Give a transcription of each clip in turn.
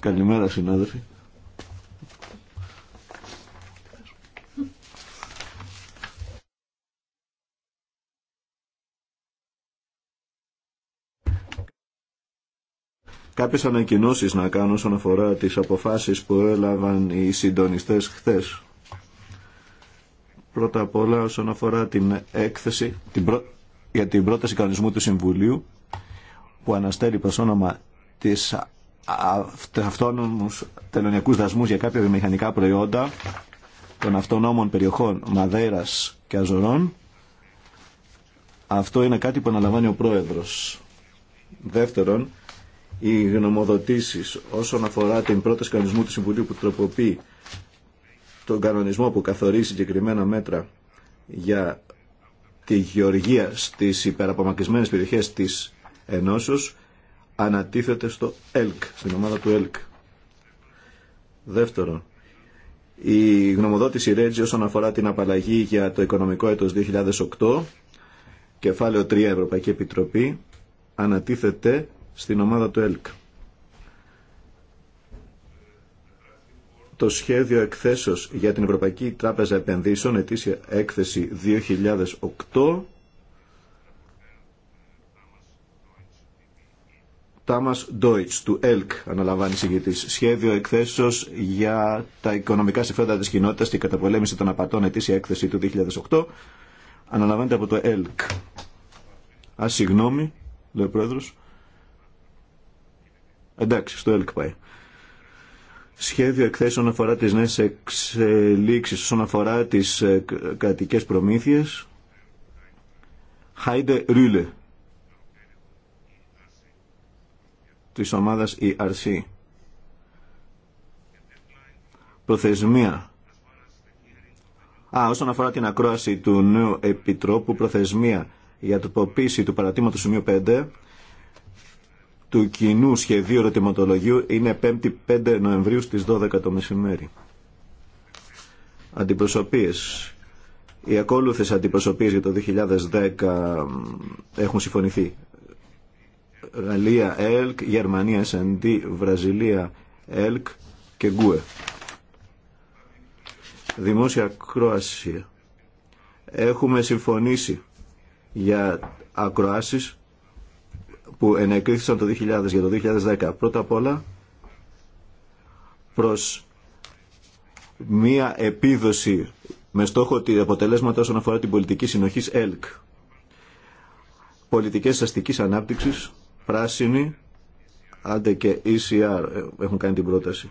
Καλημέρα συνάδελφοι. Κάποιες ανακοινώσεις να κάνω όσον αφορά τις αποφάσεις που έλαβαν οι συντονιστές χθες. Πρώτα απ' όλα όσον αφορά την έκθεση την προ... για την πρόταση κανονισμού του Συμβουλίου που αναστέλει προς όνομα της αυτόνομους τελωνιακούς δασμούς για κάποια βιομηχανικά προϊόντα των αυτονόμων περιοχών Μαδέρας και Αζωρών αυτό είναι κάτι που αναλαμβάνει ο Πρόεδρος. Δεύτερον, οι γνωμοδοτήσεις όσον αφορά την πρώτη κανονισμού του Συμβουλίου που τροποποιεί τον κανονισμό που καθορίζει συγκεκριμένα μέτρα για τη γεωργία στις υπεραπομακρυσμένες περιοχές της ενώσεως ανατίθεται στο ΕΛΚ, στην ομάδα του ΕΛΚ. Δεύτερον, η γνωμοδότηση Ρέτζι... όσον αφορά την απαλλαγή για το οικονομικό έτος 2008, κεφάλαιο 3 Ευρωπαϊκή Επιτροπή, ανατίθεται στην ομάδα του ΕΛΚ. Το σχέδιο εκθέσεως για την Ευρωπαϊκή Τράπεζα Επενδύσεων, ετήσια έκθεση 2008, Τάμας Ντόιτς του ΕΛΚ αναλαμβάνει Σχέδιο εκθέσεως για τα οικονομικά συμφέροντα της κοινότητα και καταπολέμηση των απατών ετήσια έκθεση του 2008 αναλαμβάνεται από το ΕΛΚ. Α, συγγνώμη, λέει ο πρόεδρος. Εντάξει, στο ΕΛΚ πάει. Σχέδιο εκθέσεων αφορά τις νέες εξελίξεις όσον αφορά τις ε, κρατικές προμήθειες. Χάιντε Ρούλε της ομάδας ERC. Προθεσμία. Α, όσον αφορά την ακρόαση του νέου επιτρόπου, προθεσμία για τοποποίηση του παρατήματος σημείου 5 του κοινού σχεδίου ερωτηματολογίου είναι 5η 5 Νοεμβρίου στις 12 το μεσημέρι. Αντιπροσωπείες. Οι ακόλουθες αντιπροσωπείες για το 2010 έχουν συμφωνηθεί. Γαλλία ΕΛΚ, Γερμανία Σαντί, Βραζιλία ΕΛΚ και ΓΚΟΕ. Δημόσια Κροασία. Έχουμε συμφωνήσει για ακροάσεις που ενεκρίθησαν το 2000 για το 2010. Πρώτα απ' όλα προς μία επίδοση με στόχο ότι αποτελέσματα όσον αφορά την πολιτική συνοχής ΕΛΚ. Πολιτικές αστικής ανάπτυξης Πράσινη, άντε και ECR ε, έχουν κάνει την πρόταση.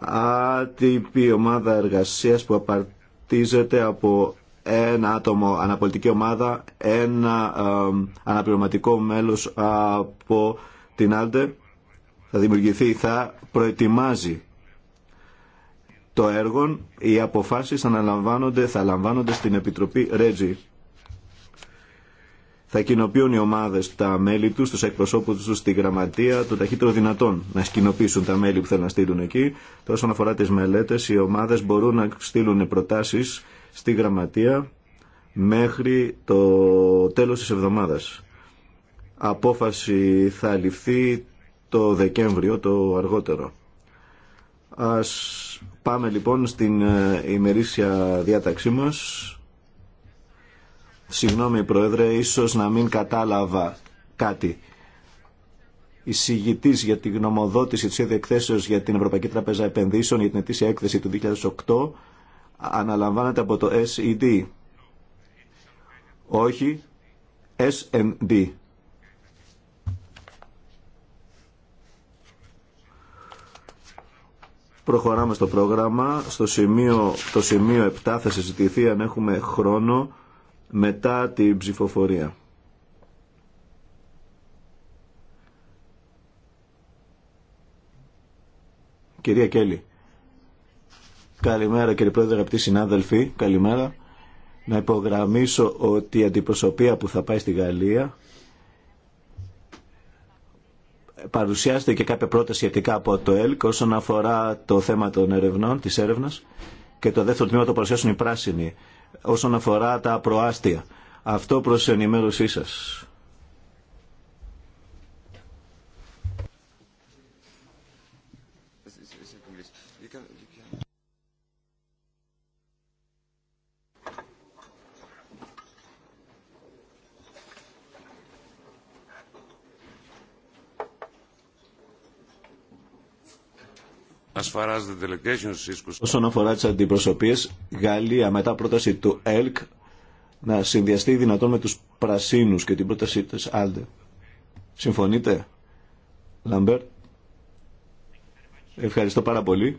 Άτυπη ομάδα εργασίας που απαρτίζεται από ένα άτομο αναπολιτική ομάδα, ένα ε, αναπληρωματικό μέλος από την Άντε θα δημιουργηθεί, θα προετοιμάζει το έργο, οι αποφάσεις θα θα λαμβάνονται στην Επιτροπή Ρέτζη θα κοινοποιούν οι ομάδες τα μέλη τους, τους εκπροσώπους τους στη γραμματεία, το ταχύτερο δυνατόν να σκηνοποιήσουν τα μέλη που θέλουν να στείλουν εκεί. Τόσο αναφορά αφορά τι μελέτε, οι ομάδες μπορούν να στείλουν προτάσει στη γραμματεία μέχρι το τέλος της εβδομάδας. Απόφαση θα ληφθεί το Δεκέμβριο, το αργότερο. Ας πάμε λοιπόν στην ε, ημερήσια διάταξή μας. Συγγνώμη Πρόεδρε, ίσως να μην κατάλαβα κάτι. Η συγητής για τη γνωμοδότηση της έκθεσης για την Ευρωπαϊκή Τραπέζα Επενδύσεων για την ετήσια έκθεση του 2008 αναλαμβάνεται από το SED. Όχι, SND. Προχωράμε στο πρόγραμμα. Στο σημείο, το σημείο 7 θα συζητηθεί αν έχουμε χρόνο μετά την ψηφοφορία. Κυρία Κέλλη. Καλημέρα κύριε Πρόεδρε, αγαπητοί συνάδελφοι. Καλημέρα. Να υπογραμμίσω ότι η αντιπροσωπεία που θα πάει στη Γαλλία παρουσιάζεται και κάποια πρόταση σχετικά από το ΕΛΚ όσον αφορά το θέμα των ερευνών, της έρευνας και το δεύτερο τμήμα το παρουσιάσουν οι πράσινοι όσον αφορά τα προάστια. Αυτό προς ενημέρωσή σας. Όσον αφορά τι αντιπροσωπείε, Γαλλία μετά πρόταση του ΕΛΚ να συνδυαστεί δυνατόν με τους πρασίνους και την πρότασή της Άλτε Συμφωνείτε, Λαμπέρτ Ευχαριστώ πάρα πολύ.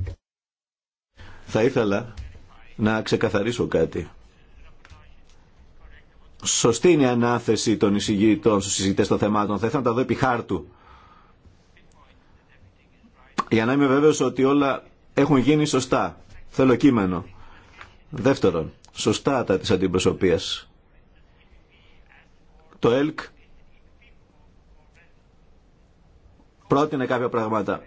Θα ήθελα να ξεκαθαρίσω κάτι. Σωστή είναι η ανάθεση των εισηγητών στους το των θεμάτων. Θα ήθελα να τα δω επί χάρτου για να είμαι βέβαιος ότι όλα έχουν γίνει σωστά. Θέλω κείμενο. Δεύτερον, σωστά τα της αντιπροσωπείας. Το ΕΛΚ πρότεινε κάποια πράγματα.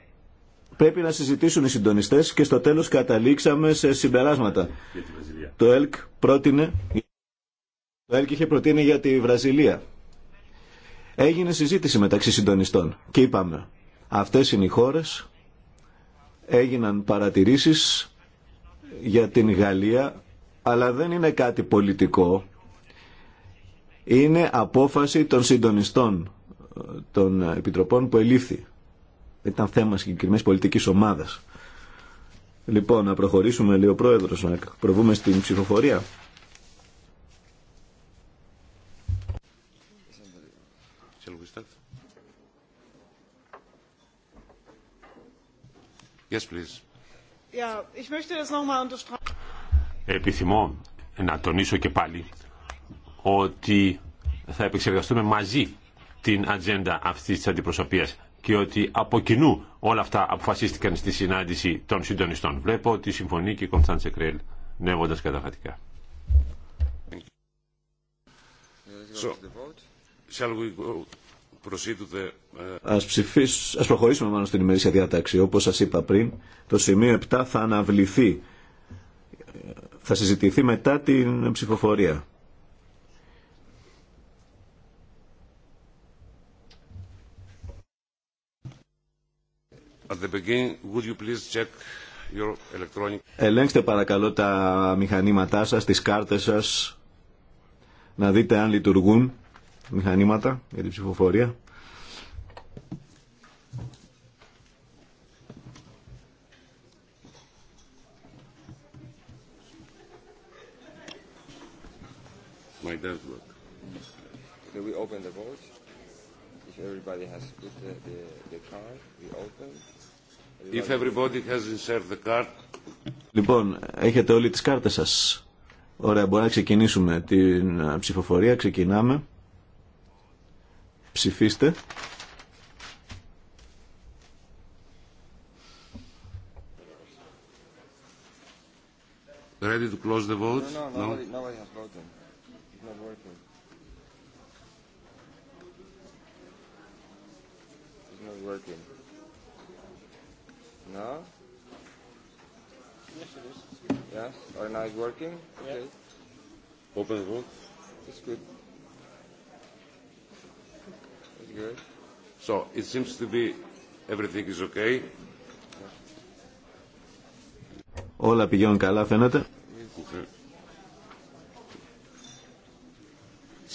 Πρέπει να συζητήσουν οι συντονιστές και στο τέλος καταλήξαμε σε συμπεράσματα. Το ΕΛΚ πρότεινε... Το ΕΛΚ είχε προτείνει για τη Βραζιλία. Έγινε συζήτηση μεταξύ συντονιστών και είπαμε αυτές είναι οι χώρες έγιναν παρατηρήσεις για την Γαλλία, αλλά δεν είναι κάτι πολιτικό. Είναι απόφαση των συντονιστών των επιτροπών που ελήφθη. Ήταν θέμα συγκεκριμένη πολιτικής ομάδας. Λοιπόν, να προχωρήσουμε, λέει ο Πρόεδρος, να προβούμε στην ψηφοφορία. Επιθυμώ να τονίσω και πάλι ότι θα επεξεργαστούμε μαζί την ατζέντα αυτής της αντιπροσωπεία και ότι από κοινού όλα αυτά αποφασίστηκαν στη συνάντηση των συντονιστών. Βλέπω ότι συμφωνεί και η Κωνσταντσε Κρέλ νεύοντα καταφατικά. shall we go ε, ας, Ας προχωρήσουμε μάλλον στην ημερήσια διάταξη. Όπως σας είπα πριν, το σημείο 7 θα αναβληθεί. Θα συζητηθεί μετά την ψηφοφορία. At the would you please check your electronic... Ελέγξτε παρακαλώ τα μηχανήματά σας, τις κάρτες σας, να δείτε αν λειτουργούν μηχανήματα για την ψηφοφορία. My does work. So we open the vote. If everybody has put the, the, the card, we open. If everybody has inserted the card. Λοιπόν, έχετε όλοι τις κάρτες σας. Ωραία, μπορεί να ξεκινήσουμε την ε, ψηφοφορία. Ξεκινάμε. Ψηφίστε. Ready to close the vote? No, no, no. Nobody, has voted. It's not working. It's not working. No? Yes, it is. Yes? Or now it's working? Okay. Open the vote. It's good. So it seems to be everything is okay. Όλα πηγαίνουν καλά φαίνεται.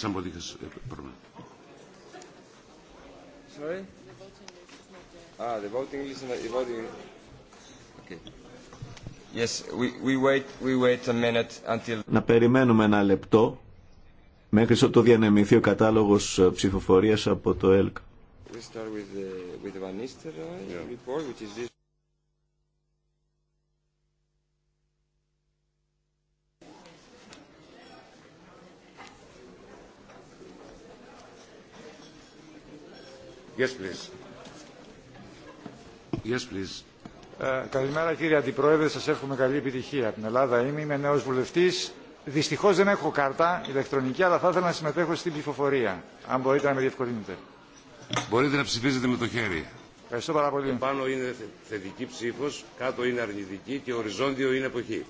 Somebody has a problem. Sorry? Ah, the voting list, the voting. Okay. Yes, we, we wait, we wait a minute until. Να περιμένουμε ένα λεπτό μέχρι ότου διανεμηθεί ο κατάλογο ε, ψηφοφορία από το ΕΛΚ. Yes, please. Yes, please. Ε, καλημέρα κύριε Αντιπρόεδρε, σας εύχομαι καλή επιτυχία. Από την Ελλάδα είμαι, είμαι νέος βουλευτής Δυστυχώ δεν έχω κάρτα ηλεκτρονική, αλλά θα ήθελα να συμμετέχω στην ψηφοφορία. Αν μπορείτε να με διευκολύνετε. Μπορείτε να ψηφίζετε με το χέρι. Ευχαριστώ πάρα πολύ. Πάνω είναι θετική ψήφο, κάτω είναι αρνητική και οριζόντιο είναι εποχή.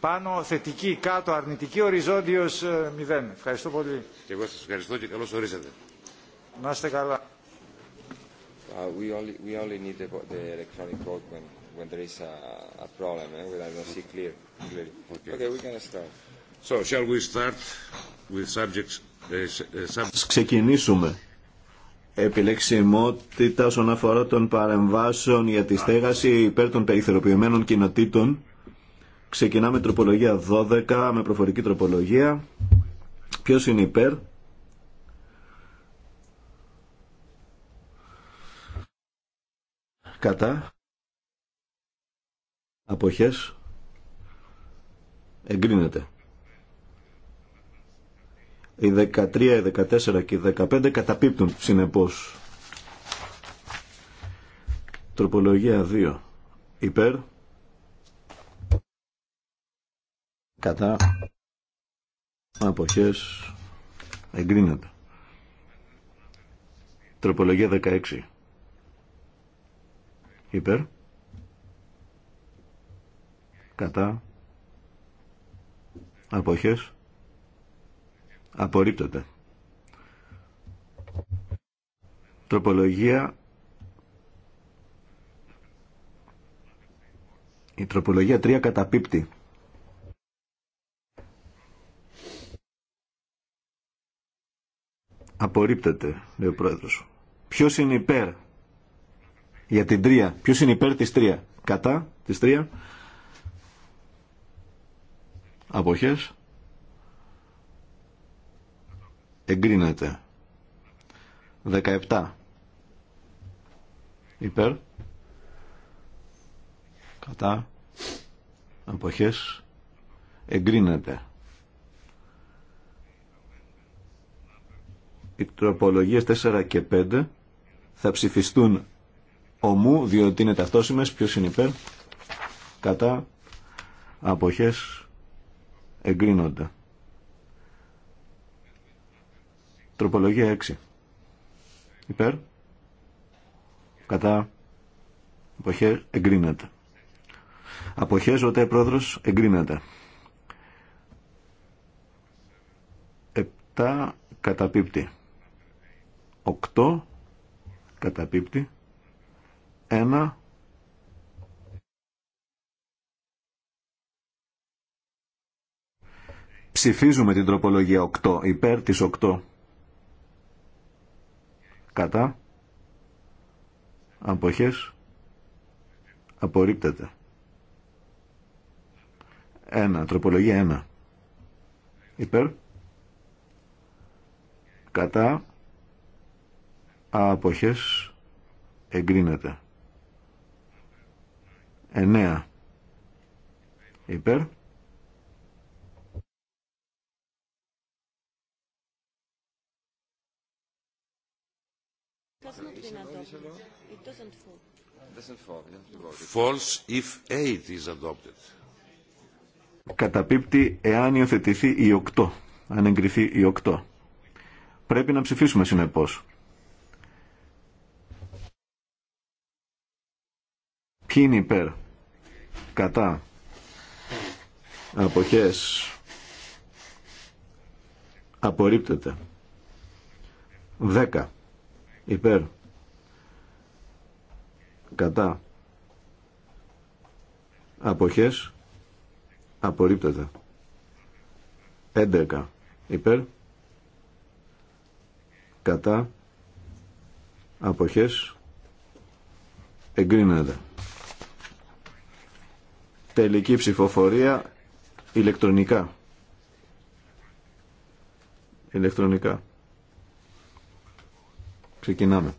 Πάνω θετική, κάτω αρνητική, οριζόντιο ε, μηδέν. Ευχαριστώ πολύ. Και εγώ σα ευχαριστώ και καλώ ορίσατε. Να είστε καλά. Uh, we only, we only need the, the when, there is a, a problem, eh, when I don't see clear, Okay. okay, we can start ξεκινήσουμε. Επιλεξιμότητα όσον αφορά των παρεμβάσεων για τη στέγαση υπέρ των περιθεροποιημένων κοινοτήτων. Ξεκινάμε τροπολογία 12 με προφορική τροπολογία. Ποιος είναι υπέρ. Κατά. Αποχές. Εγκρίνεται. Οι 13, οι 14 και οι 15 καταπίπτουν συνεπώς. Τροπολογία 2. Υπέρ. Κατά. Αποχές. Εγκρίνεται. Τροπολογία 16. Υπέρ. Κατά. Αποχές. Απορρίπτεται. Τροπολογία. Η τροπολογία 3 καταπίπτει. Απορρίπτεται, λέει ο πρόεδρος. Ποιος είναι υπέρ για την 3. Ποιος είναι υπέρ της 3. Κατά της 3. Αποχές. εγκρίνεται 17 υπέρ κατά αποχές εγκρίνεται οι τροπολογίες 4 και 5 θα ψηφιστούν ομού διότι είναι ταυτόσιμες ποιος είναι υπέρ κατά αποχές εγκρίνονται Τροπολογία 6. Υπέρ. Κατά. Αποχές εγκρίνεται. Αποχέ ο πρόεδρος εγκρίνεται. 7 καταπίπτει. 8 καταπίπτει. 1 Ψηφίζουμε την τροπολογία 8, υπέρ της 8 κατά αποχές απορρίπτεται. 1. Τροπολογία 1. Υπέρ. Κατά. Αποχές. Εγκρίνεται. 9. Υπέρ. if is adopted. Καταπίπτει εάν υιοθετηθεί η 8. Αν εγκριθεί η 8. Πρέπει να ψηφίσουμε συνεπώ. Ποιοι είναι υπέρ. Κατά. Αποχές. Απορρίπτεται. 10 υπέρ κατά αποχές απορρίπτεται 11 υπέρ κατά αποχές εγκρίνεται τελική ψηφοφορία ηλεκτρονικά ηλεκτρονικά Ξεκινάμε.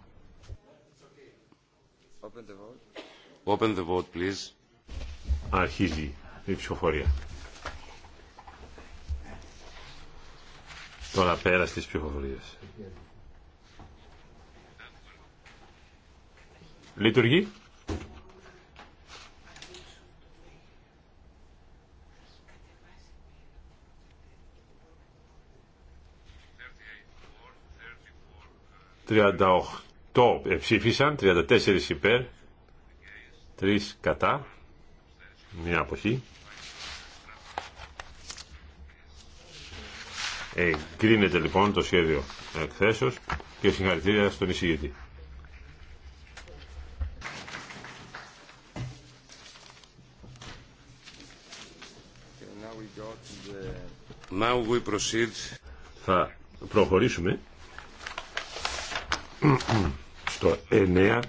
Open the vote. Open the vote, please. Αρχίζει η ψηφοφορία. Τώρα πέρα στις ψηφοφορίες. Λειτουργεί. 38 εψήφισαν, 34 υπέρ, 3 κατά, μια αποχή. Εγκρίνεται λοιπόν το σχέδιο εκθέσεως και συγχαρητήρια στον εισηγητή. Now we proceed. Θα προχωρήσουμε στο 9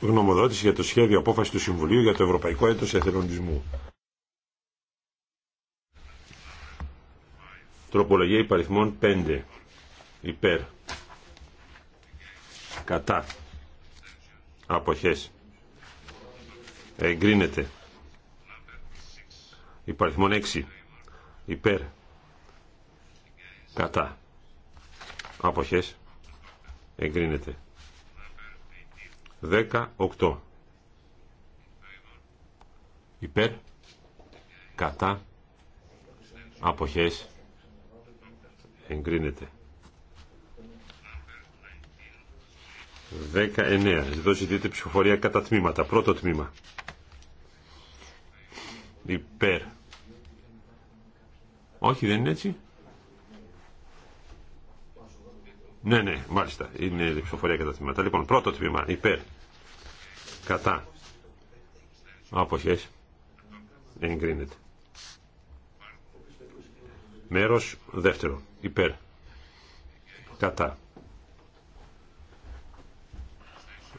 γνωμοδότηση για το σχέδιο απόφαση του Συμβουλίου για το Ευρωπαϊκό Έτος Εθελοντισμού. Τροπολογία υπαριθμών 5. Υπέρ. Κατά. Αποχές. Εγκρίνεται. Υπαριθμών 6. Υπέρ κατά αποχές εγκρίνεται 18 υπέρ κατά αποχές εγκρίνεται 19 εδώ ζητείται ψηφοφορία κατά τμήματα πρώτο τμήμα υπέρ όχι δεν είναι έτσι Ναι, ναι, μάλιστα. Είναι η ψηφοφορία κατά τμήματα. Λοιπόν, πρώτο τμήμα, υπέρ. Κατά. Αποχές. Εγκρίνεται. Μέρος δεύτερο, υπέρ. Κατά.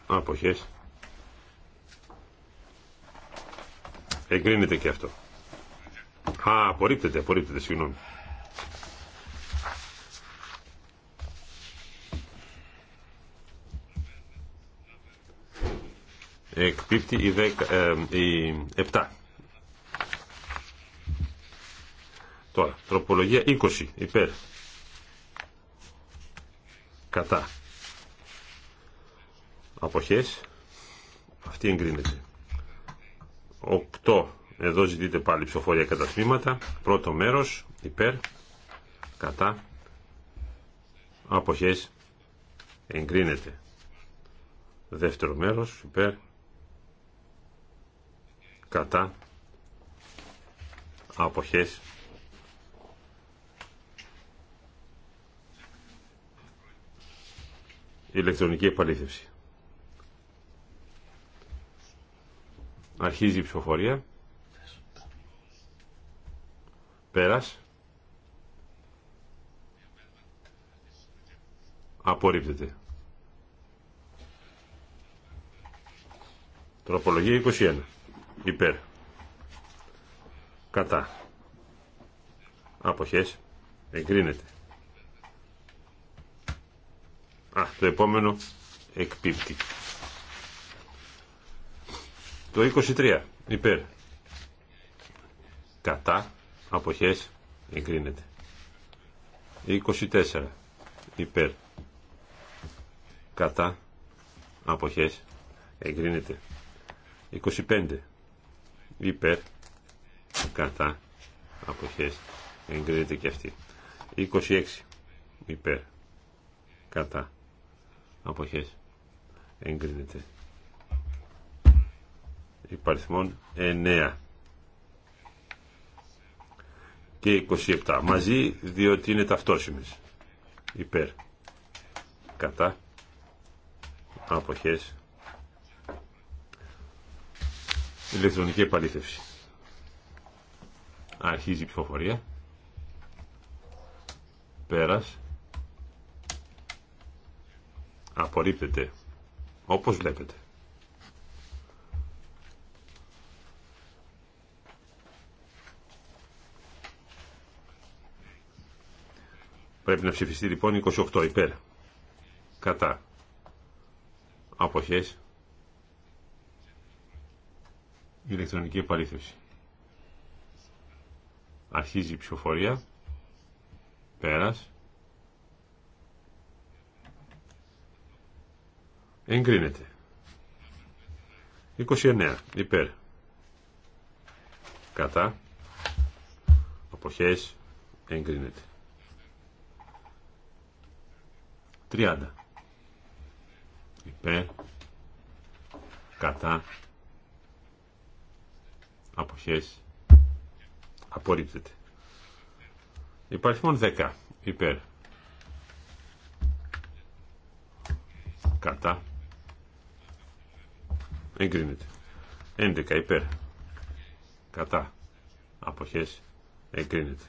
Αποχές. Εγκρίνεται και αυτό. Α, απορρίπτεται, απορρίπτεται, συγγνώμη. Εκπίπτει η, ε, η 7. Τώρα, τροπολογία 20 υπέρ. Κατά. Αποχές. Αυτή εγκρίνεται. 8. Εδώ ζητείτε πάλι ψηφοφορία κατά τμήματα. Πρώτο μέρος υπέρ. Κατά. Αποχές. Εγκρίνεται. Δεύτερο μέρος υπέρ κατά αποχές ηλεκτρονική επαλήθευση. Αρχίζει η ψηφοφορία. Πέρας. Απορρίπτεται. Τροπολογία 21 υπέρ κατά αποχές εγκρίνεται Α, το επόμενο εκπίπτει το 23 υπέρ κατά αποχές εγκρίνεται 24 υπέρ κατά αποχές εγκρίνεται 25 υπέρ κατά αποχές εγκρίνεται και αυτή 26 υπέρ κατά αποχές εγκρίνεται υπαριθμών 9 και 27 μαζί διότι είναι ταυτόσιμες υπέρ κατά αποχές ηλεκτρονική επαλήθευση. Αρχίζει η ψηφοφορία. Πέρας. Απορρίπτεται. Όπως βλέπετε. Πρέπει να ψηφιστεί λοιπόν 28 υπέρ. Κατά. Αποχές ηλεκτρονική επαλήθευση. Αρχίζει η ψηφοφορία. Πέρας. Εγκρίνεται. 29. Υπέρ. Κατά. Αποχές. Εγκρίνεται. 30. Υπέρ. Κατά αποχές απορρίπτεται. μόνο 10 υπέρ κατά εγκρίνεται. 11 υπέρ κατά αποχές εγκρίνεται.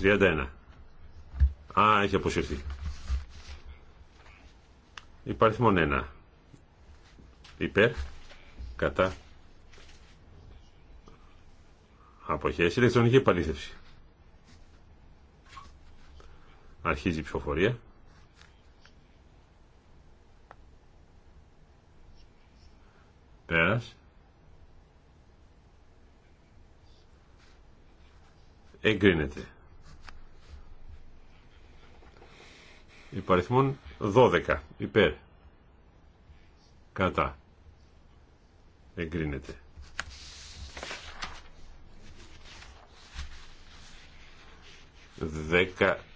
31. Α, έχει αποσυρθεί. Υπάρχει μόνο ένα. Υπέρ, κατά, αποχές ηλεκτρονική επαλήθευση αρχίζει η ψηφοφορία πέρας εγκρίνεται υπαριθμών 12 υπέρ κατά εγκρίνεται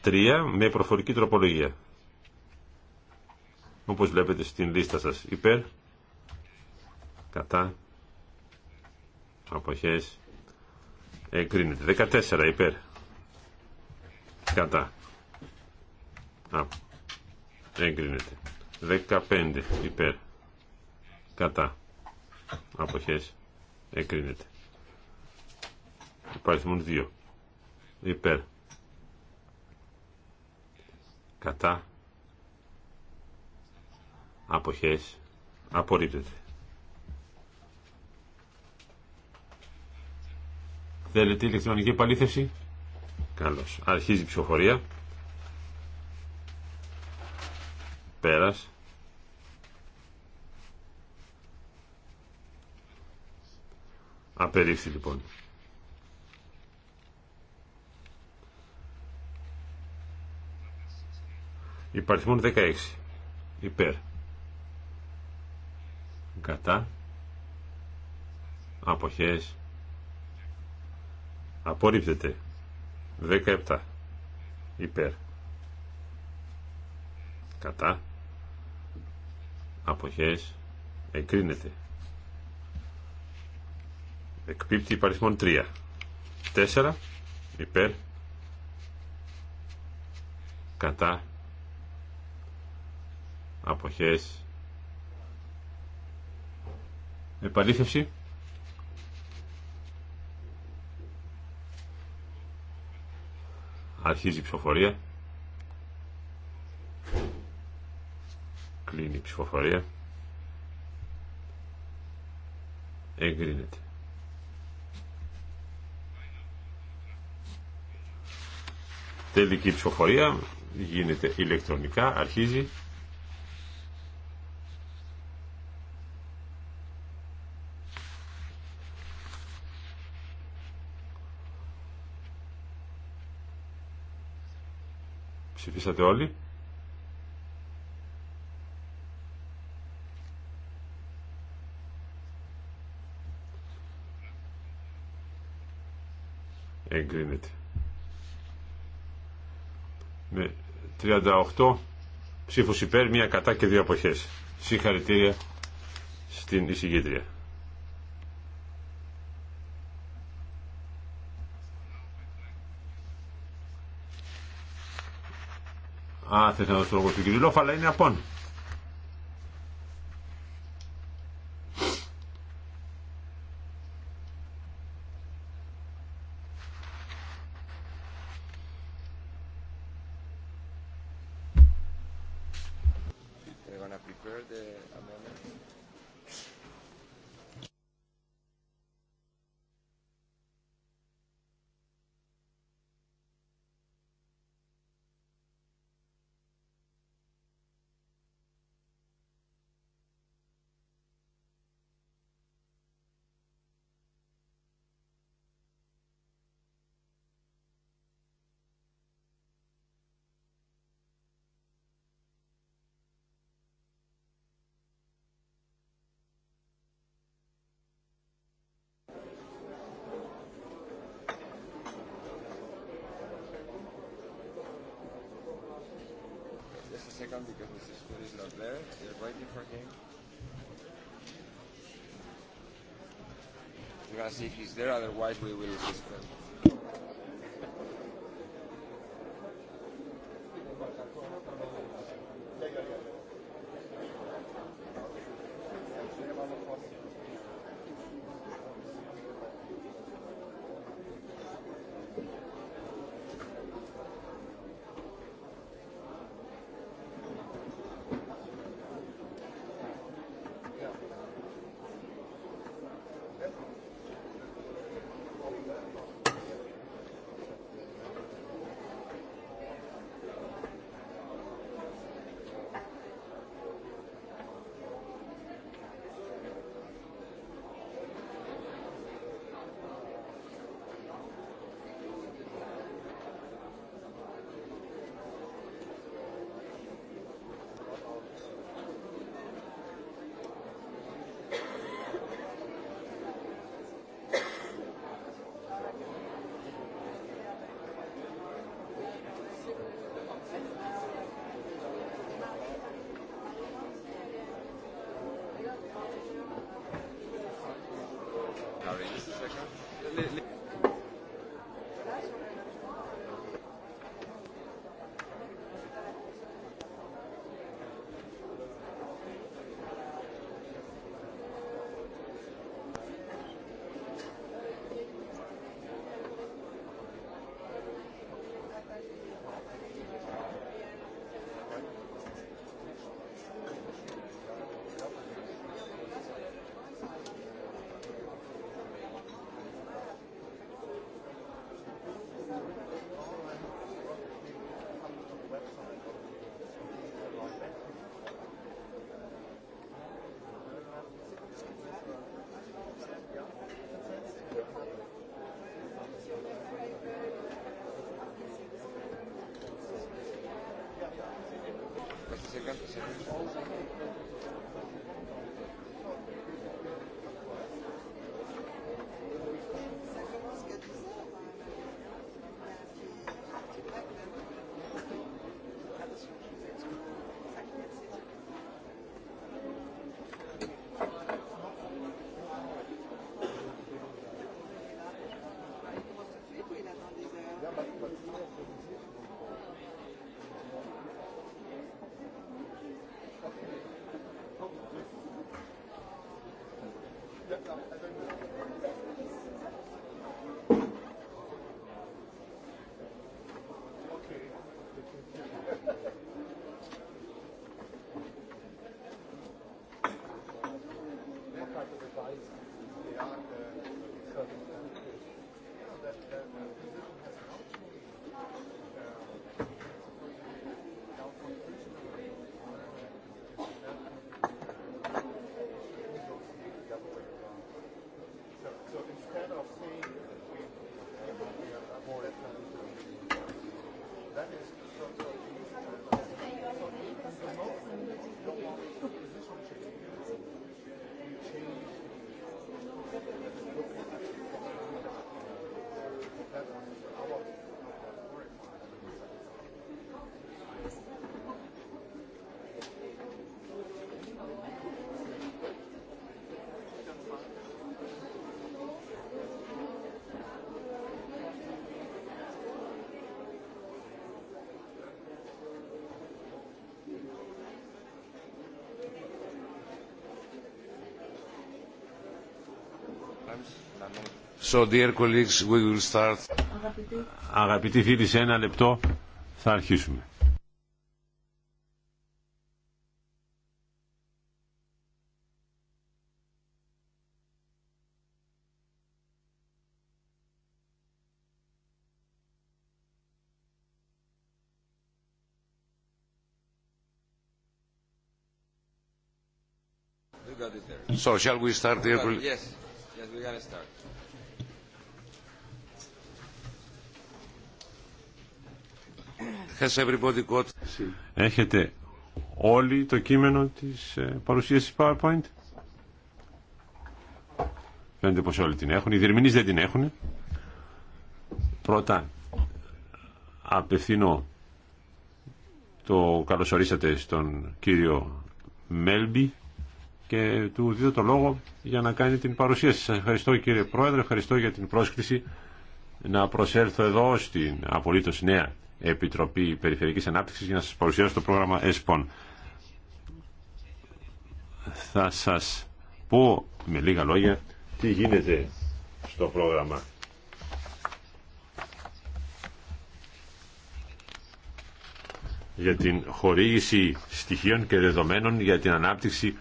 13 με προφορική τροπολογία. Όπως βλέπετε στην λίστα σας υπέρ, κατά, αποχές, εγκρίνεται. 14 υπέρ, κατά, Α, εγκρίνεται. 15 υπέρ, κατά, αποχές, εγκρίνεται. Υπάρχουν 2 υπέρ, κατά αποχές απορρίπτεται. Θέλετε ηλεκτρονική επαλήθευση. Καλώς. Αρχίζει η ψηφοφορία. Πέρας. Απερίφθη λοιπόν. Υπαριθμούν 16. Υπέρ. Κατά. Αποχές. Απορρίπτεται. 17. Υπέρ. Κατά. Αποχές. Εγκρίνεται. Εκπίπτει υπαριθμών 3. 4. Υπέρ. Κατά αποχές επαλήθευση αρχίζει η ψηφοφορία κλείνει η ψηφοφορία εγκρίνεται τελική ψηφοφορία γίνεται ηλεκτρονικά αρχίζει ακούσατε όλοι. Εγκρίνεται. Με 38 ψήφους υπέρ, μία κατά και δύο αποχές. Συγχαρητήρια στην εισηγήτρια. Α, θες να δώσω λόγο στον κύριο Λόφα, αλλά είναι απόν. second because Mrs. Food is not there. are waiting for him. We're going to see if he's there, otherwise we will suspend. 50 segundos. So, dear colleagues, we will start. Αγαπητοί. φίλοι, σε ένα λεπτό θα αρχίσουμε. So, shall we start, dear colleagues? Yes. Έχετε όλοι το κείμενο της ε, παρουσίασης PowerPoint. Φαίνεται πως όλοι την έχουν. Οι διερμηνείς δεν την έχουν. Πρώτα απευθύνω το καλωσορίσατε στον κύριο Μέλμπι και του δίδω το λόγο για να κάνει την παρουσίαση. Σας ευχαριστώ κύριε Πρόεδρε, ευχαριστώ για την πρόσκληση να προσέλθω εδώ στην απολύτως νέα Επιτροπή Περιφερειακής Ανάπτυξης για να σας παρουσιάσω το πρόγραμμα ΕΣΠΟΝ. Θα σας πω με λίγα λόγια τι γίνεται στο πρόγραμμα. για την χορήγηση στοιχείων και δεδομένων για την ανάπτυξη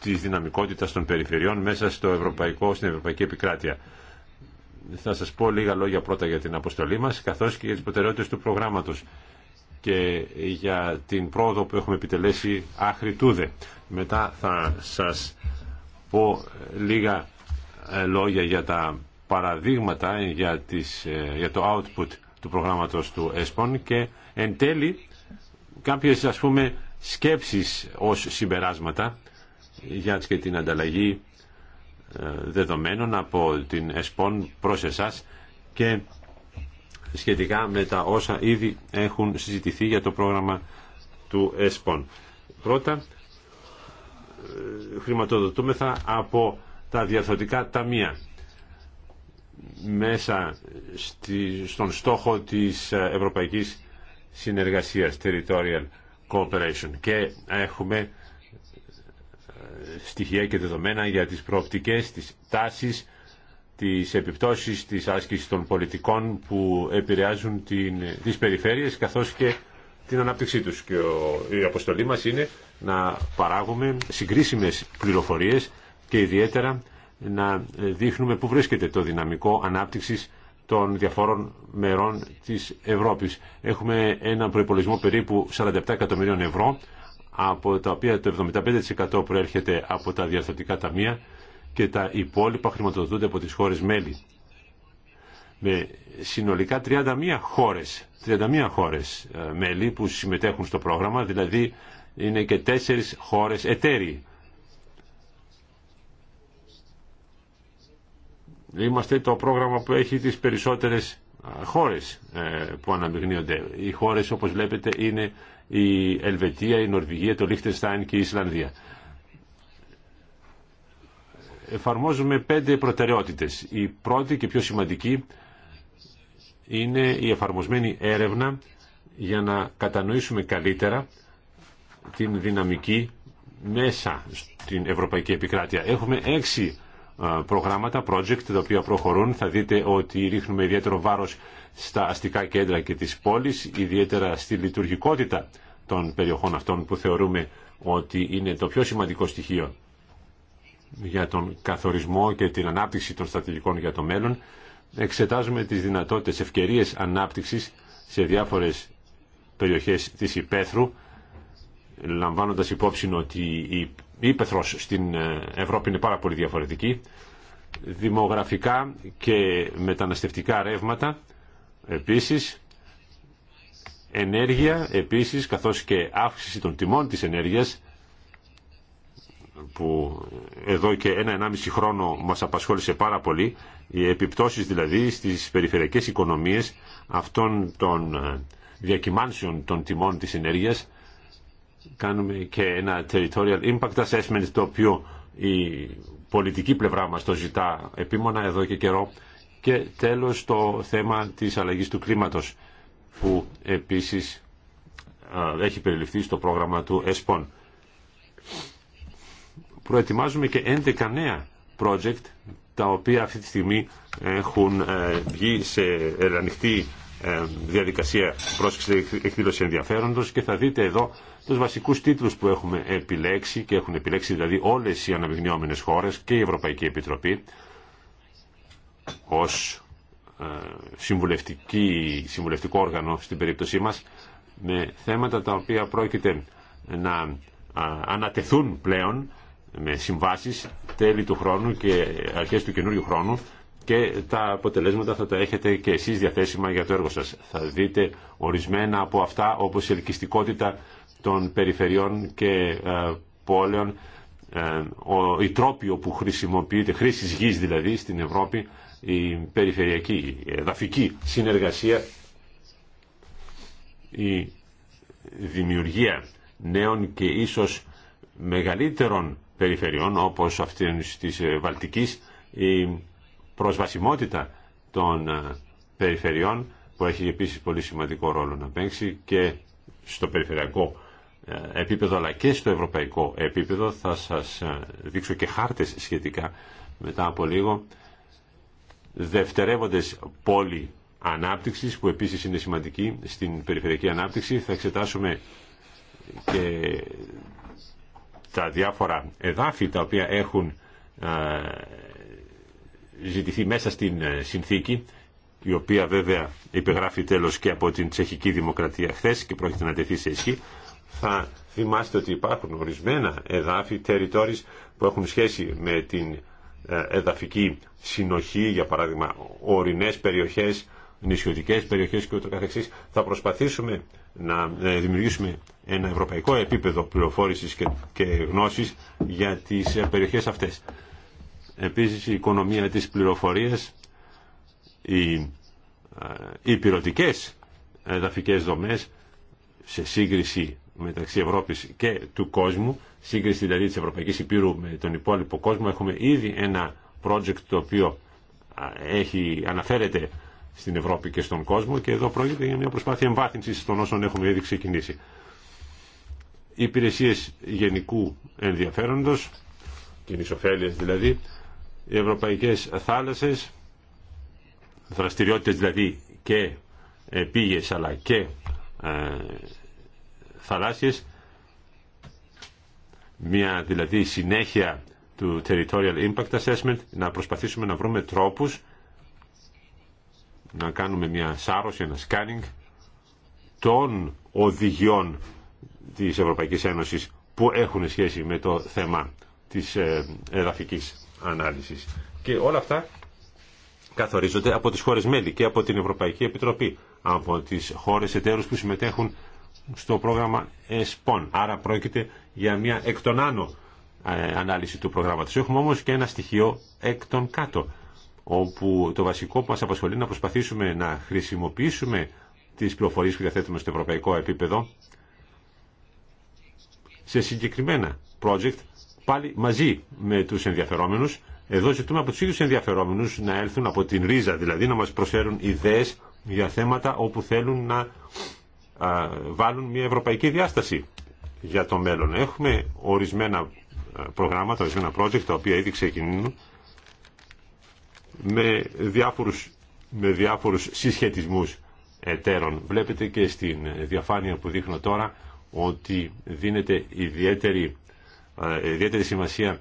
Τη δυναμικότητα των περιφερειών μέσα στο ευρωπαϊκό, στην ευρωπαϊκή επικράτεια. Θα σα πω λίγα λόγια πρώτα για την αποστολή μας, καθώς και για τι προτεραιότητε του προγράμματο και για την πρόοδο που έχουμε επιτελέσει άχρη τούδε. Μετά θα σας πω λίγα ε, λόγια για τα παραδείγματα για, τις, ε, για το output του προγράμματος του ΕΣΠΟΝ και εν τέλει κάποιες ας πούμε σκέψεις ως συμπεράσματα για και την ανταλλαγή ε, δεδομένων από την ΕΣΠΟΝ προς εσάς και σχετικά με τα όσα ήδη έχουν συζητηθεί για το πρόγραμμα του ΕΣΠΟΝ. Πρώτα, ε, χρηματοδοτούμεθα από τα τα ταμεία μέσα στη, στον στόχο της ε, Ευρωπαϊκής Συνεργασίας Territorial Cooperation και έχουμε στοιχεία και δεδομένα για τις προοπτικές, τις τάσεις, τις επιπτώσεις της άσκησης των πολιτικών που επηρεάζουν την, τις περιφέρειες καθώς και την ανάπτυξή τους. Και η αποστολή μας είναι να παράγουμε συγκρίσιμες πληροφορίες και ιδιαίτερα να δείχνουμε πού βρίσκεται το δυναμικό ανάπτυξης των διαφόρων μερών της Ευρώπης. Έχουμε έναν προϋπολογισμό περίπου 47 εκατομμυρίων ευρώ από τα οποία το 75% προέρχεται από τα διαρθρωτικά ταμεία και τα υπόλοιπα χρηματοδοτούνται από τις χώρες μέλη. Με συνολικά 31 χώρες, 31 χώρες ε, μέλη που συμμετέχουν στο πρόγραμμα, δηλαδή είναι και τέσσερις χώρες εταίροι. Είμαστε το πρόγραμμα που έχει τις περισσότερες ε, χώρες ε, που αναμειγνύονται. Οι χώρες όπως βλέπετε είναι η Ελβετία, η Νορβηγία, το Λίχτενστάιν και η Ισλανδία. Εφαρμόζουμε πέντε προτεραιότητες. Η πρώτη και πιο σημαντική είναι η εφαρμοσμένη έρευνα για να κατανοήσουμε καλύτερα την δυναμική μέσα στην Ευρωπαϊκή Επικράτεια. Έχουμε έξι ε, προγράμματα, project, τα οποία προχωρούν. Θα δείτε ότι ρίχνουμε ιδιαίτερο βάρος στα αστικά κέντρα και τις πόλεις, ιδιαίτερα στη λειτουργικότητα των περιοχών αυτών που θεωρούμε ότι είναι το πιο σημαντικό στοιχείο για τον καθορισμό και την ανάπτυξη των στρατηγικών για το μέλλον, εξετάζουμε τις δυνατότητες ευκαιρίες ανάπτυξης σε διάφορες περιοχές της Υπέθρου, λαμβάνοντας υπόψη ότι η Υπέθρος στην ε, Ευρώπη είναι πάρα πολύ διαφορετική, δημογραφικά και μεταναστευτικά ρεύματα, Επίσης, ενέργεια, επίσης, καθώς και αύξηση των τιμών της ενέργειας, που εδώ και ένα-ενάμιση χρόνο μας απασχόλησε πάρα πολύ, οι επιπτώσεις δηλαδή στις περιφερειακές οικονομίες αυτών των ε, διακυμάνσεων των τιμών της ενέργειας, κάνουμε και ένα territorial impact assessment το οποίο η πολιτική πλευρά μας το ζητά επίμονα εδώ και καιρό και τέλος το θέμα της αλλαγής του κλίματος που επίσης έχει περιληφθεί στο πρόγραμμα του ΕΣΠΟΝ. Προετοιμάζουμε και 11 νέα project τα οποία αυτή τη στιγμή έχουν ε, βγει σε ανοιχτή ε, διαδικασία πρόσκληση εκδήλωση ενδιαφέροντος και θα δείτε εδώ τους βασικούς τίτλους που έχουμε επιλέξει και έχουν επιλέξει δηλαδή όλες οι αναμειγνιόμενες χώρες και η Ευρωπαϊκή Επιτροπή ως ε, συμβουλευτική, συμβουλευτικό όργανο στην περίπτωσή μας με θέματα τα οποία πρόκειται να ανατεθούν πλέον με συμβάσεις τέλη του χρόνου και αρχές του καινούριου χρόνου και τα αποτελέσματα θα τα έχετε και εσείς διαθέσιμα για το έργο σας. Θα δείτε ορισμένα από αυτά όπως η ελκυστικότητα των περιφερειών και ε, πόλεων, ε, η τρόπη όπου χρησιμοποιείται, χρήσης γης δηλαδή στην Ευρώπη, η περιφερειακή, εδαφική συνεργασία, η δημιουργία νέων και ίσως μεγαλύτερων περιφερειών όπως αυτήν της ε, Βαλτικής, η προσβασιμότητα των ε, περιφερειών που έχει επίσης πολύ σημαντικό ρόλο να παίξει και στο περιφερειακό ε, επίπεδο αλλά και στο ευρωπαϊκό επίπεδο θα σας δείξω και χάρτες σχετικά μετά από λίγο δευτερεύοντες πόλη ανάπτυξης που επίσης είναι σημαντική στην περιφερειακή ανάπτυξη. Θα εξετάσουμε και τα διάφορα εδάφη τα οποία έχουν ε, ζητηθεί μέσα στην ε, συνθήκη η οποία βέβαια υπεγράφει τέλος και από την τσεχική δημοκρατία χθε και πρόκειται να τεθεί σε ισχύ θα θυμάστε ότι υπάρχουν ορισμένα εδάφη territories που έχουν σχέση με την ε, εδαφική συνοχή, για παράδειγμα ορεινές περιοχές, νησιωτικές περιοχές και ούτω Θα προσπαθήσουμε να ε, δημιουργήσουμε ένα ευρωπαϊκό επίπεδο πληροφόρησης και γνώσης για τις ε, περιοχές αυτές. Επίσης η οικονομία της πληροφορίας, οι υπηρετικές εδαφικές δομές σε σύγκριση μεταξύ Ευρώπης και του κόσμου σύγκριση δηλαδή της Ευρωπαϊκής Υπήρου με τον υπόλοιπο κόσμο έχουμε ήδη ένα project το οποίο έχει, αναφέρεται στην Ευρώπη και στον κόσμο και εδώ πρόκειται για μια προσπάθεια εμβάθυνσης των όσων έχουμε ήδη ξεκινήσει. Υπηρεσίε υπηρεσίες γενικού ενδιαφέροντος, κοινή ωφέλεια δηλαδή, οι ευρωπαϊκές θάλασσε δραστηριότητε δηλαδή και ε, πήγες αλλά και ε, μια δηλαδή συνέχεια του Territorial Impact Assessment, να προσπαθήσουμε να βρούμε τρόπους να κάνουμε μια σάρωση, ένα σκάνινγκ των οδηγιών της Ευρωπαϊκής Ένωσης που έχουν σχέση με το θέμα της ε, εδαφικής ανάλυσης. Και όλα αυτά καθορίζονται από τις χώρες μέλη και από την Ευρωπαϊκή Επιτροπή, από τις χώρες εταίρους που συμμετέχουν στο πρόγραμμα ΕΣΠΟΝ. Άρα πρόκειται για μια εκ των άνω ε, ανάλυση του προγράμματος. Έχουμε όμως και ένα στοιχείο εκ των κάτω, όπου το βασικό που μας απασχολεί είναι να προσπαθήσουμε να χρησιμοποιήσουμε τις πληροφορίες που διαθέτουμε στο ευρωπαϊκό επίπεδο σε συγκεκριμένα project, πάλι μαζί με τους ενδιαφερόμενους. Εδώ ζητούμε από τους ίδιους ενδιαφερόμενους να έλθουν από την ρίζα, δηλαδή να μας προσφέρουν ιδέες για θέματα όπου θέλουν να βάλουν μια ευρωπαϊκή διάσταση για το μέλλον. Έχουμε ορισμένα ε, προγράμματα, ορισμένα project τα οποία ήδη ξεκινούν με διάφορους, με διάφορους συσχετισμούς εταίρων. Βλέπετε και στην διαφάνεια που δείχνω τώρα ότι δίνεται ιδιαίτερη, ε, ιδιαίτερη σημασία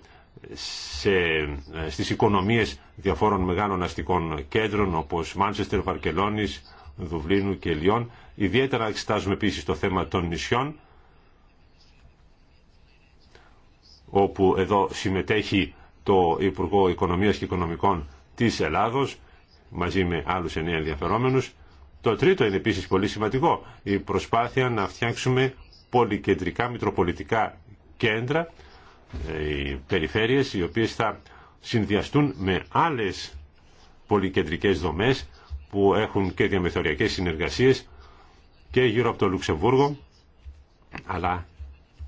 σε, ε, στις οικονομίες διαφόρων μεγάλων αστικών κέντρων όπως Μάντσεστερ, Βαρκελόνης, Δουβλίνου και Λιών. Ιδιαίτερα εξετάζουμε επίσης το θέμα των νησιών όπου εδώ συμμετέχει το Υπουργό Οικονομίας και Οικονομικών της Ελλάδος μαζί με άλλους εννέα ενδιαφερόμενους. Το τρίτο είναι επίσης πολύ σημαντικό, η προσπάθεια να φτιάξουμε πολυκεντρικά μητροπολιτικά κέντρα, ε, οι περιφέρειες οι οποίες θα συνδυαστούν με άλλες πολυκεντρικές δομές που έχουν και διαμεθοριακές συνεργασίες και γύρω από το Λουξεμβούργο αλλά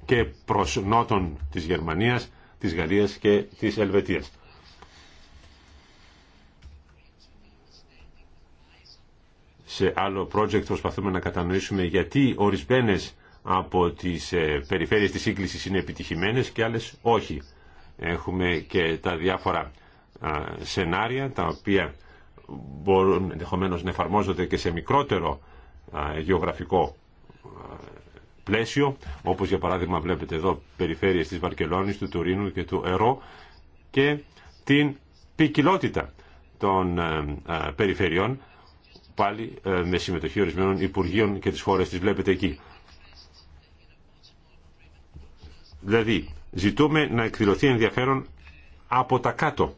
και προς νότον της Γερμανίας, της Γαλλίας και της Ελβετίας. Σε άλλο project προσπαθούμε να κατανοήσουμε γιατί ορισμένες από τις ε, περιφέρειες της σύγκλησης είναι επιτυχημένες και άλλες όχι. Έχουμε και τα διάφορα σενάρια τα οποία μπορούν ενδεχομένω να εφαρμόζονται και σε μικρότερο γεωγραφικό πλαίσιο, όπως για παράδειγμα βλέπετε εδώ περιφέρειες τη Βαρκελόνη, του Τουρίνου και του Ερώ και την ποικιλότητα των ε, ε, περιφερειών, πάλι ε, με συμμετοχή ορισμένων υπουργείων και τι χώρε τις βλέπετε εκεί. Δηλαδή, ζητούμε να εκδηλωθεί ενδιαφέρον από τα κάτω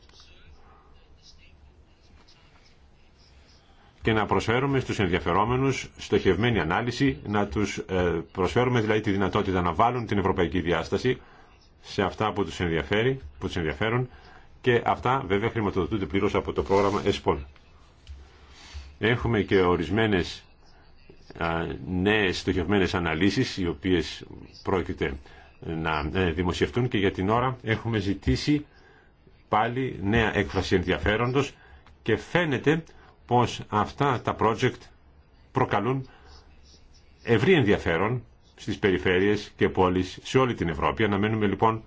και να προσφέρουμε στους ενδιαφερόμενους στοχευμένη ανάλυση, να τους ε, προσφέρουμε δηλαδή τη δυνατότητα να βάλουν την ευρωπαϊκή διάσταση σε αυτά που τους, ενδιαφέρει, που τους ενδιαφέρουν και αυτά βέβαια χρηματοδοτούνται πλήρως από το πρόγραμμα ESPOL. Έχουμε και ορισμένες νέες στοχευμένες αναλύσεις οι οποίες πρόκειται να ε, δημοσιευτούν και για την ώρα έχουμε ζητήσει πάλι νέα έκφραση ενδιαφέροντος και φαίνεται πως αυτά τα project προκαλούν ευρύ ενδιαφέρον στις περιφέρειες και πόλεις σε όλη την Ευρώπη. Αναμένουμε λοιπόν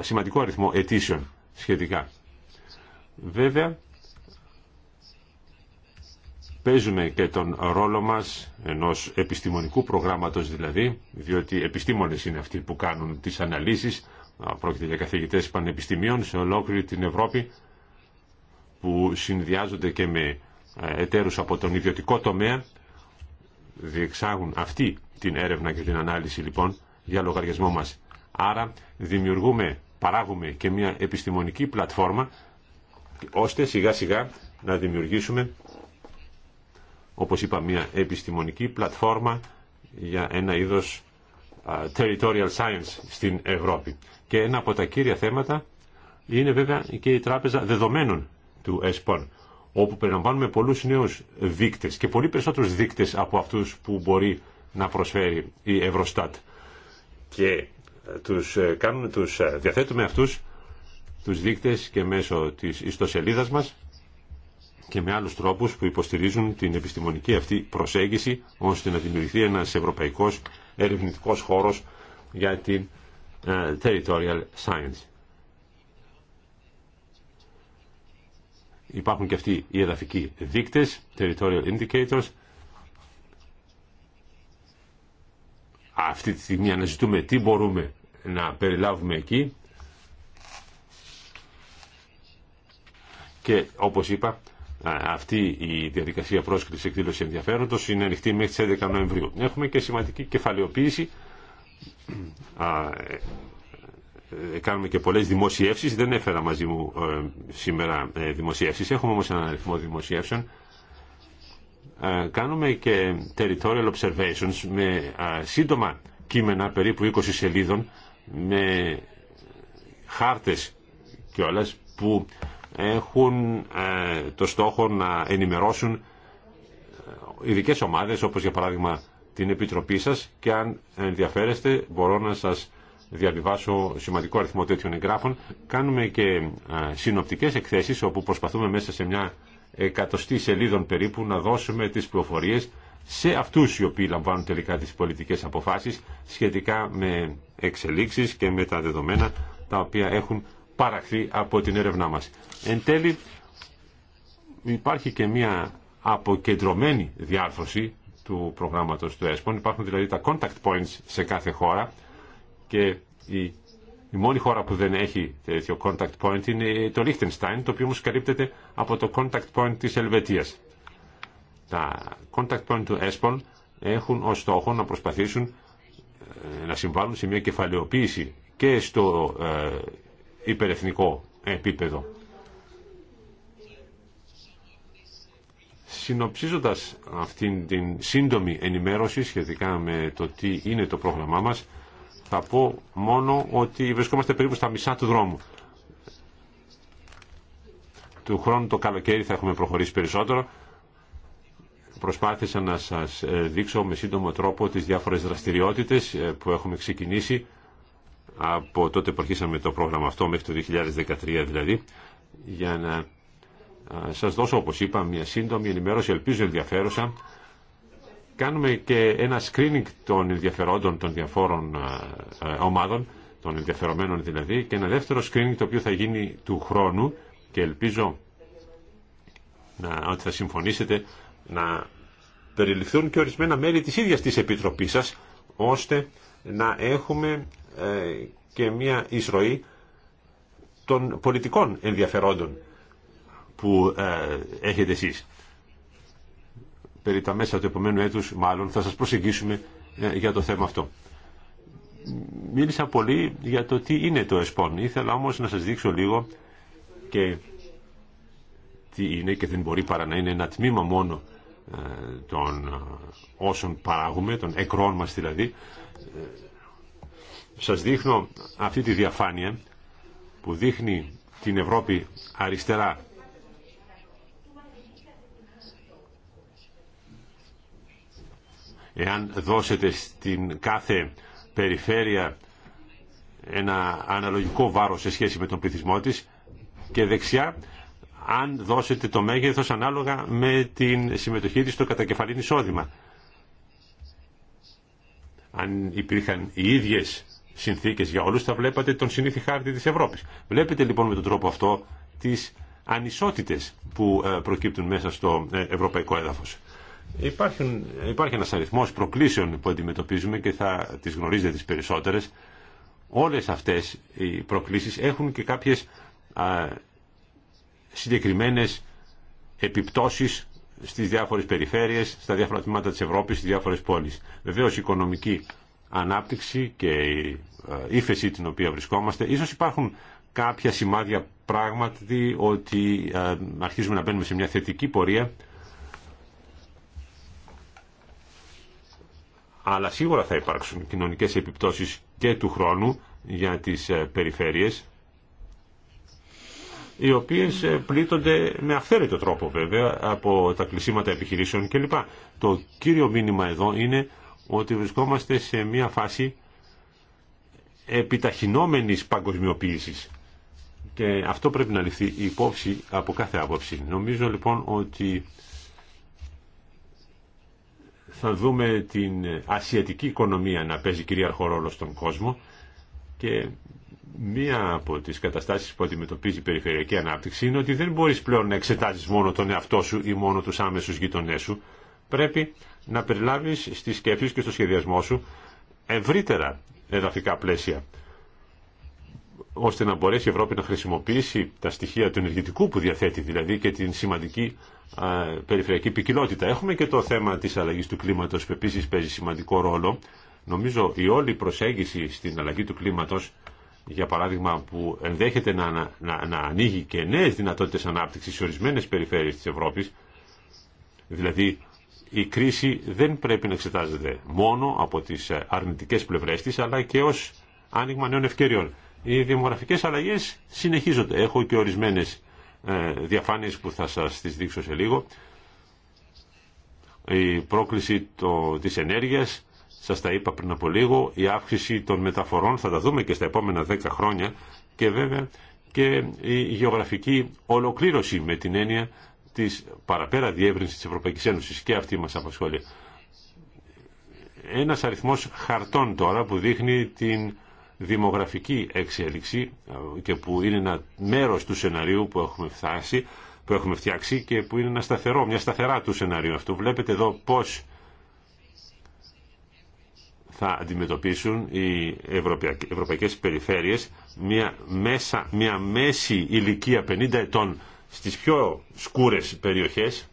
σημαντικό αριθμό αιτήσεων σχετικά. Βέβαια, παίζουμε και τον ρόλο μας ενός επιστημονικού προγράμματος δηλαδή, διότι επιστήμονες είναι αυτοί που κάνουν τις αναλύσεις, πρόκειται για καθηγητές πανεπιστημίων σε ολόκληρη την Ευρώπη που συνδυάζονται και με ε, εταίρους από τον ιδιωτικό τομέα διεξάγουν αυτή την έρευνα και την ανάλυση λοιπόν για λογαριασμό μας. Άρα δημιουργούμε, παράγουμε και μια επιστημονική πλατφόρμα ώστε σιγά σιγά να δημιουργήσουμε όπως είπα μια επιστημονική πλατφόρμα για ένα είδος territorial science στην Ευρώπη. Και ένα από τα κύρια θέματα είναι βέβαια και η τράπεζα δεδομένων του ΕΣΠΑΝ, όπου περιλαμβάνουμε πολλούς νέους δείκτες και πολύ περισσότερους δείκτες από αυτούς που μπορεί να προσφέρει η Ευρωστάτ. Και ε, τους, ε, κάνουμε, τους ε, διαθέτουμε αυτούς τους δείκτες και μέσω της ιστοσελίδας μας και με άλλους τρόπους που υποστηρίζουν την επιστημονική αυτή προσέγγιση ώστε να δημιουργηθεί ένας ευρωπαϊκός ερευνητικός χώρος για την Territorial Science. Υπάρχουν και αυτοί οι εδαφικοί δείκτες, territorial indicators. Αυτή τη στιγμή αναζητούμε τι μπορούμε να περιλάβουμε εκεί. Και όπως είπα, αυτή η διαδικασία πρόσκληση εκδήλωση ενδιαφέροντος είναι ανοιχτή μέχρι τις 11 Νοεμβρίου. Έχουμε και σημαντική κεφαλαιοποίηση ε, κάνουμε και πολλές δημοσιεύσεις. Δεν έφερα μαζί μου ε, σήμερα ε, δημοσιεύσεις. Έχουμε όμως έναν αριθμό δημοσιεύσεων. Κάνουμε και territorial observations με σύντομα κείμενα περίπου 20 σελίδων με χάρτες όλες που έχουν το στόχο να ενημερώσουν ειδικές ομάδες όπως για παράδειγμα την Επιτροπή σας και αν ενδιαφέρεστε μπορώ να σας διαβιβάσω σημαντικό αριθμό τέτοιων εγγράφων. Κάνουμε και συνοπτικέ εκθέσει όπου προσπαθούμε μέσα σε μια εκατοστή σελίδων περίπου να δώσουμε τι πληροφορίε σε αυτού οι οποίοι λαμβάνουν τελικά τι πολιτικέ αποφάσει σχετικά με εξελίξει και με τα δεδομένα τα οποία έχουν παραχθεί από την έρευνά μα. Εν τέλει υπάρχει και μια αποκεντρωμένη διάρθρωση του προγράμματος του ΕΣΠΟΝ. Υπάρχουν δηλαδή τα contact points σε κάθε χώρα και η μόνη χώρα που δεν έχει τέτοιο contact point είναι το Liechtenstein, το οποίο όμως καλύπτεται από το contact point της Ελβετίας. Τα contact point του ESPON έχουν ως στόχο να προσπαθήσουν ε, να συμβάλλουν σε μια κεφαλαιοποίηση και στο ε, υπερεθνικό επίπεδο. Συνοψίζοντας αυτήν την σύντομη ενημέρωση σχετικά με το τι είναι το πρόγραμμά μας, θα πω μόνο ότι βρισκόμαστε περίπου στα μισά του δρόμου. Του χρόνου το καλοκαίρι θα έχουμε προχωρήσει περισσότερο. Προσπάθησα να σας ε, δείξω με σύντομο τρόπο τις διάφορες δραστηριότητες ε, που έχουμε ξεκινήσει από τότε που αρχίσαμε το πρόγραμμα αυτό μέχρι το 2013 δηλαδή για να ε, σας δώσω όπως είπα μια σύντομη ενημέρωση ελπίζω ενδιαφέρουσα κάνουμε και ένα screening των ενδιαφερόντων των διαφόρων ε, ε, ομάδων, των ενδιαφερομένων δηλαδή, και ένα δεύτερο screening το οποίο θα γίνει του χρόνου και ελπίζω να, ότι θα συμφωνήσετε να περιληφθούν και ορισμένα μέλη της ίδιας της Επιτροπής σας, ώστε να έχουμε ε, και μια εισρωή των πολιτικών ενδιαφερόντων που έχετε εσείς περί τα μέσα του επόμενου έτους μάλλον θα σας προσεγγίσουμε ε, για το θέμα αυτό. Μίλησα πολύ για το τι είναι το ΕΣΠΟΝ. Ήθελα όμως να σας δείξω λίγο και τι είναι και δεν μπορεί παρά να είναι ένα τμήμα μόνο ε, των ε, όσων παράγουμε, των εκρών μας δηλαδή. Σας δείχνω αυτή τη διαφάνεια που δείχνει την Ευρώπη αριστερά Εάν δώσετε στην κάθε περιφέρεια ένα αναλογικό βάρος σε σχέση με τον πληθυσμό της και δεξιά αν δώσετε το μέγεθος ανάλογα με την συμμετοχή της στο κατακεφαλήν εισόδημα. Αν υπήρχαν οι ίδιες συνθήκες για όλους θα βλέπατε τον συνήθι χάρτη της Ευρώπης. Βλέπετε λοιπόν με τον τρόπο αυτό τις ανισότητες που ε, προκύπτουν μέσα στο ε, ευρωπαϊκό έδαφος. Υπάρχουν, υπάρχει ένας αριθμός προκλήσεων που αντιμετωπίζουμε και θα τις γνωρίζετε τις περισσότερες. Όλες αυτές οι προκλήσεις έχουν και κάποιες α, συγκεκριμένες επιπτώσεις στις διάφορες περιφέρειες, στα διάφορα τμήματα της Ευρώπης, στις διάφορες πόλεις. Βεβαίως η οικονομική ανάπτυξη και η ύφεση την οποία βρισκόμαστε. Ίσως υπάρχουν κάποια σημάδια πράγματι ότι αρχίζουμε να μπαίνουμε σε μια θετική πορεία αλλά σίγουρα θα υπάρξουν κοινωνικές επιπτώσεις και του χρόνου για τις ε, περιφέρειες οι οποίες ε, πλήττονται με αυθαίρετο τρόπο βέβαια από τα κλεισίματα επιχειρήσεων κλπ. Το κύριο μήνυμα εδώ είναι ότι βρισκόμαστε σε μια φάση επιταχυνόμενης παγκοσμιοποίησης και αυτό πρέπει να ληφθεί υπόψη από κάθε άποψη. Νομίζω λοιπόν ότι θα δούμε την ασιατική οικονομία να παίζει κυρίαρχο ρόλο στον κόσμο και μία από τις καταστάσεις που αντιμετωπίζει η περιφερειακή ανάπτυξη είναι ότι δεν μπορείς πλέον να εξετάζεις μόνο τον εαυτό σου ή μόνο τους άμεσους γειτονές σου. Πρέπει να περιλάβεις στις σκέψεις και στο σχεδιασμό σου ευρύτερα εδαφικά πλαίσια ώστε να μπορέσει η Ευρώπη να χρησιμοποιήσει τα στοιχεία του ενεργητικού που διαθέτει δηλαδή και την σημαντική περιφερειακή ποικιλότητα. Έχουμε και το θέμα της αλλαγής του κλίματος που επίση παίζει σημαντικό ρόλο. Νομίζω η όλη προσέγγιση στην αλλαγή του κλίματος, για παράδειγμα που ενδέχεται να, να, να ανοίγει και νέες δυνατότητες ανάπτυξης σε ορισμένες περιφέρειες της Ευρώπης, δηλαδή η κρίση δεν πρέπει να εξετάζεται μόνο από τις ε, αρνητικές πλευρές της, αλλά και ως άνοιγμα νέων ευκαιριών. Οι δημογραφικές αλλαγές συνεχίζονται. Έχω και ορισμένες ε, διαφάνειες που θα σας τις δείξω σε λίγο. Η πρόκληση το, της ενέργειας, σας τα είπα πριν από λίγο, η αύξηση των μεταφορών θα τα δούμε και στα επόμενα δέκα χρόνια και βέβαια και η γεωγραφική ολοκλήρωση με την έννοια της παραπέρα διεύρυνσης της Ευρωπαϊκής Ένωσης και αυτή μας απασχολεί. Ένας αριθμός χαρτών τώρα που δείχνει την δημογραφική εξέλιξη ε, και που είναι ένα μέρος του σενάριου που έχουμε φτάσει, που έχουμε φτιάξει και που είναι ένα σταθερό, μια σταθερά του σενάριου αυτού. Βλέπετε εδώ πώς θα αντιμετωπίσουν οι ευρωπαϊκές περιφέρειες μια, μέσα, μια μέση ηλικία 50 ετών στις πιο σκούρες περιοχές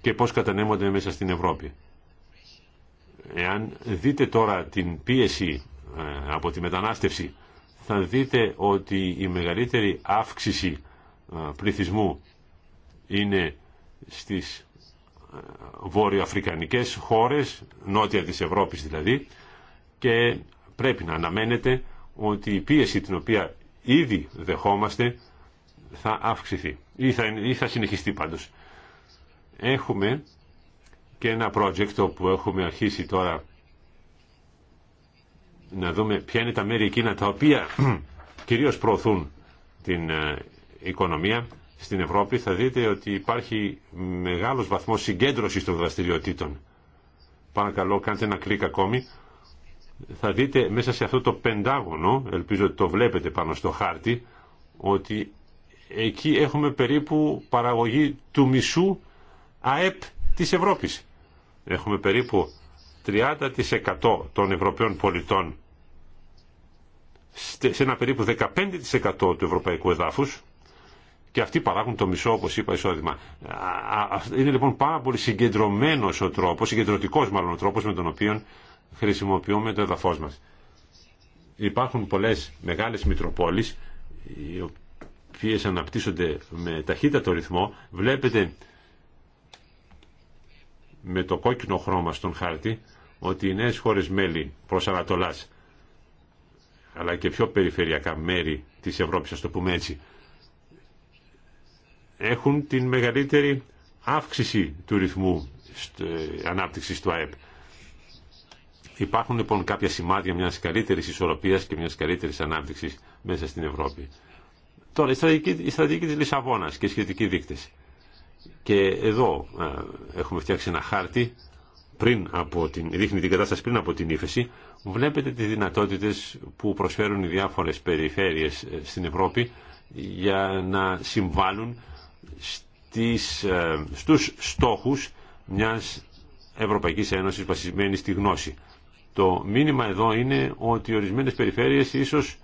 και πώς κατανέμονται μέσα στην Ευρώπη. Εάν δείτε τώρα την πίεση ε, από τη μετανάστευση, θα δείτε ότι η μεγαλύτερη αύξηση ε, πληθυσμού είναι στις ε, βόρειο-αφρικανικές χώρες, νότια της Ευρώπης δηλαδή, και πρέπει να αναμένετε ότι η πίεση την οποία ήδη δεχόμαστε θα αυξηθεί ή θα, ή θα συνεχιστεί πάντως. Έχουμε και ένα project που έχουμε αρχίσει τώρα να δούμε ποια είναι τα μέρη εκείνα τα οποία κυρίως προωθούν την ε, οικονομία στην Ευρώπη θα δείτε ότι υπάρχει μεγάλος βαθμός συγκέντρωσης των δραστηριοτήτων. Παρακαλώ κάντε ένα κλικ ακόμη. Θα δείτε μέσα σε αυτό το πεντάγωνο, ελπίζω ότι το βλέπετε πάνω στο χάρτη, ότι εκεί έχουμε περίπου παραγωγή του μισού ΑΕΠ της Ευρώπης. Έχουμε περίπου 30% των Ευρωπαίων πολιτών σε ένα περίπου 15% του ευρωπαϊκού εδάφους και αυτοί παράγουν το μισό, όπως είπα, εισόδημα. Είναι λοιπόν πάρα πολύ συγκεντρωμένος ο τρόπος, συγκεντρωτικός μάλλον ο τρόπος με τον οποίο χρησιμοποιούμε το εδαφός μας. Υπάρχουν πολλές μεγάλες μητροπόλεις, οι οποίες αναπτύσσονται με ταχύτατο ρυθμό. Βλέπετε με το κόκκινο χρώμα στον χάρτη ότι οι νέες χώρες μέλη προς Ανατολάς αλλά και πιο περιφερειακά μέρη της Ευρώπης, ας το πούμε έτσι, έχουν την μεγαλύτερη αύξηση του ρυθμού ε, ανάπτυξης του ΑΕΠ. Υπάρχουν λοιπόν κάποια σημάδια μιας καλύτερης ισορροπίας και μιας καλύτερης ανάπτυξης μέσα στην Ευρώπη. Τώρα, η στρατηγική, η στρατηγική της Λισαβόνας και οι σχετικοί δείκτες. Και εδώ ε, έχουμε φτιάξει ένα χάρτη πριν από την, δείχνει την κατάσταση πριν από την ύφεση. Βλέπετε τις δυνατότητες που προσφέρουν οι διάφορες περιφέρειες ε, στην Ευρώπη για να συμβάλλουν στις, ε, στους στόχους μιας Ευρωπαϊκής Ένωσης βασισμένη στη γνώση. Το μήνυμα εδώ είναι ότι ορισμένες περιφέρειες ίσως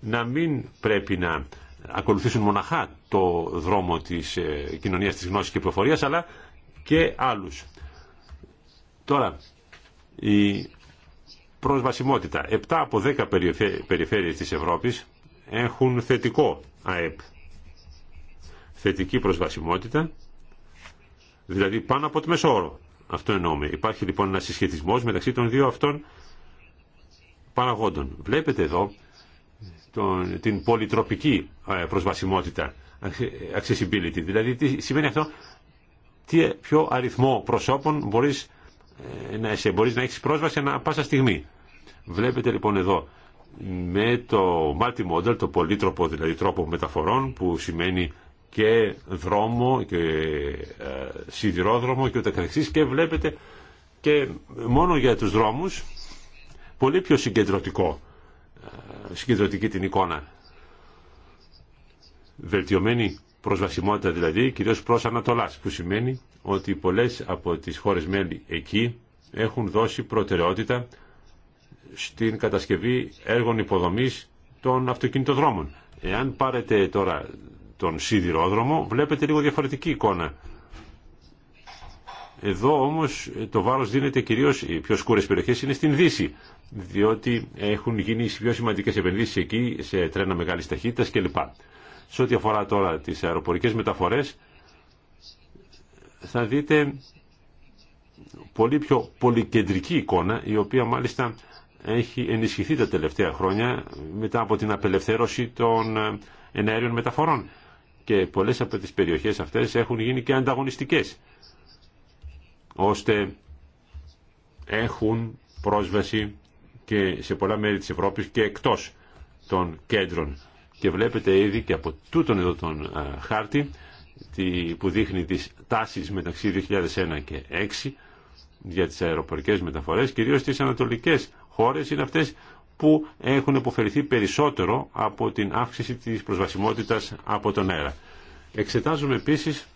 να μην πρέπει να ακολουθήσουν μοναχά το δρόμο της ε, κοινωνίας της γνώσης και προφορίας, αλλά και άλλους. Τώρα, η προσβασιμότητα. 7 από 10 περιφέρειες της Ευρώπης έχουν θετικό ΑΕΠ. Θετική προσβασιμότητα, δηλαδή πάνω από το μεσόωρο. Αυτό εννοούμε. Υπάρχει λοιπόν ένα συσχετισμός μεταξύ των δύο αυτών παραγόντων. Βλέπετε εδώ την πολυτροπική ε, προσβασιμότητα, accessibility. Δηλαδή, τι σημαίνει αυτό, τι, ποιο αριθμό προσώπων μπορείς, ε, να, είσαι, μπορείς να έχεις πρόσβαση ανά πάσα στιγμή. Βλέπετε λοιπόν εδώ με το multi-model, το πολύτροπο δηλαδή τρόπο μεταφορών που σημαίνει και δρόμο και ε, σιδηρόδρομο και ούτε καθεξής και βλέπετε και μόνο για τους δρόμους πολύ πιο συγκεντρωτικό συγκεντρωτική την εικόνα. Βελτιωμένη προσβασιμότητα δηλαδή, κυρίως προς Ανατολάς, που σημαίνει ότι πολλές από τις χώρες μέλη εκεί έχουν δώσει προτεραιότητα στην κατασκευή έργων υποδομής των αυτοκινητοδρόμων. Εάν πάρετε τώρα τον σιδηρόδρομο, βλέπετε λίγο διαφορετική εικόνα. Εδώ όμως το βάρος δίνεται κυρίως, οι πιο σκούρες περιοχές είναι στην Δύση, διότι έχουν γίνει πιο σημαντικέ επενδύσει εκεί σε τρένα μεγάλη ταχύτητα κλπ. Σε ό,τι αφορά τώρα τι αεροπορικέ μεταφορέ, θα δείτε πολύ πιο πολυκεντρική εικόνα, η οποία μάλιστα έχει ενισχυθεί τα τελευταία χρόνια μετά από την απελευθέρωση των ε, εναέριων μεταφορών. Και πολλές από τις περιοχές αυτές έχουν γίνει και ανταγωνιστικές, ώστε έχουν πρόσβαση και σε πολλά μέρη της Ευρώπης και εκτός των κέντρων. Και βλέπετε ήδη και από τούτον εδώ τον χάρτη που δείχνει τις τάσεις μεταξύ 2001 και 2006 για τις αεροπορικές μεταφορές, κυρίως στις ανατολικές χώρες είναι αυτές που έχουν υποφεληθεί περισσότερο από την αύξηση της προσβασιμότητας από τον αέρα. Εξετάζουμε επίσης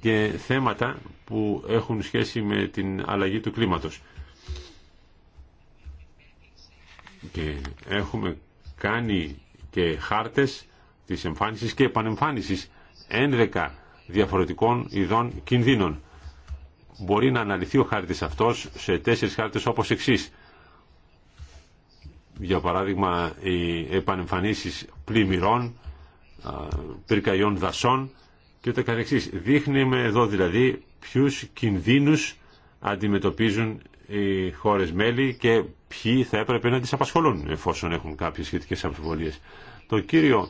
και θέματα που έχουν σχέση με την αλλαγή του κλίματος και έχουμε κάνει και χάρτες της εμφάνισης και επανεμφάνισης 11 διαφορετικών ειδών κινδύνων. Μπορεί να αναλυθεί ο χάρτης αυτός σε τέσσερις χάρτες όπως εξής. Για παράδειγμα, οι επανεμφανίσεις πλημμυρών, πυρκαγιών δασών και ούτε καθεξής. Δείχνουμε εδώ δηλαδή ποιους κινδύνους αντιμετωπίζουν οι χώρες μέλη και ποιοι θα έπρεπε να τις απασχολούν εφόσον έχουν κάποιες σχετικές αμφιβολίες. Το κύριο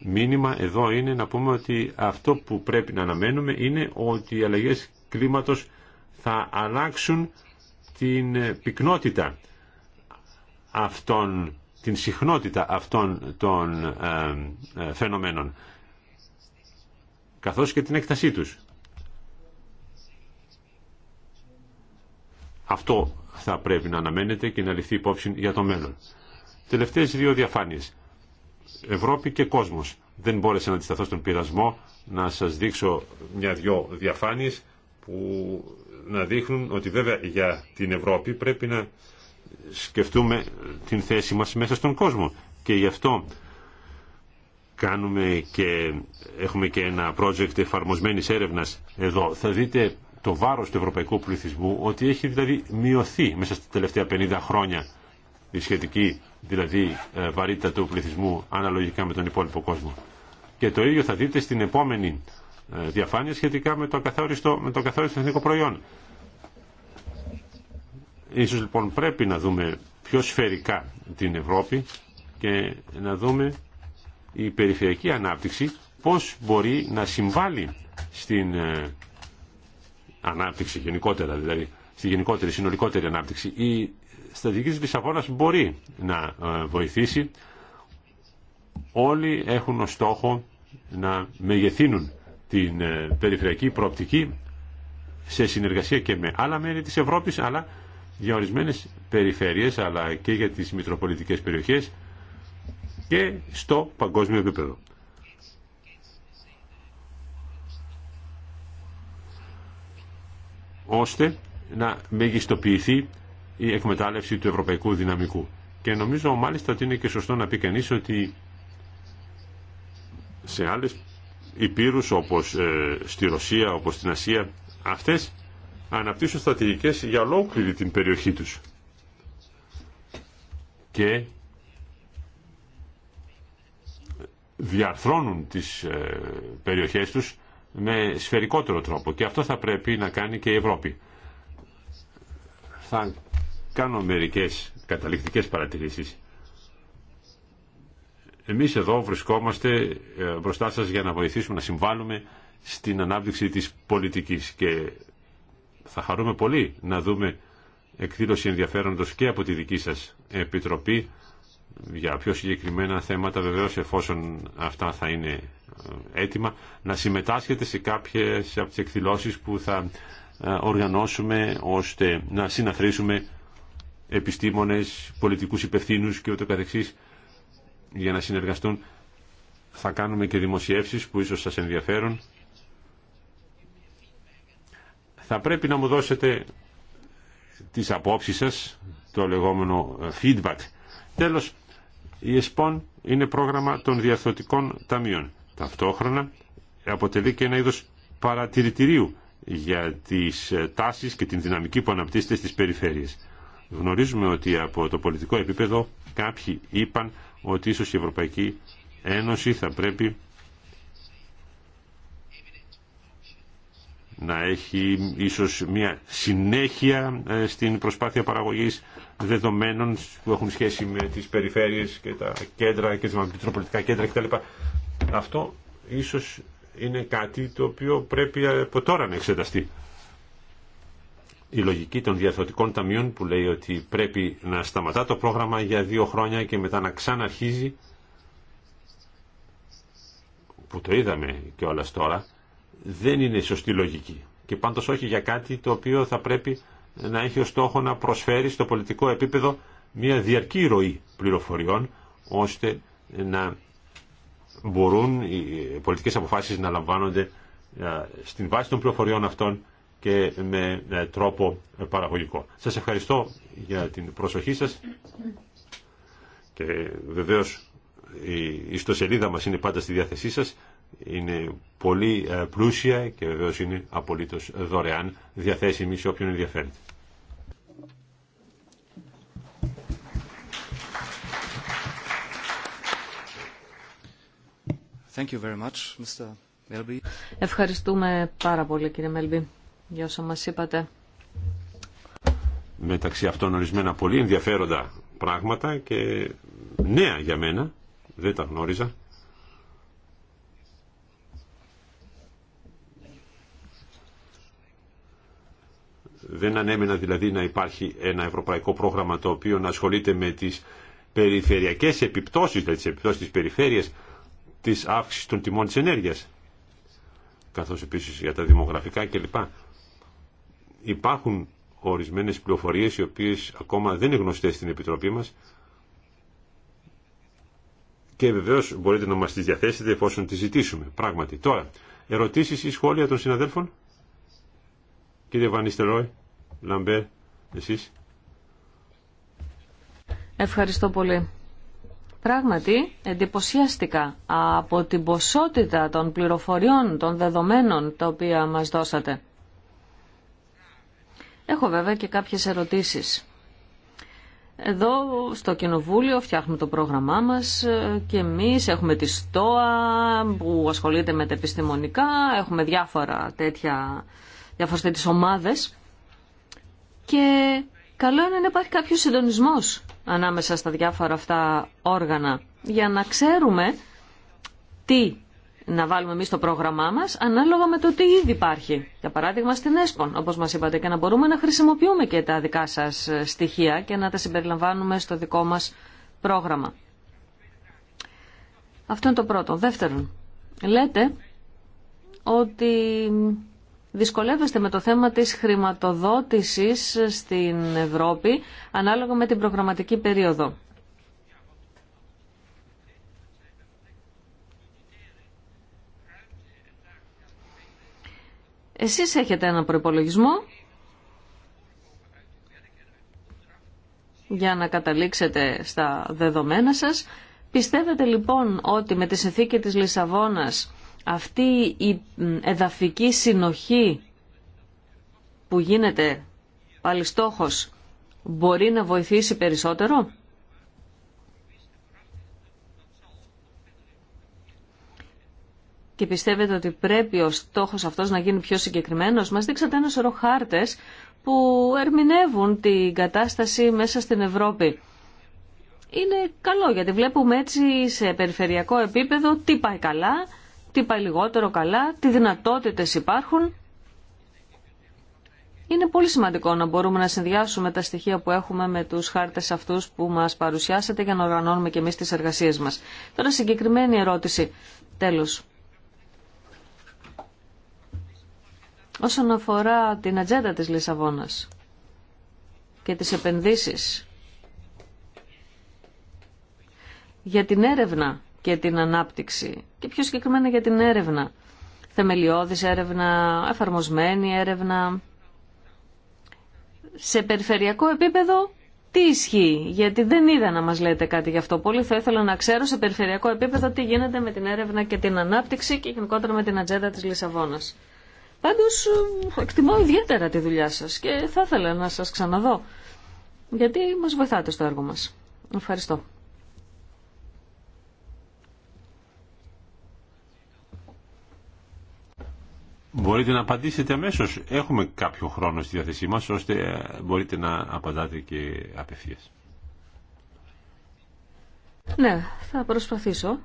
μήνυμα εδώ είναι να πούμε ότι αυτό που πρέπει να αναμένουμε είναι ότι οι αλλαγές κλίματος θα αλλάξουν την πυκνότητα αυτών, την συχνότητα αυτών των ε, ε, φαινομένων καθώς και την έκτασή τους. Αυτό θα πρέπει να αναμένεται και να ληφθεί υπόψη για το μέλλον. Τελευταίε δύο διαφάνειες. Ευρώπη και κόσμος. Δεν μπόρεσα να αντισταθώ στον πειρασμό να σας δείξω μια-δυο διαφάνειες που να δείχνουν ότι βέβαια για την Ευρώπη πρέπει να σκεφτούμε την θέση μας μέσα στον κόσμο. Και γι' αυτό κάνουμε και έχουμε και ένα project εφαρμοσμένης έρευνας εδώ. Θα δείτε το βάρος του ευρωπαϊκού πληθυσμού, ότι έχει δηλαδή μειωθεί μέσα στα τελευταία 50 χρόνια η σχετική δηλαδή ε, βαρύτητα του πληθυσμού αναλογικά με τον υπόλοιπο κόσμο. Και το ίδιο θα δείτε στην επόμενη ε, διαφάνεια σχετικά με το καθόριστο, με το καθόριστο εθνικό προϊόν. Ίσως λοιπόν πρέπει να δούμε πιο σφαιρικά την Ευρώπη και να δούμε η περιφερειακή ανάπτυξη πώς μπορεί να συμβάλλει στην ε, ανάπτυξη γενικότερα, δηλαδή στη γενικότερη, συνολικότερη ανάπτυξη. Η στρατηγική της μπορεί να ε, βοηθήσει. Όλοι έχουν ως στόχο να μεγεθύνουν την ε, περιφερειακή προοπτική σε συνεργασία και με άλλα μέρη της Ευρώπης, αλλά για ορισμένες περιφέρειες, αλλά και για τις μητροπολιτικές περιοχές και στο παγκόσμιο επίπεδο. ώστε να μεγιστοποιηθεί η εκμετάλλευση του ευρωπαϊκού δυναμικού. Και νομίζω μάλιστα ότι είναι και σωστό να πει κανείς ότι σε άλλες υπήρους όπως ε, στη Ρωσία, όπως στην Ασία, αυτές αναπτύσσουν στρατηγικές για ολόκληρη την περιοχή τους. Και διαρθρώνουν τις ε, περιοχές τους με σφαιρικότερο τρόπο και αυτό θα πρέπει να κάνει και η Ευρώπη. Θα κάνω μερικές καταληκτικές παρατηρήσεις. Εμείς εδώ βρισκόμαστε ε, μπροστά σας για να βοηθήσουμε να συμβάλλουμε στην ανάπτυξη της πολιτικής και θα χαρούμε πολύ να δούμε εκδήλωση ενδιαφέροντος και από τη δική σας Επιτροπή για πιο συγκεκριμένα θέματα βεβαίως εφόσον αυτά θα είναι Έτοιμα να συμμετάσχετε σε κάποιες από τις εκδηλώσεις που θα ε, οργανώσουμε ώστε να συναθρήσουμε επιστήμονες, πολιτικούς υπευθύνους και ούτω καθεξής για να συνεργαστούν. Θα κάνουμε και δημοσιεύσεις που ίσως σας ενδιαφέρουν. Θα πρέπει να μου δώσετε τις απόψεις σας, το λεγόμενο ε, feedback. Τέλος, η ΕΣΠΟΝ είναι πρόγραμμα των διαρθρωτικών ταμείων. Ταυτόχρονα αποτελεί και ένα είδος παρατηρητηρίου για τις ε, τάσεις και την δυναμική που αναπτύσσεται στις περιφέρειες. Γνωρίζουμε ότι από το πολιτικό επίπεδο κάποιοι είπαν ότι ίσως η Ευρωπαϊκή Ένωση θα πρέπει να έχει ίσως μια συνέχεια ε, στην προσπάθεια παραγωγής δεδομένων που έχουν σχέση με τις περιφέρειες και τα κέντρα και τα μετροπολιτικά κέντρα κτλ. Αυτό ίσως είναι κάτι το οποίο πρέπει από τώρα να εξεταστεί. Η λογική των διαθωτικών ταμείων που λέει ότι πρέπει να σταματά το πρόγραμμα για δύο χρόνια και μετά να ξαναρχίζει που το είδαμε και όλα τώρα, δεν είναι σωστή λογική. Και πάντως όχι για κάτι το οποίο θα πρέπει να έχει ως στόχο να προσφέρει στο πολιτικό επίπεδο μια διαρκή ροή πληροφοριών, ώστε να μπορούν οι πολιτικές αποφάσεις να λαμβάνονται ε, στην βάση των πληροφοριών αυτών και με ε, τρόπο παραγωγικό. Σας ευχαριστώ για την προσοχή σας και βεβαίως η ιστοσελίδα μας είναι πάντα στη διάθεσή σας. Είναι πολύ ε, πλούσια και βεβαίως είναι απολύτως δωρεάν διαθέσιμη σε όποιον ενδιαφέρεται. Ευχαριστούμε πάρα πολύ κύριε Μέλμπι για όσα μας είπατε. Μεταξύ αυτών ορισμένα πολύ ενδιαφέροντα πράγματα και νέα για μένα, δεν τα γνώριζα. Δεν ανέμενα δηλαδή να υπάρχει ένα ευρωπαϊκό πρόγραμμα το οποίο να ασχολείται με τις περιφερειακές επιπτώσεις, δηλαδή τις επιπτώσεις της περιφέρειας της αύξησης των τιμών της ενέργειας, καθώς επίσης για τα δημογραφικά κλπ. Υπάρχουν ορισμένες πληροφορίες οι οποίες ακόμα δεν είναι γνωστές στην Επιτροπή μας και βεβαίως μπορείτε να μας τις διαθέσετε εφόσον τις ζητήσουμε. Πράγματι. Τώρα, ερωτήσεις ή σχόλια των συναδέλφων. Κύριε Βανίστερόι, Λαμπέρ, εσείς. Ευχαριστώ πολύ. Πράγματι, εντυπωσιάστηκα από την ποσότητα των πληροφοριών, των δεδομένων τα οποία μας δώσατε. Έχω βέβαια και κάποιες ερωτήσεις. Εδώ στο Κοινοβούλιο φτιάχνουμε το πρόγραμμά μας και εμείς έχουμε τη ΣΤΟΑ που ασχολείται με τα επιστημονικά, έχουμε διάφορα τέτοια, διάφορες τέτοιες ομάδες και καλό είναι να υπάρχει κάποιος συντονισμός ανάμεσα στα διάφορα αυτά όργανα για να ξέρουμε τι να βάλουμε εμεί στο πρόγραμμά μα ανάλογα με το τι ήδη υπάρχει. Για παράδειγμα στην ΕΣΠΟΝ, όπω μα είπατε, και να μπορούμε να χρησιμοποιούμε και τα δικά σα στοιχεία και να τα συμπεριλαμβάνουμε στο δικό μα πρόγραμμα. Αυτό είναι το πρώτο. Δεύτερον, λέτε ότι δυσκολεύεστε με το θέμα της χρηματοδότησης στην Ευρώπη ανάλογα με την προγραμματική περίοδο. Εσείς έχετε ένα προπολογισμό για να καταλήξετε στα δεδομένα σας. Πιστεύετε λοιπόν ότι με τη συνθήκη της Λισαβόνας αυτή η εδαφική συνοχή που γίνεται πάλι στόχος μπορεί να βοηθήσει περισσότερο. Και πιστεύετε ότι πρέπει ο στόχος αυτός να γίνει πιο συγκεκριμένος. Μας δείξατε ένα σωρό χάρτες που ερμηνεύουν την κατάσταση μέσα στην Ευρώπη. Είναι καλό γιατί βλέπουμε έτσι σε περιφερειακό επίπεδο τι πάει καλά τι πάει λιγότερο καλά, τι δυνατότητες υπάρχουν. Είναι πολύ σημαντικό να μπορούμε να συνδυάσουμε τα στοιχεία που έχουμε με τους χάρτες αυτούς που μας παρουσιάσατε για να οργανώνουμε και εμείς τις εργασίες μας. Τώρα συγκεκριμένη ερώτηση. Τέλος. Όσον αφορά την ατζέντα της Λισαβόνας και τις επενδύσεις για την έρευνα και την ανάπτυξη και πιο συγκεκριμένα για την έρευνα. Θεμελιώδης έρευνα, εφαρμοσμένη έρευνα. Σε περιφερειακό επίπεδο τι ισχύει, γιατί δεν είδα να μας λέτε κάτι γι' αυτό πολύ. Θα ήθελα να ξέρω σε περιφερειακό επίπεδο τι γίνεται με την έρευνα και την ανάπτυξη και γενικότερα με την ατζέντα της Λισαβόνας. Πάντως εκτιμώ ιδιαίτερα τη δουλειά σας και θα ήθελα να σας ξαναδώ, γιατί μας βοηθάτε στο έργο μας. Ευχαριστώ. Μπορείτε να απαντήσετε αμέσω. Έχουμε κάποιο χρόνο στη διάθεσή μα, ώστε ε, μπορείτε να απαντάτε και απευθεία. Ναι, θα προσπαθήσω.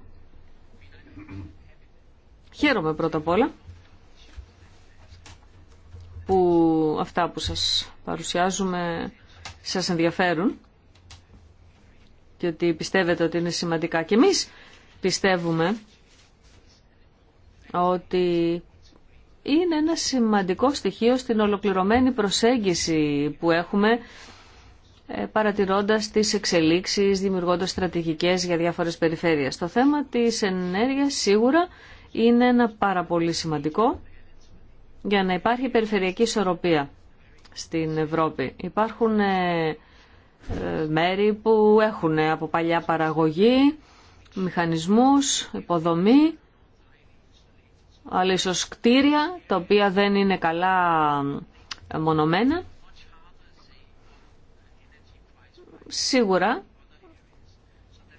Χαίρομαι πρώτα απ' όλα που αυτά που σας παρουσιάζουμε σας ενδιαφέρουν και ότι πιστεύετε ότι είναι σημαντικά. Και εμείς πιστεύουμε ότι είναι ένα σημαντικό στοιχείο στην ολοκληρωμένη προσέγγιση που έχουμε ε, παρατηρώντας τις εξελίξεις, δημιουργώντας στρατηγικές για διάφορες περιφέρειες. Το θέμα της ενέργειας σίγουρα είναι ένα πάρα πολύ σημαντικό για να υπάρχει περιφερειακή ισορροπία στην Ευρώπη. Υπάρχουν ε, ε, μέρη που έχουν από παλιά παραγωγή, μηχανισμούς, υποδομή αλλά κτίρια τα οποία δεν είναι καλά μονομένα. Σίγουρα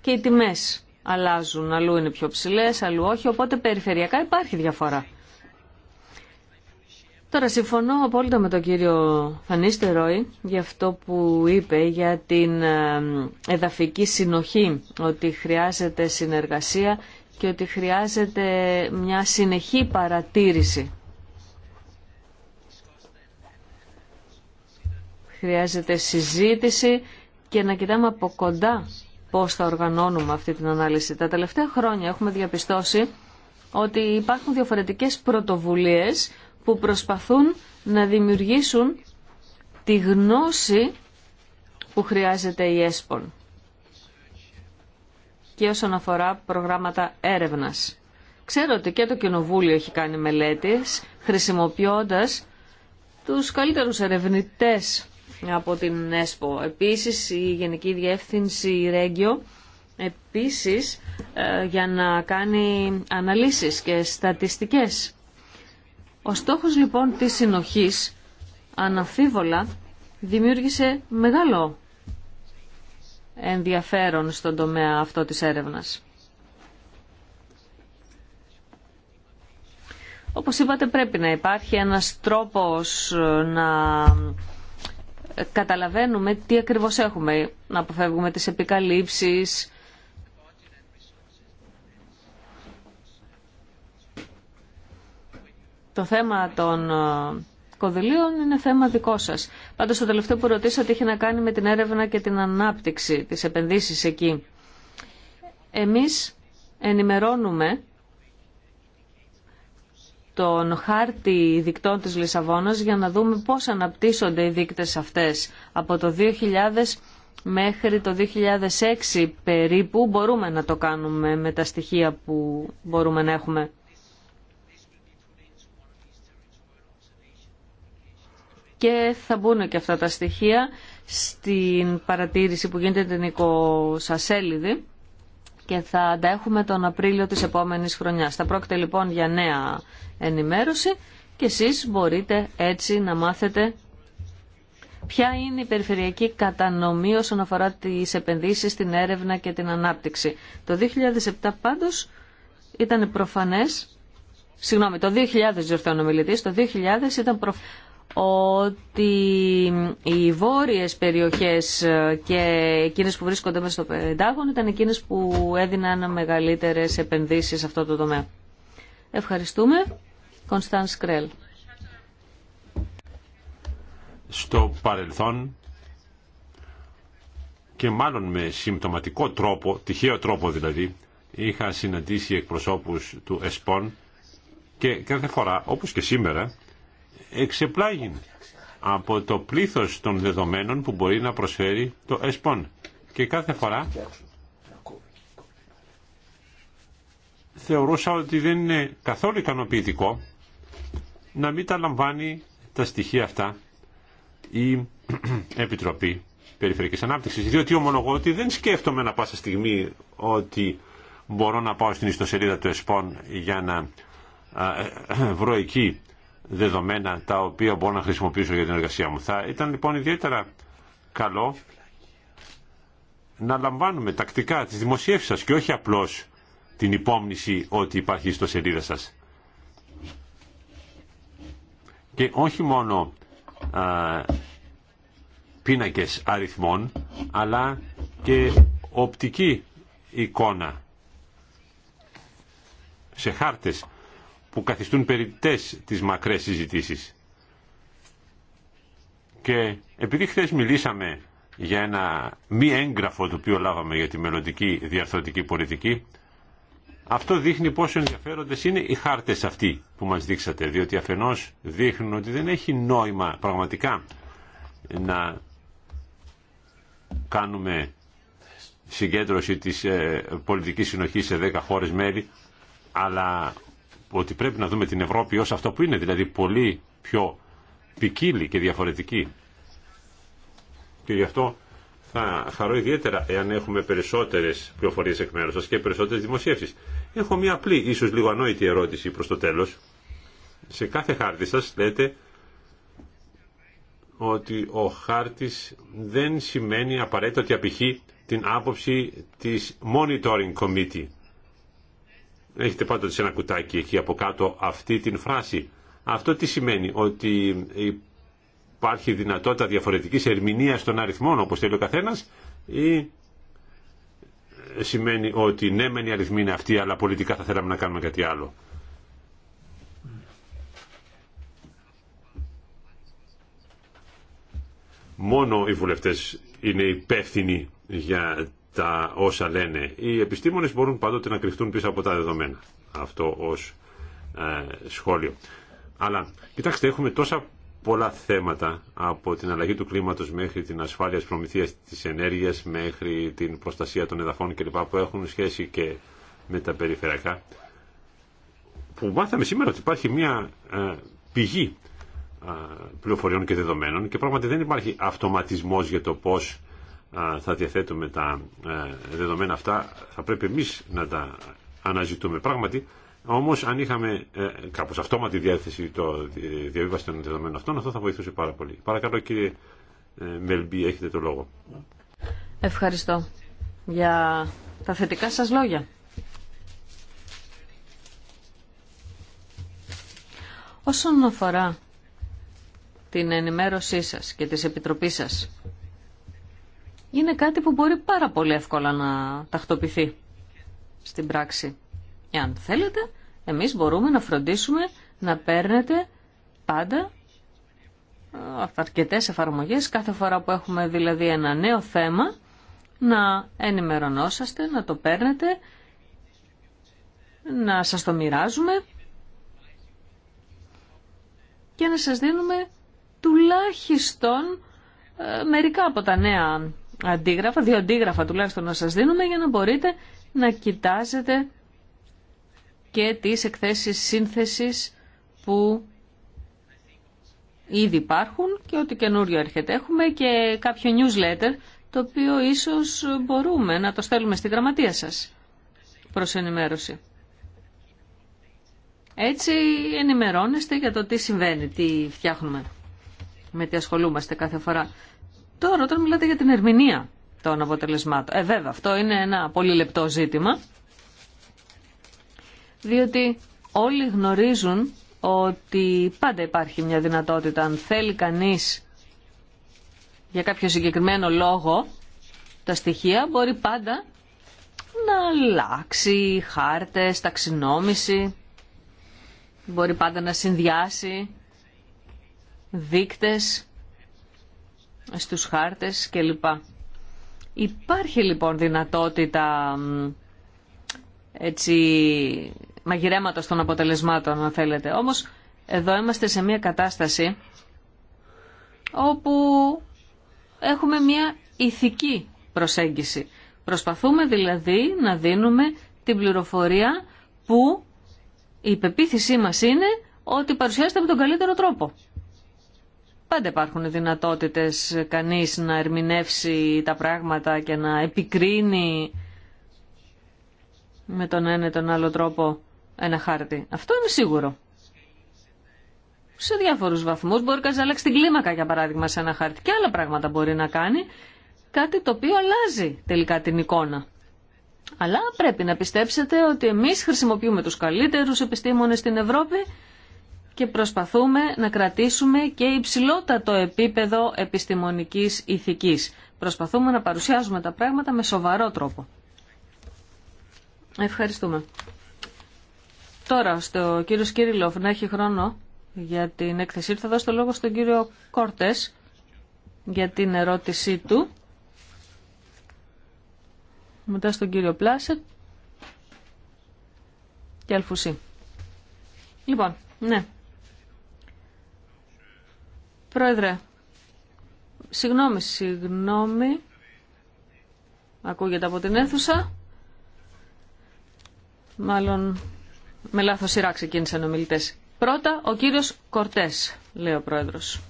και οι τιμές αλλάζουν, αλλού είναι πιο ψηλές, αλλού όχι, οπότε περιφερειακά υπάρχει διαφορά. Τώρα συμφωνώ απόλυτα με τον κύριο Φανίστερόη για αυτό που είπε για την εδαφική συνοχή, ότι χρειάζεται συνεργασία και ότι χρειάζεται μια συνεχή παρατήρηση. Χρειάζεται συζήτηση και να κοιτάμε από κοντά πώς θα οργανώνουμε αυτή την ανάλυση. Τα τελευταία χρόνια έχουμε διαπιστώσει ότι υπάρχουν διαφορετικές πρωτοβουλίες που προσπαθούν να δημιουργήσουν τη γνώση που χρειάζεται η ΕΣΠΟΝ και όσον αφορά προγράμματα έρευνας. Ξέρω ότι και το Κοινοβούλιο έχει κάνει μελέτες χρησιμοποιώντας τους καλύτερους ερευνητές από την ΕΣΠΟ. Επίσης η Γενική Διεύθυνση Ρέγγιο επίσης ε, για να κάνει αναλύσεις και στατιστικές. Ο στόχος λοιπόν της συνοχής αναφίβολα δημιούργησε μεγάλο ενδιαφέρον στον τομέα αυτό της έρευνας. Όπως είπατε πρέπει να υπάρχει ένας τρόπος να καταλαβαίνουμε τι ακριβώς έχουμε, να αποφεύγουμε τις επικαλύψεις, το θέμα των κονδυλίων είναι θέμα δικό σα. Πάντως το τελευταίο που ρωτήσατε είχε να κάνει με την έρευνα και την ανάπτυξη, τις επενδύσεις εκεί. Εμείς ενημερώνουμε τον χάρτη δικτών της Λισαβόνας για να δούμε πώς αναπτύσσονται οι δίκτες αυτές. Από το 2000 μέχρι το 2006 περίπου μπορούμε να το κάνουμε με τα στοιχεία που μπορούμε να έχουμε. και θα μπουν και αυτά τα στοιχεία στην παρατήρηση που γίνεται την Οικοσασέλιδη και θα τα έχουμε τον Απρίλιο της επόμενης χρονιάς. Θα πρόκειται λοιπόν για νέα ενημέρωση και εσείς μπορείτε έτσι να μάθετε ποια είναι η περιφερειακή κατανομή όσον αφορά τις επενδύσεις στην έρευνα και την ανάπτυξη. Το 2007 πάντως ήταν προφανές, συγγνώμη, το 2000 διορθώνω μιλητής, το 2000 ήταν προφανές ότι οι βόρειες περιοχές και εκείνες που βρίσκονται μέσα στο Πεντάγωνο ήταν εκείνες που έδιναν μεγαλύτερες επενδύσεις σε αυτό το τομέα. Ευχαριστούμε. Κωνσταντ Σκρέλ. Στο παρελθόν και μάλλον με συμπτωματικό τρόπο, τυχαίο τρόπο δηλαδή, είχα συναντήσει εκπροσώπους του ΕΣΠΟΝ και κάθε φορά, όπως και σήμερα, εξεπλάγει από το πλήθος των δεδομένων που μπορεί να προσφέρει το ΕΣΠΟΝ. Και κάθε φορά θεωρούσα ότι δεν είναι καθόλου ικανοποιητικό να μην τα λαμβάνει τα στοιχεία αυτά η Επιτροπή Περιφερειακής Ανάπτυξης, διότι ομολογώ ότι δεν σκέφτομαι να πάσα στιγμή ότι μπορώ να πάω στην ιστοσελίδα του ΕΣΠΟΝ για να ε, ε, βρω εκεί δεδομένα τα οποία μπορώ να χρησιμοποιήσω για την εργασία μου. Θα ήταν λοιπόν ιδιαίτερα καλό να λαμβάνουμε τακτικά τις δημοσιεύσεις σας και όχι απλώς την υπόμνηση ότι υπάρχει στο σελίδα σας. Και όχι μόνο α, πίνακες αριθμών, αλλά και οπτική εικόνα σε χάρτες που καθιστούν περιττές τις μακρές συζητήσεις. Και επειδή χθε μιλήσαμε για ένα μη έγγραφο το οποίο λάβαμε για τη μελλοντική διαρθρωτική πολιτική, αυτό δείχνει πόσο ενδιαφέροντες είναι οι χάρτες αυτοί που μας δείξατε, διότι αφενός δείχνουν ότι δεν έχει νόημα πραγματικά να κάνουμε συγκέντρωση της ε, πολιτικής συνοχής σε 10 χώρες μέλη, αλλά ότι πρέπει να δούμε την Ευρώπη ως αυτό που είναι, δηλαδή πολύ πιο ποικίλη και διαφορετική. Και γι' αυτό θα χαρώ ιδιαίτερα εάν έχουμε περισσότερες πληροφορίες εκ μέρους σας και περισσότερες δημοσίευσεις. Έχω μια απλή, ίσως λίγο ανόητη ερώτηση προς το τέλος. Σε κάθε χάρτη σας λέτε ότι ο χάρτης δεν σημαίνει απαραίτητα ότι απηχεί την άποψη της Monitoring Committee έχετε πάντοτε σε ένα κουτάκι εκεί από κάτω αυτή την φράση. Αυτό τι σημαίνει, ότι υπάρχει δυνατότητα διαφορετικής ερμηνείας των αριθμών όπως θέλει ο καθένας ή σημαίνει ότι ναι μεν οι αριθμοί είναι αυτοί αλλά πολιτικά θα θέλαμε να κάνουμε κάτι άλλο. Μόνο οι βουλευτές είναι υπεύθυνοι για τα όσα λένε. Οι επιστήμονες μπορούν πάντοτε να κρυφτούν πίσω από τα δεδομένα. Αυτό ως ε, σχόλιο. Αλλά κοιτάξτε, έχουμε τόσα πολλά θέματα από την αλλαγή του κλίματος μέχρι την ασφάλεια της προμηθείας της ενέργειας, μέχρι την προστασία των εδαφών κλπ. που έχουν σχέση και με τα περιφερειακά. Που μάθαμε σήμερα ότι υπάρχει μια ε, πηγή ε, πληροφοριών και δεδομένων και πράγματι δεν υπάρχει αυτοματισμός για το πώς θα διαθέτουμε τα ε, δεδομένα αυτά, θα πρέπει εμείς να τα αναζητούμε. Πράγματι, όμως αν είχαμε ε, κάπως αυτόματη διάθεση το ε, διαβίβαση των δεδομένων αυτών, αυτό θα βοηθούσε πάρα πολύ. Παρακαλώ κύριε Μελμπή, έχετε το λόγο. Ευχαριστώ για τα θετικά σας λόγια. Όσον αφορά την ενημέρωσή σας και της Επιτροπής σας είναι κάτι που μπορεί πάρα πολύ εύκολα να τακτοποιηθεί στην πράξη. Εάν θέλετε, εμείς μπορούμε να φροντίσουμε να παίρνετε πάντα ε, αρκετέ εφαρμογές κάθε φορά που έχουμε δηλαδή ένα νέο θέμα να ενημερωνόσαστε, να το παίρνετε, να σας το μοιράζουμε και να σας δίνουμε τουλάχιστον ε, μερικά από τα νέα αντίγραφα, δύο αντίγραφα τουλάχιστον να σας δίνουμε για να μπορείτε να κοιτάζετε και τις εκθέσεις σύνθεσης που ήδη υπάρχουν και ό,τι καινούριο έρχεται. Έχουμε και κάποιο newsletter το οποίο ίσως μπορούμε να το στέλνουμε στη γραμματεία σας προς ενημέρωση. Έτσι ενημερώνεστε για το τι συμβαίνει, τι φτιάχνουμε, με τι ασχολούμαστε κάθε φορά. Τώρα όταν μιλάτε για την ερμηνεία των αποτελεσμάτων. Ε, βέβαια, αυτό είναι ένα πολύ λεπτό ζήτημα, διότι όλοι γνωρίζουν ότι πάντα υπάρχει μια δυνατότητα, αν θέλει κανείς για κάποιο συγκεκριμένο λόγο, τα στοιχεία μπορεί πάντα να αλλάξει χάρτες, ταξινόμηση, μπορεί πάντα να συνδυάσει δείκτες στους χάρτες κλπ. Υπάρχει λοιπόν δυνατότητα έτσι, μαγειρέματος των αποτελεσμάτων αν θέλετε. Όμως εδώ είμαστε σε μια κατάσταση όπου έχουμε μια ηθική προσέγγιση. Προσπαθούμε δηλαδή να δίνουμε την πληροφορία που η πεποίθησή μας είναι ότι παρουσιάζεται με τον καλύτερο τρόπο. Πάντα υπάρχουν δυνατότητες κανείς να ερμηνεύσει τα πράγματα και να επικρίνει με τον ένα ή τον άλλο τρόπο ένα χάρτη. Αυτό είναι σίγουρο. Σε διάφορους βαθμούς μπορεί να αλλάξει την κλίμακα για παράδειγμα σε ένα χάρτη και άλλα πράγματα μπορεί να κάνει κάτι το οποίο αλλάζει τελικά την εικόνα. Αλλά πρέπει να πιστέψετε ότι εμείς χρησιμοποιούμε τους καλύτερους επιστήμονες στην Ευρώπη και προσπαθούμε να κρατήσουμε και υψηλότατο επίπεδο επιστημονικής ηθικής. Προσπαθούμε να παρουσιάζουμε τα πράγματα με σοβαρό τρόπο. Ευχαριστούμε. Τώρα, στο κύριο Σκύριλοφ να έχει χρόνο για την έκθεσή θα δώσω το λόγο στον κύριο Κόρτες για την ερώτησή του. Μετά στον κύριο Πλάσετ και Αλφουσί. Λοιπόν, ναι, Πρόεδρε, συγγνώμη, συγγνώμη, ακούγεται από την αίθουσα. Μάλλον με λάθος σειρά ξεκίνησαν ομιλητές. Πρώτα ο κύριος Κορτές, λέει ο Πρόεδρος.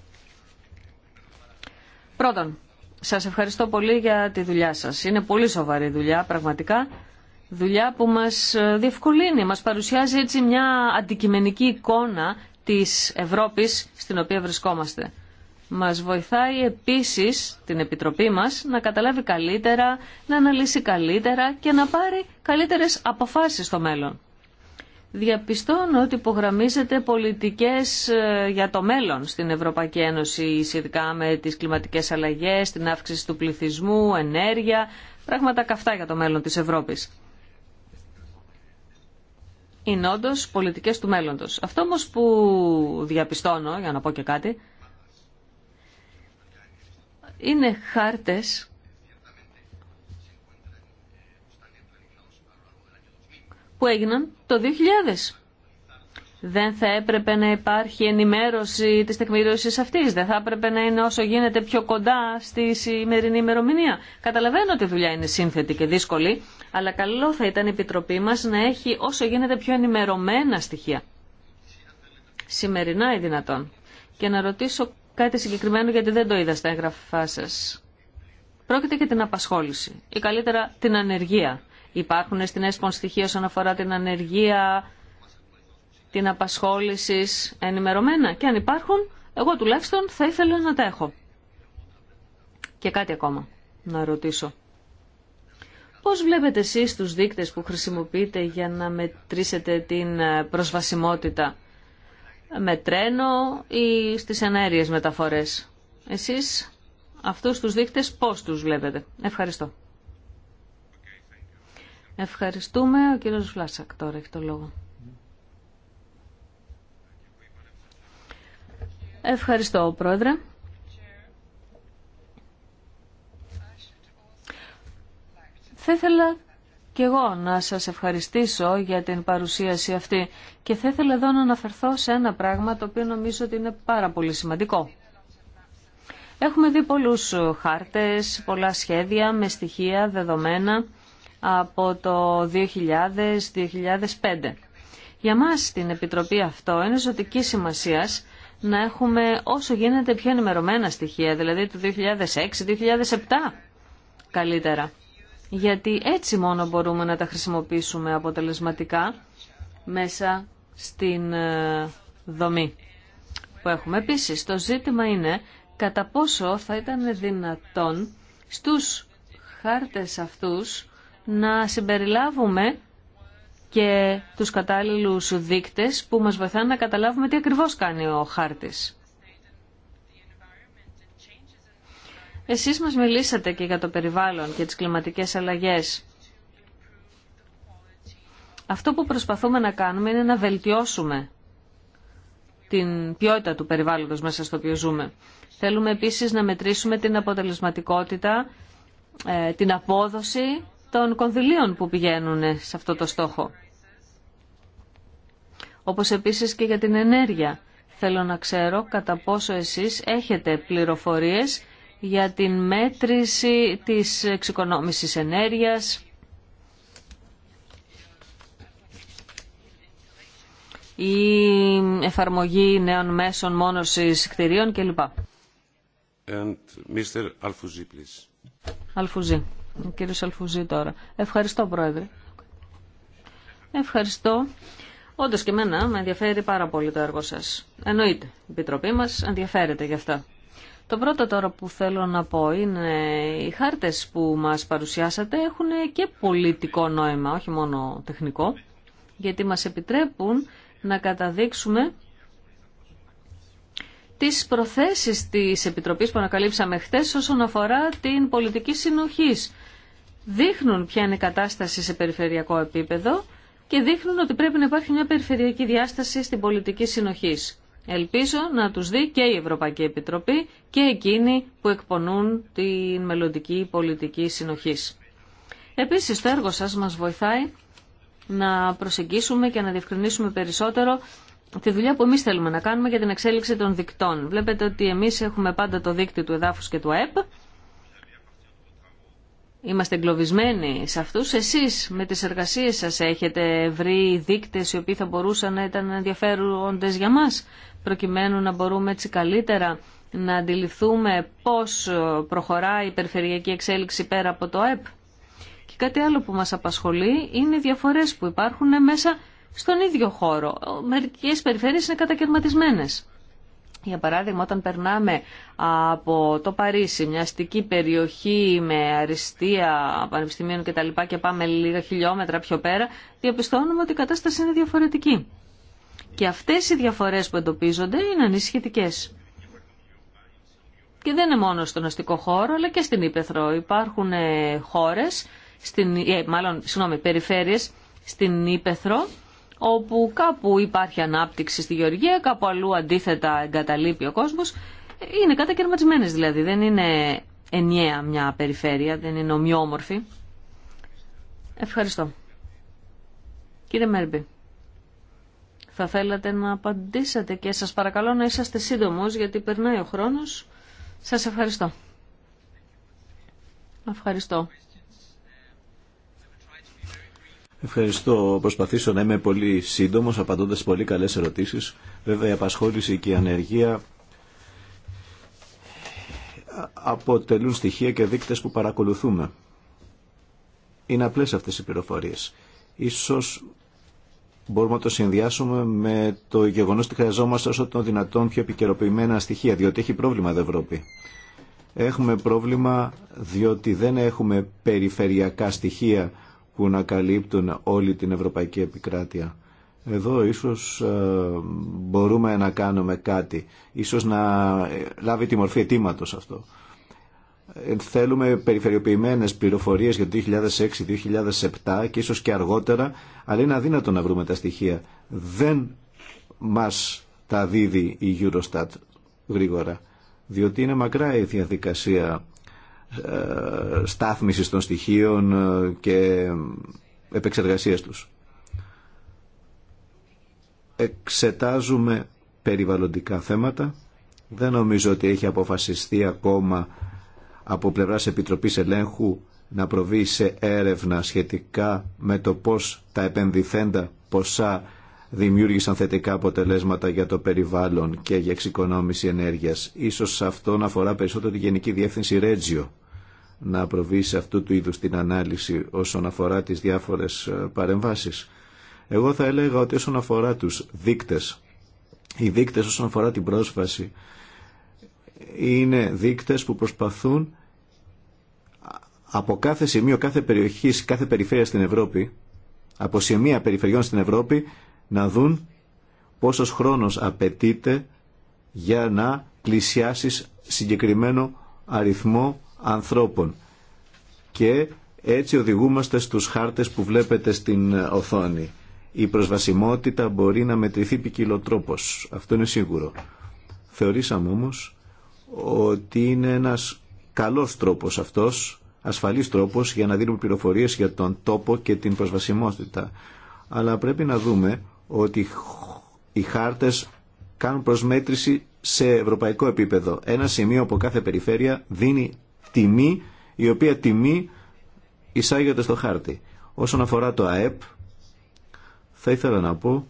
Πρώτον, σας ευχαριστώ πολύ για τη δουλειά σας. Είναι πολύ σοβαρή δουλειά, πραγματικά. Δουλειά που μας ε, διευκολύνει, μας παρουσιάζει έτσι μια αντικειμενική εικόνα της Ευρώπης στην οποία βρισκόμαστε. Μας βοηθάει επίσης την Επιτροπή μας να καταλάβει καλύτερα, να αναλύσει καλύτερα και να πάρει καλύτερες αποφάσεις στο μέλλον. Διαπιστώνω ότι υπογραμμίζεται πολιτικές ε, για το μέλλον στην Ευρωπαϊκή Ένωση σχετικά με τις κλιματικές αλλαγές, την αύξηση του πληθυσμού, ενέργεια, πράγματα καυτά για το μέλλον της Ευρώπης είναι όντω πολιτικές του μέλλοντος. Αυτό όμω που διαπιστώνω, για να πω και κάτι, είναι χάρτες που έγιναν το 2000 δεν θα έπρεπε να υπάρχει ενημέρωση της τεκμηρίωσης αυτής. Δεν θα έπρεπε να είναι όσο γίνεται πιο κοντά στη σημερινή ημερομηνία. Καταλαβαίνω ότι η δουλειά είναι σύνθετη και δύσκολη, αλλά καλό θα ήταν η Επιτροπή μας να έχει όσο γίνεται πιο ενημερωμένα στοιχεία. Σημερινά ή δυνατόν. Και να ρωτήσω κάτι συγκεκριμένο γιατί δεν το είδα στα έγγραφά σα. Πρόκειται για την απασχόληση ή καλύτερα την ανεργία. Υπάρχουν στην ΕΣΠΟΝ στοιχεία όσον αφορά την ανεργία, την απασχόληση ενημερωμένα και αν υπάρχουν, εγώ τουλάχιστον θα ήθελα να τα έχω. Και κάτι ακόμα να ρωτήσω. Πώς βλέπετε εσείς τους δείκτες που χρησιμοποιείτε για να μετρήσετε την ε, προσβασιμότητα με τρένο ή στις ενέργειες μεταφορές. Εσείς αυτούς τους δείκτες πώς τους βλέπετε. Ευχαριστώ. Ευχαριστούμε. Ο κύριος Βλάσακ τώρα έχει το λόγο. Ευχαριστώ, Πρόεδρε. Θα ήθελα και εγώ να σας ευχαριστήσω για την παρουσίαση αυτή και θα ήθελα εδώ να αναφερθώ σε ένα πράγμα το οποίο νομίζω ότι είναι πάρα πολύ σημαντικό. Έχουμε δει πολλούς χάρτες, πολλά σχέδια με στοιχεία δεδομένα από το 2000-2005. Για μας την Επιτροπή αυτό είναι ζωτική σημασίας να έχουμε όσο γίνεται πιο ενημερωμένα στοιχεία, δηλαδή το 2006-2007 καλύτερα. Γιατί έτσι μόνο μπορούμε να τα χρησιμοποιήσουμε αποτελεσματικά μέσα στην ε, δομή που έχουμε. Επίσης, το ζήτημα είναι κατά πόσο θα ήταν δυνατόν στους χάρτες αυτούς να συμπεριλάβουμε και τους κατάλληλους δείκτες που μας βοηθάνε να καταλάβουμε τι ακριβώς κάνει ο χάρτης. Εσείς μας μιλήσατε και για το περιβάλλον και τις κλιματικές αλλαγές. Αυτό που προσπαθούμε να κάνουμε είναι να βελτιώσουμε την ποιότητα του περιβάλλοντος μέσα στο οποίο ζούμε. Θέλουμε επίσης να μετρήσουμε την αποτελεσματικότητα, ε, την απόδοση των κονδυλίων που πηγαίνουν σε αυτό το στόχο. Όπως επίσης και για την ενέργεια. Θέλω να ξέρω κατά πόσο εσείς έχετε πληροφορίες για την μέτρηση της εξοικονόμησης ενέργειας. η εφαρμογή νέων μέσων μόνωσης κτηρίων κλπ. And Mr. Alfuzi, Κύριε κύριος τώρα. Ευχαριστώ, Πρόεδρε. Ευχαριστώ. Όντω και εμένα με ενδιαφέρει πάρα πολύ το έργο σας. Εννοείται, η Επιτροπή μας ενδιαφέρεται γι' αυτά. Το πρώτο τώρα που θέλω να πω είναι οι χάρτες που μας παρουσιάσατε έχουν και πολιτικό νόημα, όχι μόνο τεχνικό, γιατί μας επιτρέπουν να καταδείξουμε τις προθέσεις της Επιτροπής που ανακαλύψαμε χθε όσον αφορά την πολιτική συνοχής δείχνουν ποια είναι η κατάσταση σε περιφερειακό επίπεδο και δείχνουν ότι πρέπει να υπάρχει μια περιφερειακή διάσταση στην πολιτική συνοχή. Ελπίζω να του δει και η Ευρωπαϊκή Επιτροπή και εκείνοι που εκπονούν την μελλοντική πολιτική συνοχή. Επίση, το έργο σα μα βοηθάει να προσεγγίσουμε και να διευκρινίσουμε περισσότερο τη δουλειά που εμεί θέλουμε να κάνουμε για την εξέλιξη των δικτών. Βλέπετε ότι εμεί έχουμε πάντα το δίκτυο του Εδάφου και του ΑΕΠ είμαστε εγκλωβισμένοι σε αυτούς. Εσείς με τις εργασίες σας έχετε βρει δείκτες οι οποίοι θα μπορούσαν να ήταν ενδιαφέροντες για μας, προκειμένου να μπορούμε έτσι καλύτερα να αντιληφθούμε πώς προχωράει η περιφερειακή εξέλιξη πέρα από το ΕΠ. Και κάτι άλλο που μας απασχολεί είναι οι διαφορές που υπάρχουν μέσα στον ίδιο χώρο. Μερικές περιφέρειες είναι κατακαιρματισμένες. Για παράδειγμα, όταν περνάμε από το Παρίσι, μια αστική περιοχή με αριστεία πανεπιστημίων κτλ. και πάμε λίγα χιλιόμετρα πιο πέρα, διαπιστώνουμε ότι η κατάσταση είναι διαφορετική. Και αυτές οι διαφορές που εντοπίζονται είναι ανησυχητικές. Και δεν είναι μόνο στον αστικό χώρο, αλλά και στην Ήπεθρο. Υπάρχουν ε, χώρες, στην, ε, μάλλον, συγγνώμη, περιφέρειες στην Ήπεθρο, όπου κάπου υπάρχει ανάπτυξη στη Γεωργία, κάπου αλλού αντίθετα εγκαταλείπει ο κόσμος. Είναι κατακαιρματισμένες δηλαδή, δεν είναι ενιαία μια περιφέρεια, δεν είναι ομοιόμορφη. Ευχαριστώ. Κύριε Μέρμπη, θα θέλατε να απαντήσετε και σας παρακαλώ να είσαστε σύντομος γιατί περνάει ο χρόνος. Σας ευχαριστώ. Ευχαριστώ Ευχαριστώ. Προσπαθήσω να είμαι πολύ σύντομο, απαντώντα πολύ καλέ ερωτήσει. Βέβαια, η απασχόληση και η ανεργία αποτελούν στοιχεία και δείκτες που παρακολουθούμε. Είναι απλές αυτές οι πληροφορίε. Ίσως μπορούμε να το συνδυάσουμε με το γεγονό ότι χρειαζόμαστε όσο το δυνατόν πιο επικαιροποιημένα στοιχεία, διότι έχει πρόβλημα η Ευρώπη. Έχουμε πρόβλημα διότι δεν έχουμε περιφερειακά στοιχεία που να καλύπτουν όλη την ευρωπαϊκή επικράτεια. Εδώ ίσως ε, μπορούμε να κάνουμε κάτι, ίσως να ε, λάβει τη μορφή αιτήματο αυτό. Ε, θέλουμε περιφερειοποιημένες πληροφορίες για το 2006-2007 και ίσως και αργότερα, αλλά είναι αδύνατο να βρούμε τα στοιχεία. Δεν μας τα δίδει η Eurostat γρήγορα, διότι είναι μακρά η διαδικασία ε, στάθμισης των στοιχείων ε, και επεξεργασίας τους. Εξετάζουμε περιβαλλοντικά θέματα. Δεν νομίζω ότι έχει αποφασιστεί ακόμα από πλευράς Επιτροπής Ελέγχου να προβεί σε έρευνα σχετικά με το πώς τα επενδυθέντα ποσά δημιούργησαν θετικά αποτελέσματα για το περιβάλλον και για εξοικονόμηση ενέργειας. Ίσως αυτό να αφορά περισσότερο τη Γενική Διεύθυνση Ρέτζιο να προβεί σε αυτού του είδους την ανάλυση όσον αφορά τις διάφορες ε, παρεμβάσεις. Εγώ θα έλεγα ότι όσον αφορά τους δείκτες, οι δείκτες όσον αφορά την πρόσβαση είναι δείκτες που προσπαθούν από κάθε σημείο, κάθε περιοχή, κάθε περιφέρεια στην Ευρώπη, από σημεία περιφερειών στην Ευρώπη, να δουν πόσος χρόνος απαιτείται για να πλησιάσεις συγκεκριμένο αριθμό ανθρώπων. Και έτσι οδηγούμαστε στους χάρτες που βλέπετε στην οθόνη. Η προσβασιμότητα μπορεί να μετρηθεί ποικιλοτρόπως. Αυτό είναι σίγουρο. Θεωρήσαμε όμως ότι είναι ένας καλός τρόπος αυτός, ασφαλής τρόπος για να δίνουμε πληροφορίες για τον τόπο και την προσβασιμότητα. Αλλά πρέπει να δούμε ότι οι χάρτες κάνουν προσμέτρηση σε ευρωπαϊκό επίπεδο. Ένα σημείο από κάθε περιφέρεια δίνει τιμή, η οποία τιμή εισάγεται στο χάρτη. Όσον αφορά το ΑΕΠ, θα ήθελα να πω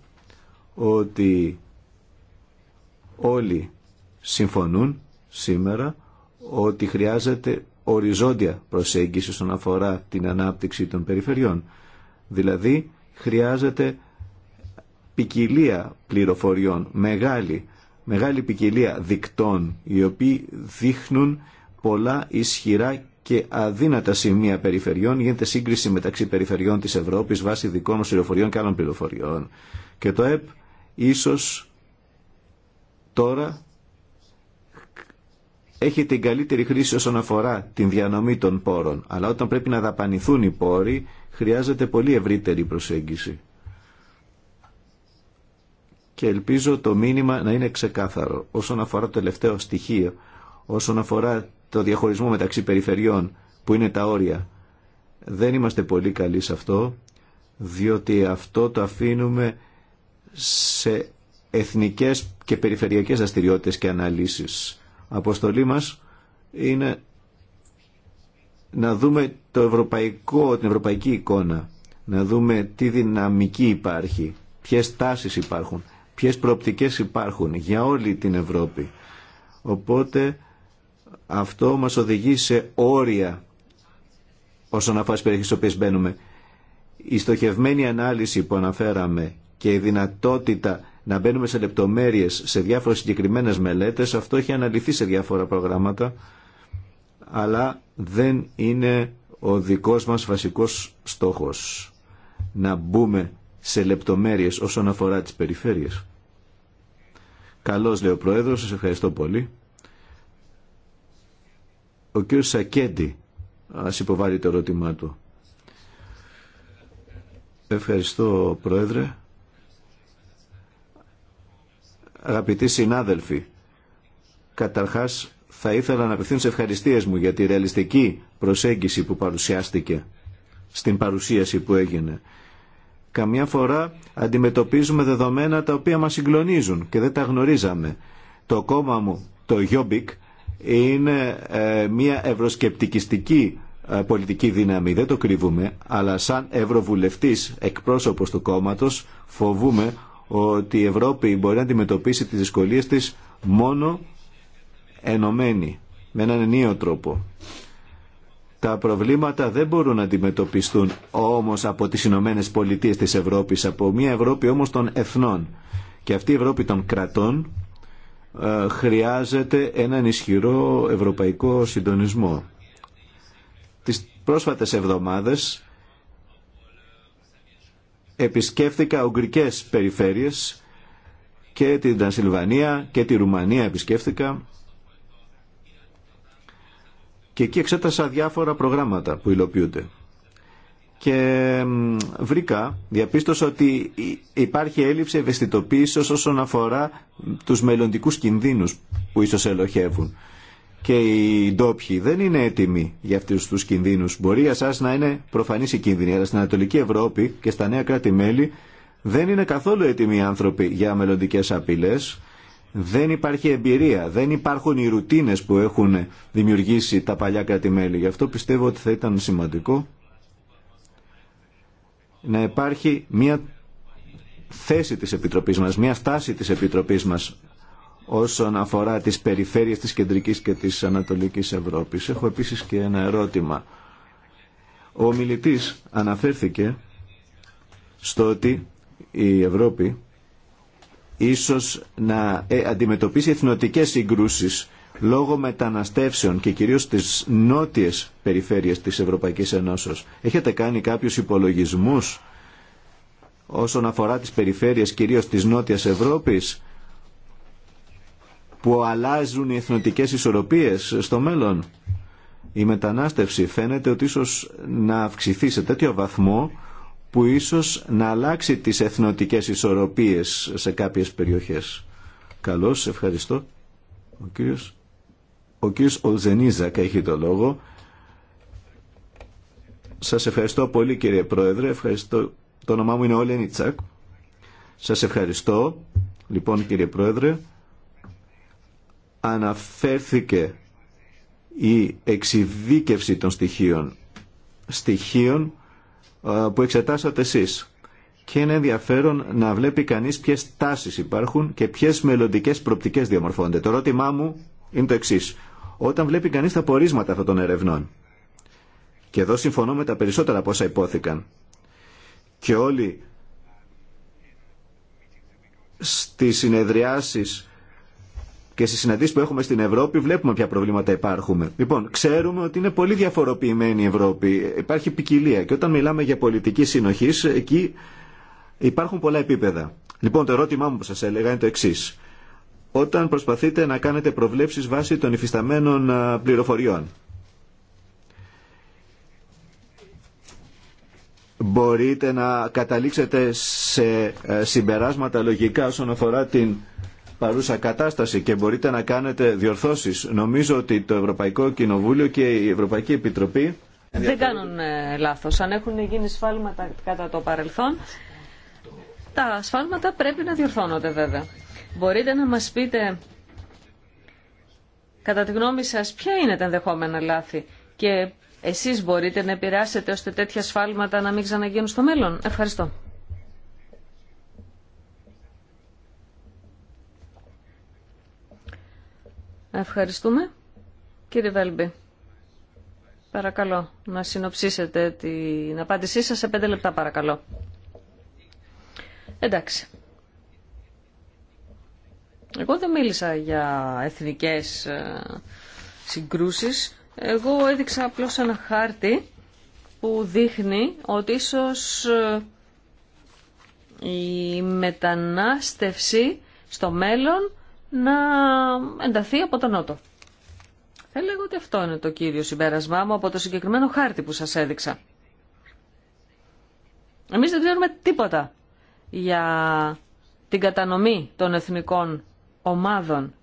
ότι όλοι συμφωνούν σήμερα ότι χρειάζεται οριζόντια προσέγγιση όσον αφορά την ανάπτυξη των περιφερειών. Δηλαδή, χρειάζεται ποικιλία πληροφοριών, μεγάλη, μεγάλη ποικιλία δικτών, οι οποίοι δείχνουν πολλά ισχυρά και αδύνατα σημεία περιφερειών. Γίνεται σύγκριση μεταξύ περιφερειών της Ευρώπης βάσει δικών μας πληροφοριών και άλλων πληροφοριών. Και το ΕΠ ίσως τώρα έχει την καλύτερη χρήση όσον αφορά την διανομή των πόρων. Αλλά όταν πρέπει να δαπανηθούν οι πόροι χρειάζεται πολύ ευρύτερη προσέγγιση και ελπίζω το μήνυμα να είναι ξεκάθαρο όσον αφορά το τελευταίο στοιχείο, όσον αφορά το διαχωρισμό μεταξύ περιφερειών που είναι τα όρια. Δεν είμαστε πολύ καλοί σε αυτό, διότι αυτό το αφήνουμε σε εθνικές και περιφερειακές δραστηριότητε και αναλύσεις. Αποστολή μας είναι να δούμε το ευρωπαϊκό, την ευρωπαϊκή εικόνα, να δούμε τι δυναμική υπάρχει, ποιες τάσεις υπάρχουν ποιες προοπτικές υπάρχουν για όλη την Ευρώπη. Οπότε αυτό μας οδηγεί σε όρια όσον αφορά τις περιοχές στις οποίες μπαίνουμε. Η στοχευμένη ανάλυση που αναφέραμε και η δυνατότητα να μπαίνουμε σε λεπτομέρειες, σε διάφορες συγκεκριμένες μελέτες, αυτό έχει αναλυθεί σε διάφορα προγράμματα, αλλά δεν είναι ο δικός μας βασικός στόχος να μπούμε σε λεπτομέρειες όσον αφορά τις περιφέρειες. Καλώς λέει ο Πρόεδρος, σας ευχαριστώ πολύ. Ο κ. Σακέντη ας υποβάλει το ερώτημά του. Ευχαριστώ Πρόεδρε. Αγαπητοί συνάδελφοι, καταρχάς θα ήθελα να απευθύνω σε ευχαριστίες μου για τη ρεαλιστική προσέγγιση που παρουσιάστηκε στην παρουσίαση που έγινε. Καμιά φορά αντιμετωπίζουμε δεδομένα τα οποία μας συγκλονίζουν και δεν τα γνωρίζαμε. Το κόμμα μου, το Γιόμπικ, είναι ε, μια ευρωσκεπτικιστική ε, πολιτική δύναμη. Δεν το κρύβουμε, αλλά σαν ευρωβουλευτής εκπρόσωπος του κόμματος φοβούμε ότι η Ευρώπη μπορεί να αντιμετωπίσει τις δυσκολίες της μόνο ενωμένη, με έναν ενίο τρόπο. Τα προβλήματα δεν μπορούν να αντιμετωπιστούν όμως από τις Ηνωμένε Πολιτείε της Ευρώπης, από μια Ευρώπη όμως των εθνών. Και αυτή η Ευρώπη των κρατών ε, χρειάζεται έναν ισχυρό ευρωπαϊκό συντονισμό. Τις πρόσφατες εβδομάδες επισκέφθηκα ουγγρικές περιφέρειες και την Τανσιλβανία και τη Ρουμανία επισκέφθηκα και εκεί εξέτασα διάφορα προγράμματα που υλοποιούνται. Και βρήκα, διαπίστωσα ότι υπάρχει έλλειψη ευαισθητοποίησης όσον αφορά τους μελλοντικού κινδύνους που ίσως ελοχεύουν. Και οι ντόπιοι δεν είναι έτοιμοι για αυτούς τους κινδύνους. Μπορεί για να είναι προφανής η κίνδυνη, αλλά στην Ανατολική Ευρώπη και στα νέα κράτη-μέλη δεν είναι καθόλου έτοιμοι οι άνθρωποι για μελλοντικέ απειλές δεν υπάρχει εμπειρία, δεν υπάρχουν οι ρουτίνες που έχουν δημιουργήσει τα παλιά κράτη-μέλη. Γι' αυτό πιστεύω ότι θα ήταν σημαντικό να υπάρχει μια θέση της Επιτροπής μας, μια στάση της Επιτροπής μας όσον αφορά τις περιφέρειες της Κεντρικής και της Ανατολικής Ευρώπης. Έχω επίσης και ένα ερώτημα. Ο μιλητής αναφέρθηκε στο ότι η Ευρώπη ίσως να ε, αντιμετωπίσει εθνοτικές συγκρούσεις λόγω μεταναστεύσεων και κυρίως στις νότιες περιφέρειες της Ευρωπαϊκής Ενώσεως. Έχετε κάνει κάποιους υπολογισμούς όσον αφορά τις περιφέρειες κυρίως της νότιας Ευρώπης που αλλάζουν οι εθνοτικές ισορροπίες στο μέλλον. Η μετανάστευση φαίνεται ότι ίσως να αυξηθεί σε τέτοιο βαθμό που ίσως να αλλάξει τις εθνοτικές ισορροπίες σε κάποιες περιοχές. Καλώς, ευχαριστώ. Ο κύριος, ο κύριος Ολζενίζακ έχει το λόγο. Σας ευχαριστώ πολύ κύριε Πρόεδρε. Ευχαριστώ. Το όνομά μου είναι Όλεν Τσακ. Σας ευχαριστώ. Λοιπόν κύριε Πρόεδρε, αναφέρθηκε η εξειδίκευση των στοιχείων. Στοιχείων ε, που εξετάσατε εσείς. Και είναι ενδιαφέρον να βλέπει κανείς ποιες τάσεις υπάρχουν και ποιες μελλοντικέ προπτικές διαμορφώνονται. Το ερώτημά μου είναι το εξή. Όταν βλέπει κανείς τα πορίσματα αυτών των ερευνών, και εδώ συμφωνώ με τα περισσότερα από όσα υπόθηκαν, και όλοι στις συνεδριάσεις και στι συναντήσει που έχουμε στην Ευρώπη βλέπουμε ποια προβλήματα υπάρχουν. Λοιπόν, ξέρουμε ότι είναι πολύ διαφοροποιημένη η Ευρώπη. Υπάρχει ποικιλία. Και όταν μιλάμε για πολιτική συνοχή, εκεί υπάρχουν πολλά επίπεδα. Λοιπόν, το ερώτημά μου που σα έλεγα είναι το εξή. Όταν προσπαθείτε να κάνετε προβλέψει βάσει των υφισταμένων πληροφοριών, μπορείτε να καταλήξετε σε ε, συμπεράσματα λογικά όσον αφορά την παρούσα κατάσταση και μπορείτε να κάνετε διορθώσεις. Νομίζω ότι το Ευρωπαϊκό Κοινοβούλιο και η Ευρωπαϊκή Επιτροπή... Δεν κάνουν ε, λάθος. Αν έχουν γίνει σφάλματα κατά το παρελθόν, τα σφάλματα πρέπει να διορθώνονται βέβαια. Μπορείτε να μας πείτε, κατά τη γνώμη σας, ποια είναι τα ενδεχόμενα λάθη και εσείς μπορείτε να επηρεάσετε ώστε τέτοια σφάλματα να μην ξαναγίνουν στο μέλλον. Ευχαριστώ. Ευχαριστούμε. Κύριε Βέλμπη, παρακαλώ να συνοψίσετε την απάντησή σας σε πέντε λεπτά παρακαλώ. Εντάξει. Εγώ δεν μίλησα για εθνικές ε, συγκρούσεις. Εγώ έδειξα απλώς ένα χάρτη που δείχνει ότι ίσως ε, η μετανάστευση στο μέλλον να ενταθεί από τον Νότο. Θα λέγω ότι αυτό είναι το κύριο συμπέρασμά μου από το συγκεκριμένο χάρτη που σας έδειξα. Εμείς δεν ξέρουμε τίποτα για την κατανομή των εθνικών ομάδων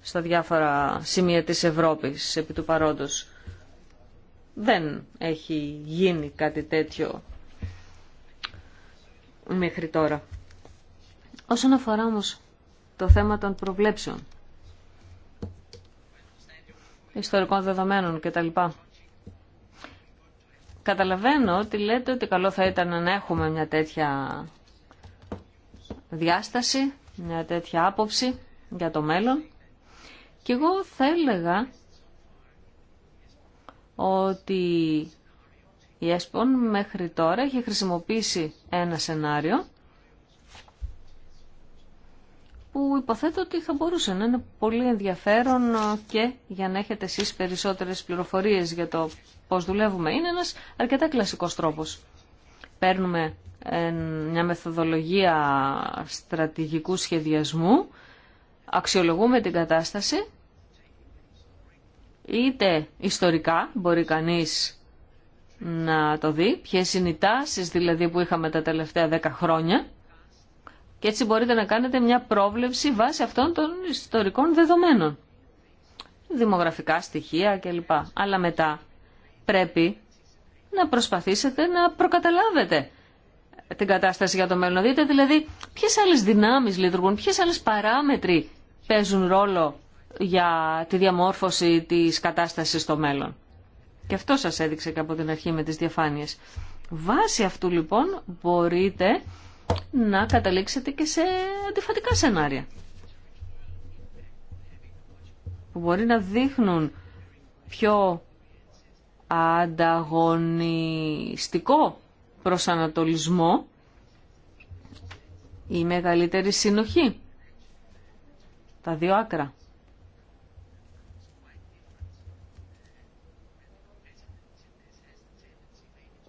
στα διάφορα σημεία της Ευρώπης επί του παρόντος. Δεν έχει γίνει κάτι τέτοιο μέχρι τώρα. Όσον αφορά όμως το θέμα των προβλέψεων, ιστορικών δεδομένων κτλ. Καταλαβαίνω ότι λέτε ότι καλό θα ήταν να έχουμε μια τέτοια διάσταση, μια τέτοια άποψη για το μέλλον. Και εγώ θα έλεγα ότι η ΕΣΠΟΝ μέχρι τώρα έχει χρησιμοποιήσει ένα σενάριο που υποθέτω ότι θα μπορούσε να είναι πολύ ενδιαφέρον ε, και για να έχετε εσείς περισσότερες πληροφορίες για το πώς δουλεύουμε. Είναι ένας αρκετά κλασικός τρόπος. Παίρνουμε ε, μια μεθοδολογία στρατηγικού σχεδιασμού, αξιολογούμε την κατάσταση, είτε ιστορικά μπορεί κανείς να το δει, ποιες είναι οι τάσεις δηλαδή που είχαμε τα τελευταία 10 χρόνια, και έτσι μπορείτε να κάνετε μια πρόβλεψη βάσει αυτών των ιστορικών δεδομένων. Δημογραφικά στοιχεία κλπ. Αλλά μετά πρέπει να προσπαθήσετε να προκαταλάβετε την κατάσταση για το μέλλον. δείτε δηλαδή ποιε άλλε δυνάμει λειτουργούν, ποιε άλλε παράμετροι παίζουν ρόλο για τη διαμόρφωση της κατάσταση στο μέλλον. Και αυτό σα έδειξε και από την αρχή με τι διαφάνειε. Βάσει αυτού λοιπόν μπορείτε να καταλήξετε και σε αντιφατικά σενάρια που μπορεί να δείχνουν πιο ανταγωνιστικό προσανατολισμό ή μεγαλύτερη συνοχή. Τα δύο άκρα.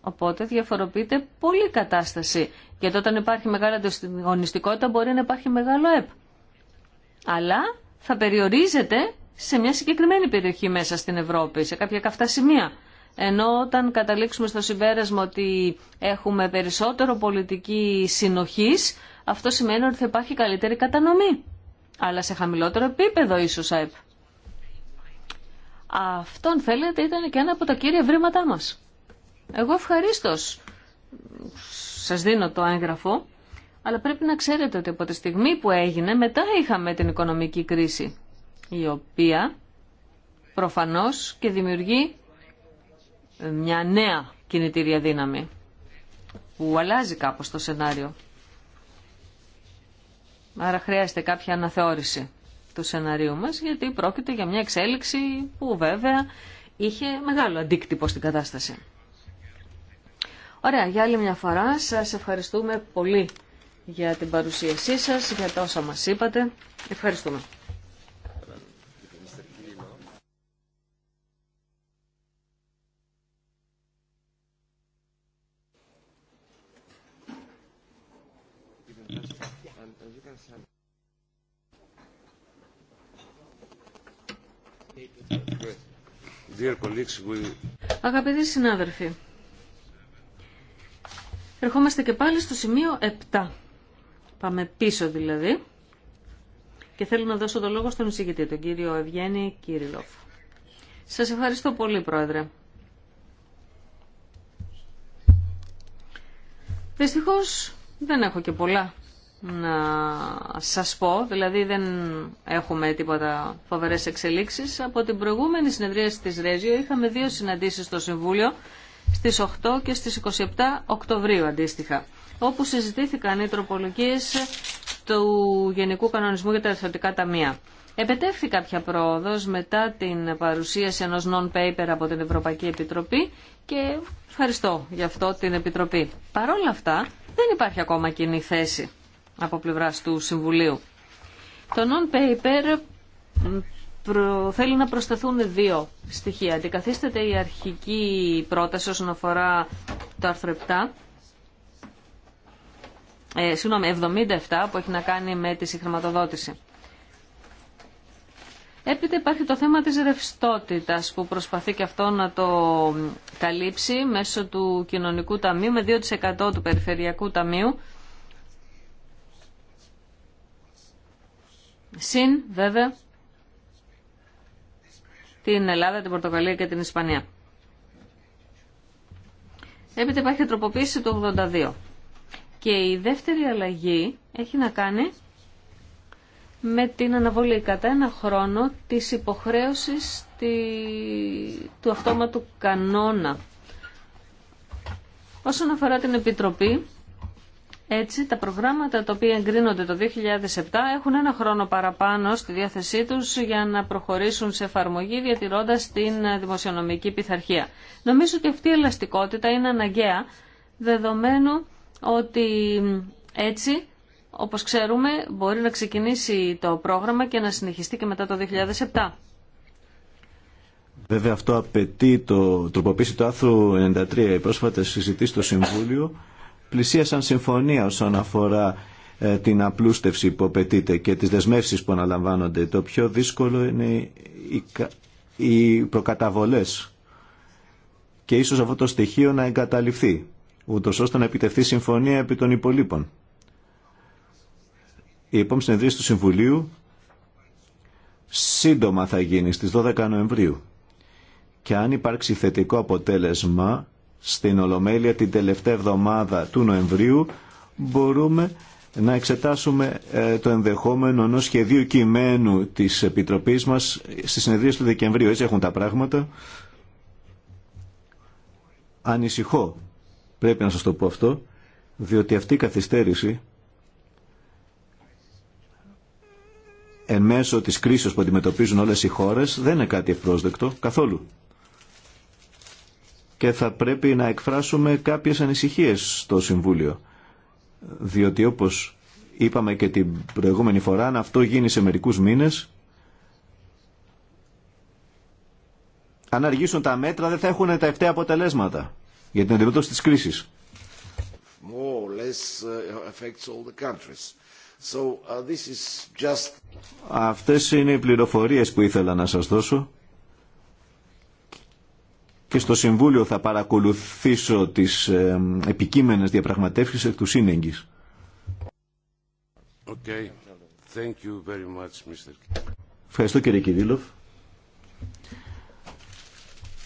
Οπότε διαφοροποιείται πολύ κατάσταση. Γιατί όταν υπάρχει μεγάλη ανταγωνιστικότητα μπορεί να υπάρχει μεγάλο ΕΠ. Αλλά θα περιορίζεται σε μια συγκεκριμένη περιοχή μέσα στην Ευρώπη, σε κάποια καυτά σημεία. Ενώ όταν καταλήξουμε στο συμπέρασμα ότι έχουμε περισσότερο πολιτική συνοχής, αυτό σημαίνει ότι θα υπάρχει καλύτερη κατανομή. Αλλά σε χαμηλότερο επίπεδο ίσως ΑΕΠ. Αυτό, θέλετε, ήταν και ένα από τα κύρια βρήματά μας. Εγώ ευχαρίστω σας δίνω το έγγραφο, αλλά πρέπει να ξέρετε ότι από τη στιγμή που έγινε, μετά είχαμε την οικονομική κρίση, η οποία προφανώς και δημιουργεί μια νέα κινητήρια δύναμη, που αλλάζει κάπως το σενάριο. Άρα χρειάζεται κάποια αναθεώρηση του σενάριου μας, γιατί πρόκειται για μια εξέλιξη που βέβαια είχε μεγάλο αντίκτυπο στην κατάσταση. Ωραία, για άλλη μια φορά σας ευχαριστούμε πολύ για την παρουσίασή σας, για τα όσα μας είπατε. Ευχαριστούμε. Αγαπητοί συνάδελφοι, Ερχόμαστε και πάλι στο σημείο 7. Πάμε πίσω δηλαδή. Και θέλω να δώσω το λόγο στον εισηγητή, τον κύριο Ευγένη Κύριλοφ. Σας ευχαριστώ πολύ, Πρόεδρε. Δυστυχώς δεν έχω και πολλά να σας πω, δηλαδή δεν έχουμε τίποτα φοβερές εξελίξεις. Από την προηγούμενη συνεδρία της Ρέζιο είχαμε δύο συναντήσεις στο Συμβούλιο στις 8 και στις 27 Οκτωβρίου αντίστοιχα, όπου συζητήθηκαν οι τροπολογίες του Γενικού Κανονισμού για τα Ερθωτικά Ταμεία. Επετεύχθη κάποια πρόοδος μετά την παρουσίαση ενός non-paper από την Ευρωπαϊκή Επιτροπή και ευχαριστώ γι' αυτό την Επιτροπή. Παρ' όλα αυτά δεν υπάρχει ακόμα κοινή θέση από πλευράς του Συμβουλίου. Το non-paper θέλει να προσθεθούν δύο στοιχεία. Αντικαθίσταται η αρχική πρόταση όσον αφορά το άρθρο 7, ε, 77 που έχει να κάνει με τη συγχρηματοδότηση. Έπειτα υπάρχει το θέμα της ρευστότητα που προσπαθεί και αυτό να το καλύψει μέσω του κοινωνικού ταμείου με 2% του περιφερειακού ταμείου. Συν βέβαια την Ελλάδα, την Πορτογαλία και την Ισπανία. Έπειτα υπάρχει τροποποίηση του 82. Και η δεύτερη αλλαγή έχει να κάνει με την αναβολή κατά ένα χρόνο της υποχρέωσης του αυτόματου κανόνα. Όσον αφορά την Επιτροπή, έτσι, τα προγράμματα τα οποία εγκρίνονται το 2007 έχουν ένα χρόνο παραπάνω στη διάθεσή τους για να προχωρήσουν σε εφαρμογή διατηρώντας την δημοσιονομική πειθαρχία. Νομίζω ότι αυτή η ελαστικότητα είναι αναγκαία, δεδομένου ότι έτσι, όπως ξέρουμε, μπορεί να ξεκινήσει το πρόγραμμα και να συνεχιστεί και μετά το 2007. Βέβαια αυτό απαιτεί το τροποποίηση του άθρου 93. Οι πρόσφατες συζητήσεις στο Συμβούλιο πλησίασαν συμφωνία όσον αφορά ε, την απλούστευση που απαιτείται και τις δεσμεύσεις που αναλαμβάνονται. Το πιο δύσκολο είναι οι προκαταβολές και ίσως αυτό το στοιχείο να εγκαταληφθεί ούτω ώστε να επιτευχθεί συμφωνία επί των υπολείπων. Η επόμενη συνεδρίαση του Συμβουλίου σύντομα θα γίνει στις 12 Νοεμβρίου και αν υπάρξει θετικό αποτέλεσμα στην Ολομέλεια την τελευταία εβδομάδα του Νοεμβρίου μπορούμε να εξετάσουμε ε, το ενδεχόμενο ενό σχεδίου κειμένου της Επιτροπής μας στις συνεδρίες του Δεκεμβρίου. Έτσι έχουν τα πράγματα. Ανησυχώ, πρέπει να σας το πω αυτό, διότι αυτή η καθυστέρηση εν μέσω της κρίσης που αντιμετωπίζουν όλες οι χώρες δεν είναι κάτι ευπρόσδεκτο καθόλου και θα πρέπει να εκφράσουμε κάποιες ανησυχίες στο Συμβούλιο. Διότι όπως είπαμε και την προηγούμενη φορά, αν αυτό γίνει σε μερικούς μήνες, αν αργήσουν τα μέτρα δεν θα έχουν τα ευταία αποτελέσματα για την αντιμετώπιση της κρίσης. So, Αυτές είναι οι πληροφορίες που ήθελα να σας δώσω και στο Συμβούλιο θα παρακολουθήσω τις ε, επικείμενες διαπραγματεύσεις του σύνεγγης. Okay. Thank you very much, Mr. Ευχαριστώ κύριε Κυρίλοφ.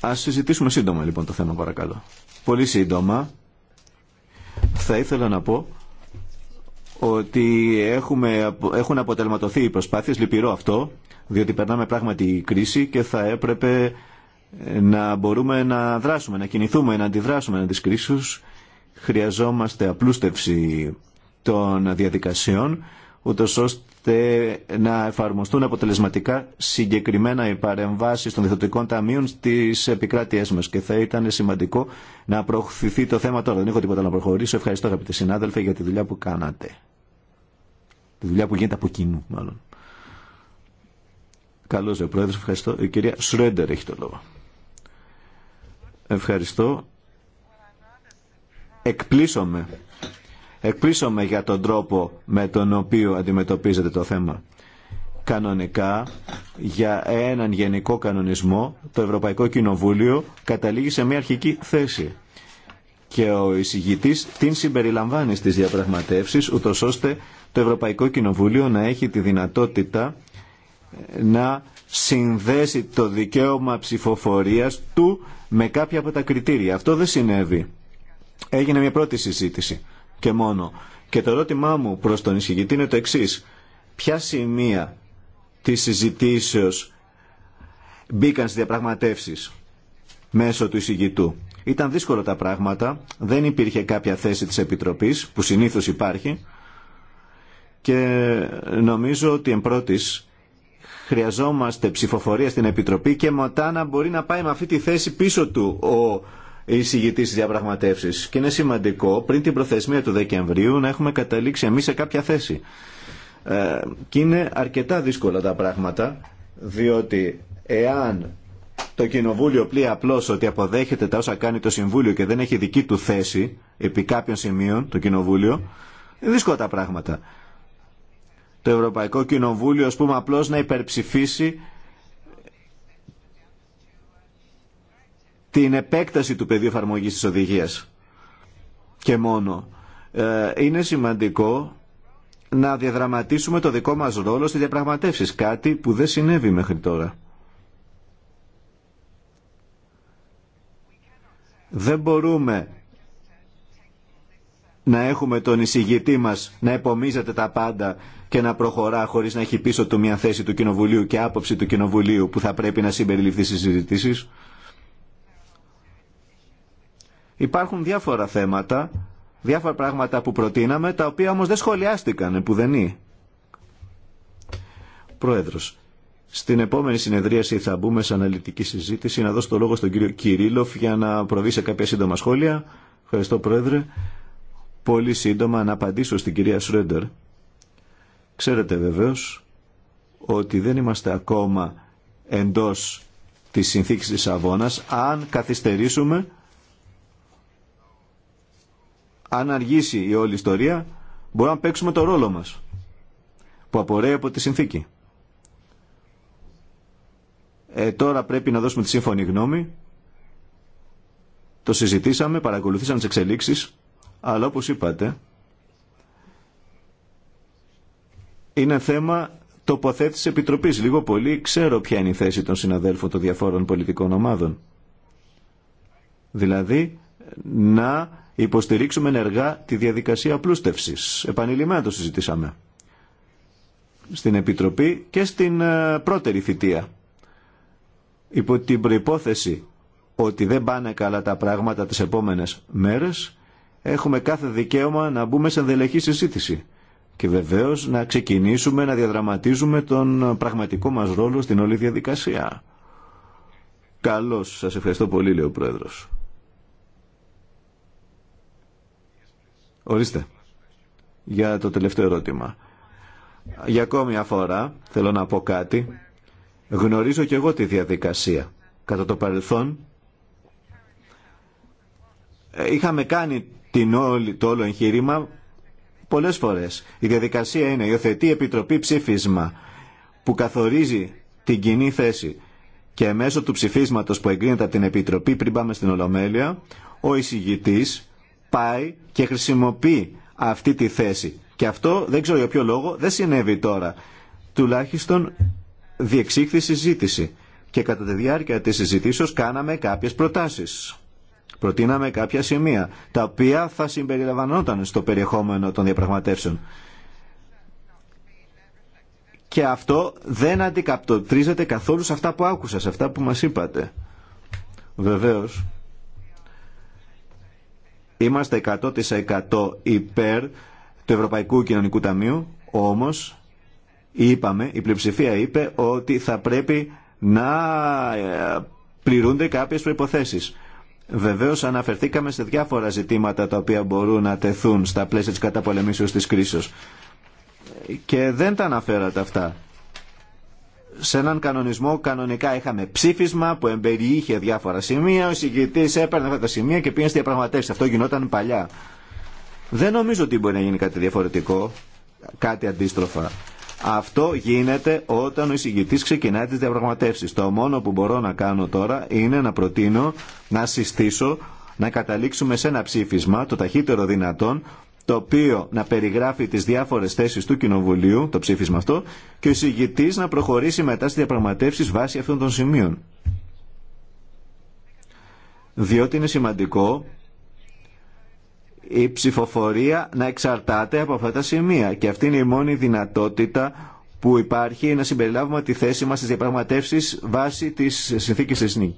Ας συζητήσουμε σύντομα λοιπόν το θέμα παρακαλώ. Πολύ σύντομα θα ήθελα να πω ότι έχουμε, έχουν αποτελματωθεί οι προσπάθειες, λυπηρό αυτό, διότι περνάμε πράγματι κρίση και θα έπρεπε να μπορούμε να δράσουμε, να κινηθούμε, να αντιδράσουμε εναντί κρίση Χρειαζόμαστε απλούστευση των διαδικασιών, ούτω ώστε να εφαρμοστούν αποτελεσματικά συγκεκριμένα οι παρεμβάσει των διεθνωτικών ταμείων στι επικράτειέ μα. Και θα ήταν σημαντικό να προχωρηθεί το θέμα τώρα. Δεν έχω τίποτα να προχωρήσω. Ευχαριστώ, αγαπητοί συνάδελφοι, για τη δουλειά που κάνατε. Τη δουλειά που γίνεται από κοινού, μάλλον. Καλώ, ο Πρόεδρο. Ευχαριστώ. Η κυρία Σρέντερ έχει το λόγο. Ευχαριστώ. Εκπλήσωμε. Εκπλήσωμε για τον τρόπο με τον οποίο αντιμετωπίζεται το θέμα. Κανονικά, για έναν γενικό κανονισμό, το Ευρωπαϊκό Κοινοβούλιο καταλήγει σε μια αρχική θέση. Και ο εισηγητής την συμπεριλαμβάνει στις διαπραγματεύσεις, ούτως ώστε το Ευρωπαϊκό Κοινοβούλιο να έχει τη δυνατότητα να συνδέσει το δικαίωμα ψηφοφορίας του με κάποια από τα κριτήρια. Αυτό δεν συνέβη. Έγινε μια πρώτη συζήτηση και μόνο. Και το ερώτημά μου προς τον εισηγητή είναι το εξής. Ποια σημεία της συζητήσεως μπήκαν στις διαπραγματεύσεις μέσω του εισηγητού. Ήταν δύσκολα τα πράγματα, δεν υπήρχε κάποια θέση της Επιτροπής που συνήθως υπάρχει και νομίζω ότι εμπρότης χρειαζόμαστε ψηφοφορία στην Επιτροπή και μετά να μπορεί να πάει με αυτή τη θέση πίσω του ο εισηγητή τη διαπραγματεύση. Και είναι σημαντικό πριν την προθεσμία του Δεκεμβρίου να έχουμε καταλήξει εμεί σε κάποια θέση. Ε, και είναι αρκετά δύσκολα τα πράγματα, διότι εάν το Κοινοβούλιο πλεί απλώ ότι αποδέχεται τα όσα κάνει το Συμβούλιο και δεν έχει δική του θέση επί κάποιων σημείων το Κοινοβούλιο, είναι δύσκολα τα πράγματα το Ευρωπαϊκό Κοινοβούλιο, α πούμε, απλώς να υπερψηφίσει την επέκταση του πεδίου εφαρμογή της οδηγίας. Και μόνο. Ε, είναι σημαντικό να διαδραματίσουμε το δικό μας ρόλο στη διαπραγματεύσεις, κάτι που δεν συνέβη μέχρι τώρα. Δεν μπορούμε να έχουμε τον εισηγητή μας να επομίζεται τα πάντα και να προχωρά χωρίς να έχει πίσω του μια θέση του Κοινοβουλίου και άποψη του Κοινοβουλίου που θα πρέπει να συμπεριληφθεί στις συζητήσεις. Υπάρχουν διάφορα θέματα, διάφορα πράγματα που προτείναμε, τα οποία όμως δεν σχολιάστηκαν επουδενή. Πρόεδρος, στην επόμενη συνεδρίαση θα μπούμε σε αναλυτική συζήτηση να δώσω το λόγο στον κύριο Κυρίλοφ για να προβεί σε κάποια σύντομα σχόλια. Ευχαριστώ Πρόεδρε πολύ σύντομα να απαντήσω στην κυρία Σρέντερ. Ξέρετε βεβαίως ότι δεν είμαστε ακόμα εντός της συνθήκης της Αβώνας αν καθυστερήσουμε αν αργήσει η όλη ιστορία μπορούμε να παίξουμε το ρόλο μας που απορρέει από τη συνθήκη. Ε, τώρα πρέπει να δώσουμε τη σύμφωνη γνώμη. Το συζητήσαμε, παρακολουθήσαμε τις εξελίξεις αλλά όπως είπατε είναι θέμα τοποθέτηση Επιτροπής. Λίγο πολύ ξέρω ποια είναι η θέση των συναδέλφων των διαφόρων πολιτικών ομάδων. Δηλαδή να υποστηρίξουμε ενεργά τη διαδικασία πλούστευσης. Επανειλημμένα το συζητήσαμε στην Επιτροπή και στην ε, πρώτερη θητεία. Υπό την προϋπόθεση ότι δεν πάνε καλά τα πράγματα τις επόμενες μέρες, έχουμε κάθε δικαίωμα να μπούμε σε ενδελεχή συζήτηση και βεβαίως να ξεκινήσουμε να διαδραματίζουμε τον πραγματικό μας ρόλο στην όλη διαδικασία. Καλώς, σας ευχαριστώ πολύ, λέει ο Πρόεδρος. Ορίστε, για το τελευταίο ερώτημα. Για ακόμη μια φορά θέλω να πω κάτι. Γνωρίζω και εγώ τη διαδικασία. Κατά το παρελθόν είχαμε κάνει την όλη, το όλο εγχείρημα πολλές φορές. Η διαδικασία είναι η οθετή επιτροπή ψήφισμα που καθορίζει την κοινή θέση και μέσω του ψηφίσματος που εγκρίνεται από την Επιτροπή πριν πάμε στην Ολομέλεια, ο εισηγητής πάει και χρησιμοποιεί αυτή τη θέση. Και αυτό δεν ξέρω για ποιο λόγο δεν συνέβη τώρα. Τουλάχιστον διεξήχθη συζήτηση. Και κατά τη διάρκεια της συζητήσεως κάναμε κάποιες προτάσεις. Προτείναμε κάποια σημεία τα οποία θα συμπεριλαμβανόταν στο περιεχόμενο των διαπραγματεύσεων. Και αυτό δεν αντικαπτοτρίζεται καθόλου σε αυτά που άκουσα, σε αυτά που μας είπατε. Βεβαίως, είμαστε 100% υπέρ του Ευρωπαϊκού Κοινωνικού Ταμείου, όμως είπαμε, η πλειοψηφία είπε ότι θα πρέπει να ε, πληρούνται κάποιες προϋποθέσεις. Βεβαίω αναφερθήκαμε σε διάφορα ζητήματα τα οποία μπορούν να τεθούν στα πλαίσια τη καταπολεμήσεω τη κρίση. Και δεν τα αναφέρατε αυτά. Σε έναν κανονισμό κανονικά είχαμε ψήφισμα που εμπεριείχε διάφορα σημεία, ο εισηγητής έπαιρνε αυτά τα σημεία και πήγαινε στη διαπραγματεύση. Αυτό γινόταν παλιά. Δεν νομίζω ότι μπορεί να γίνει κάτι διαφορετικό, κάτι αντίστροφα. Αυτό γίνεται όταν ο εισηγητής ξεκινάει τις διαπραγματεύσεις. Το μόνο που μπορώ να κάνω τώρα είναι να προτείνω, να συστήσω, να καταλήξουμε σε ένα ψήφισμα το ταχύτερο δυνατόν το οποίο να περιγράφει τις διάφορες θέσεις του Κοινοβουλίου, το ψήφισμα αυτό, και ο εισηγητής να προχωρήσει μετά στις διαπραγματεύσεις βάσει αυτών των σημείων. Διότι είναι σημαντικό η ψηφοφορία να εξαρτάται από αυτά τα σημεία. Και αυτή είναι η μόνη δυνατότητα που υπάρχει να συμπεριλάβουμε τη θέση μας στις διαπραγματεύσεις βάσει της συνθήκη τη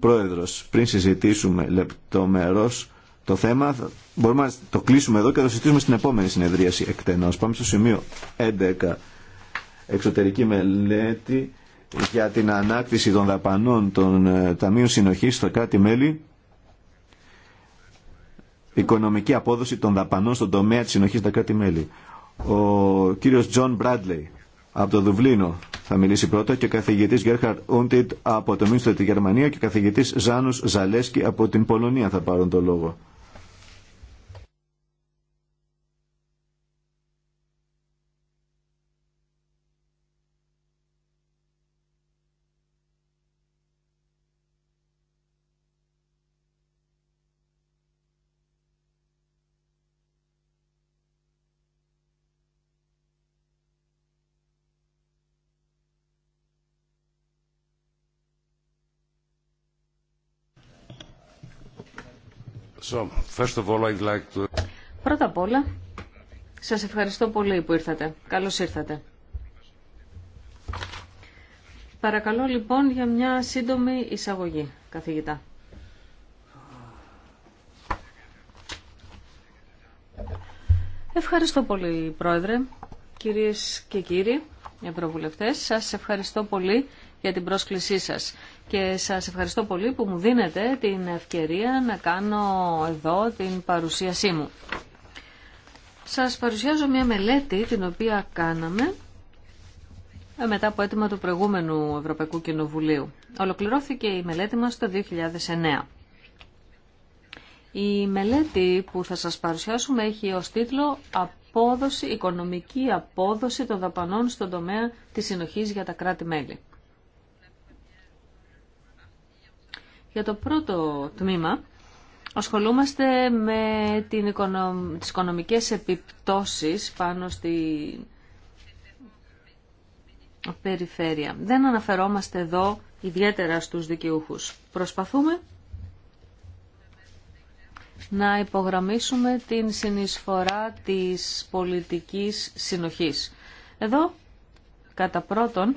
Πρόεδρος, πριν συζητήσουμε λεπτομερώς το θέμα, μπορούμε να το κλείσουμε εδώ και να το συζητήσουμε στην επόμενη συνεδρίαση εκτενώς. Πάμε στο σημείο 11. Εξωτερική μελέτη για την ανάκτηση των δαπανών των ε, Ταμείων Συνοχής στο κάτι μέλη οικονομική απόδοση των δαπανών στον τομέα της συνοχής στα κράτη-μέλη. Ο κύριος Τζον Μπράντλεϊ από το Δουβλίνο θα μιλήσει πρώτα και ο καθηγητής Γκέρχαρτ Ούντιτ από το Μίνστρο τη Γερμανία και ο καθηγητής Ζάνους Ζαλέσκι από την Πολωνία θα πάρουν το λόγο. Πρώτα απ' όλα, σας ευχαριστώ πολύ που ήρθατε. Καλώς ήρθατε. Παρακαλώ λοιπόν για μια σύντομη εισαγωγή, καθηγητά. Ευχαριστώ πολύ, Πρόεδρε, κυρίες και κύριοι Ευρωβουλευτές. Σας ευχαριστώ πολύ για την πρόσκλησή σας. Και σας ευχαριστώ πολύ που μου δίνετε την ευκαιρία να κάνω εδώ την παρουσίασή μου. Σας παρουσιάζω μια μελέτη την οποία κάναμε μετά από αίτημα του προηγούμενου Ευρωπαϊκού Κοινοβουλίου. Ολοκληρώθηκε η μελέτη μας το 2009. Η μελέτη που θα σας παρουσιάσουμε έχει ως τίτλο «Απόδοση, οικονομική απόδοση των δαπανών στον τομέα της συνοχής για τα κράτη-μέλη». Για το πρώτο τμήμα ασχολούμαστε με την τις οικονομικές επιπτώσεις πάνω στη περιφέρεια. Δεν αναφερόμαστε εδώ ιδιαίτερα στους δικαιούχους. Προσπαθούμε να υπογραμμίσουμε την συνεισφορά της πολιτικής συνοχής. Εδώ, κατά πρώτον,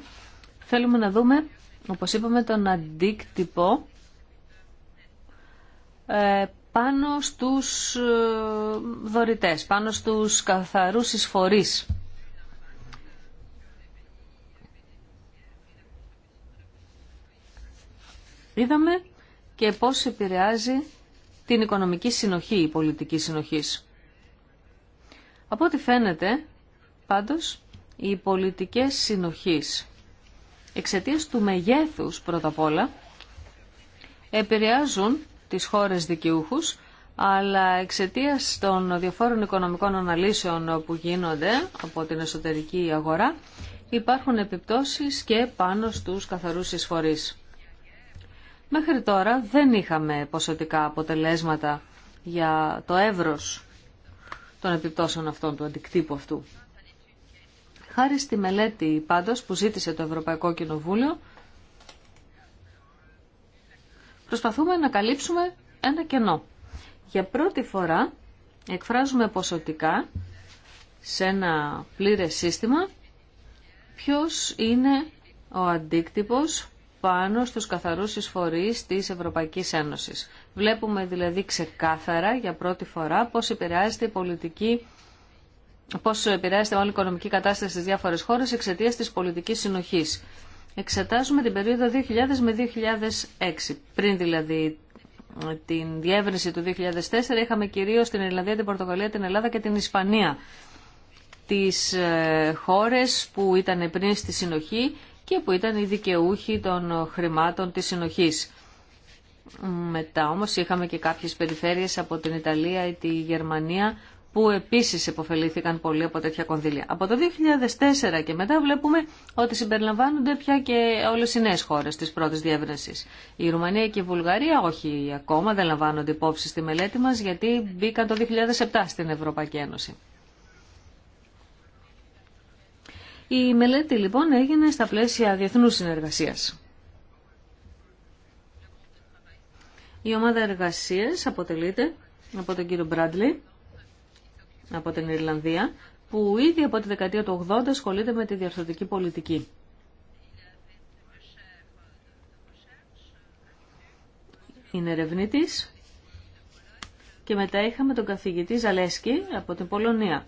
θέλουμε να δούμε, όπως είπαμε, τον αντίκτυπο ε, πάνω στους ε, δωρητές, πάνω στους καθαρούς εισφορείς. Είδαμε και πώς επηρεάζει την οικονομική συνοχή, η πολιτική συνοχής. Από ό,τι φαίνεται, πάντως, οι πολιτικές συνοχής εξαιτίας του μεγέθους πρώτα απ' όλα επηρεάζουν τις χώρες δικαιούχους, αλλά εξαιτία των διαφόρων οικονομικών αναλύσεων που γίνονται από την εσωτερική αγορά, υπάρχουν επιπτώσεις και πάνω στους καθαρούς εισφορείς. Μέχρι τώρα δεν είχαμε ποσοτικά αποτελέσματα για το εύρος των επιπτώσεων αυτών, του αντικτύπου αυτού. Χάρη στη μελέτη πάντως που ζήτησε το Ευρωπαϊκό Κοινοβούλιο, προσπαθούμε να καλύψουμε ένα κενό. Για πρώτη φορά εκφράζουμε ποσοτικά σε ένα πλήρες σύστημα ποιος είναι ο αντίκτυπος πάνω στους καθαρούς εισφορείς της Ευρωπαϊκής Ένωσης. Βλέπουμε δηλαδή ξεκάθαρα για πρώτη φορά πώς επηρεάζεται η πολιτική πώς επηρεάζεται όλη η οικονομική κατάσταση στις διάφορες χώρες εξαιτίας της πολιτικής συνοχής εξετάζουμε την περίοδο 2000 με 2006. Πριν δηλαδή την διεύρυνση του 2004 είχαμε κυρίως την Ιρλανδία, την Πορτογαλία, την Ελλάδα και την Ισπανία. Τις ε, χώρες που ήταν πριν στη συνοχή και που ήταν οι δικαιούχοι των χρημάτων της συνοχής. Μετά όμως είχαμε και κάποιες περιφέρειες από την Ιταλία ή τη Γερμανία που επίσης υποφελήθηκαν πολύ από τέτοια κονδύλια. Από το 2004 και μετά βλέπουμε ότι συμπεριλαμβάνονται πια και όλες οι νέες χώρες της πρώτης διεύρυνσης. Η Ρουμανία και η Βουλγαρία όχι ακόμα, δεν λαμβάνονται υπόψη στη μελέτη μας γιατί μπήκαν το 2007 στην Ευρωπαϊκή Ένωση. Η μελέτη λοιπόν έγινε στα πλαίσια διεθνούς συνεργασίας. Η ομάδα εργασίας αποτελείται από τον κύριο Μπράντλη, από την Ιρλανδία που ήδη από τη δεκαετία του 80 ασχολείται με τη διαρθρωτική πολιτική. Είναι ερευνητή και μετά είχαμε τον καθηγητή Ζαλέσκι από την Πολωνία.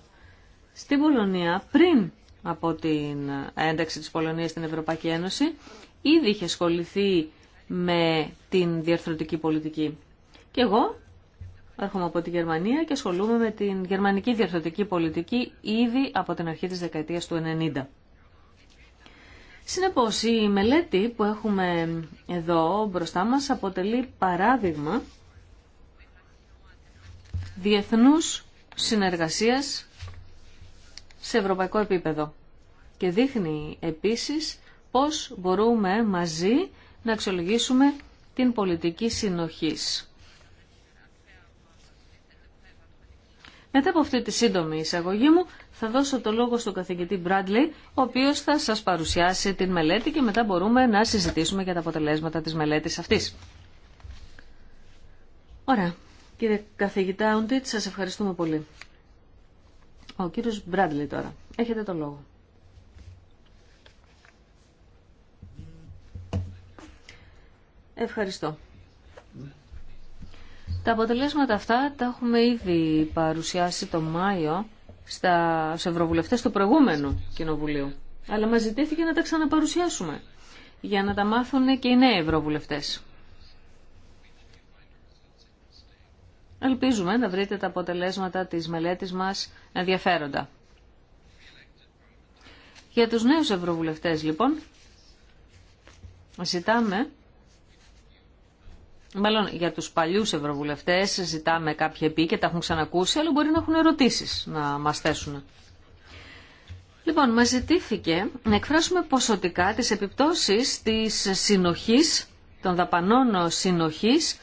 Στην Πολωνία, πριν από την ένταξη της Πολωνίας στην Ευρωπαϊκή Ένωση, ήδη είχε ασχοληθεί με την διαρθρωτική πολιτική. Και εγώ Έρχομαι από τη Γερμανία και ασχολούμαι με την γερμανική διαρθρωτική πολιτική ήδη από την αρχή της δεκαετίας του 90. Συνεπώς, η μελέτη που έχουμε εδώ μπροστά μας αποτελεί παράδειγμα διεθνούς συνεργασίας σε ευρωπαϊκό επίπεδο και δείχνει επίσης πώς μπορούμε μαζί να αξιολογήσουμε την πολιτική συνοχής Μετά από αυτή τη σύντομη εισαγωγή μου θα δώσω το λόγο στον καθηγητή Μπράντλι, ο οποίο θα σα παρουσιάσει την μελέτη και μετά μπορούμε να συζητήσουμε για τα αποτελέσματα τη μελέτη αυτή. Ωραία. Κύριε καθηγητά Ουντίτ, σα ευχαριστούμε πολύ. Ο κύριο Μπράντλι τώρα. Έχετε το λόγο. Ευχαριστώ. Τα αποτελέσματα αυτά τα έχουμε ήδη παρουσιάσει το Μάιο στα ευρωβουλευτέ του προηγούμενου κοινοβουλίου. Αλλά μα ζητήθηκε να τα ξαναπαρουσιάσουμε για να τα μάθουν και οι νέοι ευρωβουλευτές. Ελπίζουμε να βρείτε τα αποτελέσματα της μελέτης μας ενδιαφέροντα. Για τους νέους ευρωβουλευτές λοιπόν, ζητάμε Μάλλον για τους παλιούς ευρωβουλευτές ζητάμε κάποια επί και τα έχουν ξανακούσει, αλλά μπορεί να έχουν ερωτήσεις να μας θέσουν. Λοιπόν, μας ζητήθηκε να εκφράσουμε ποσοτικά τις επιπτώσεις της συνοχής, των δαπανών συνοχής,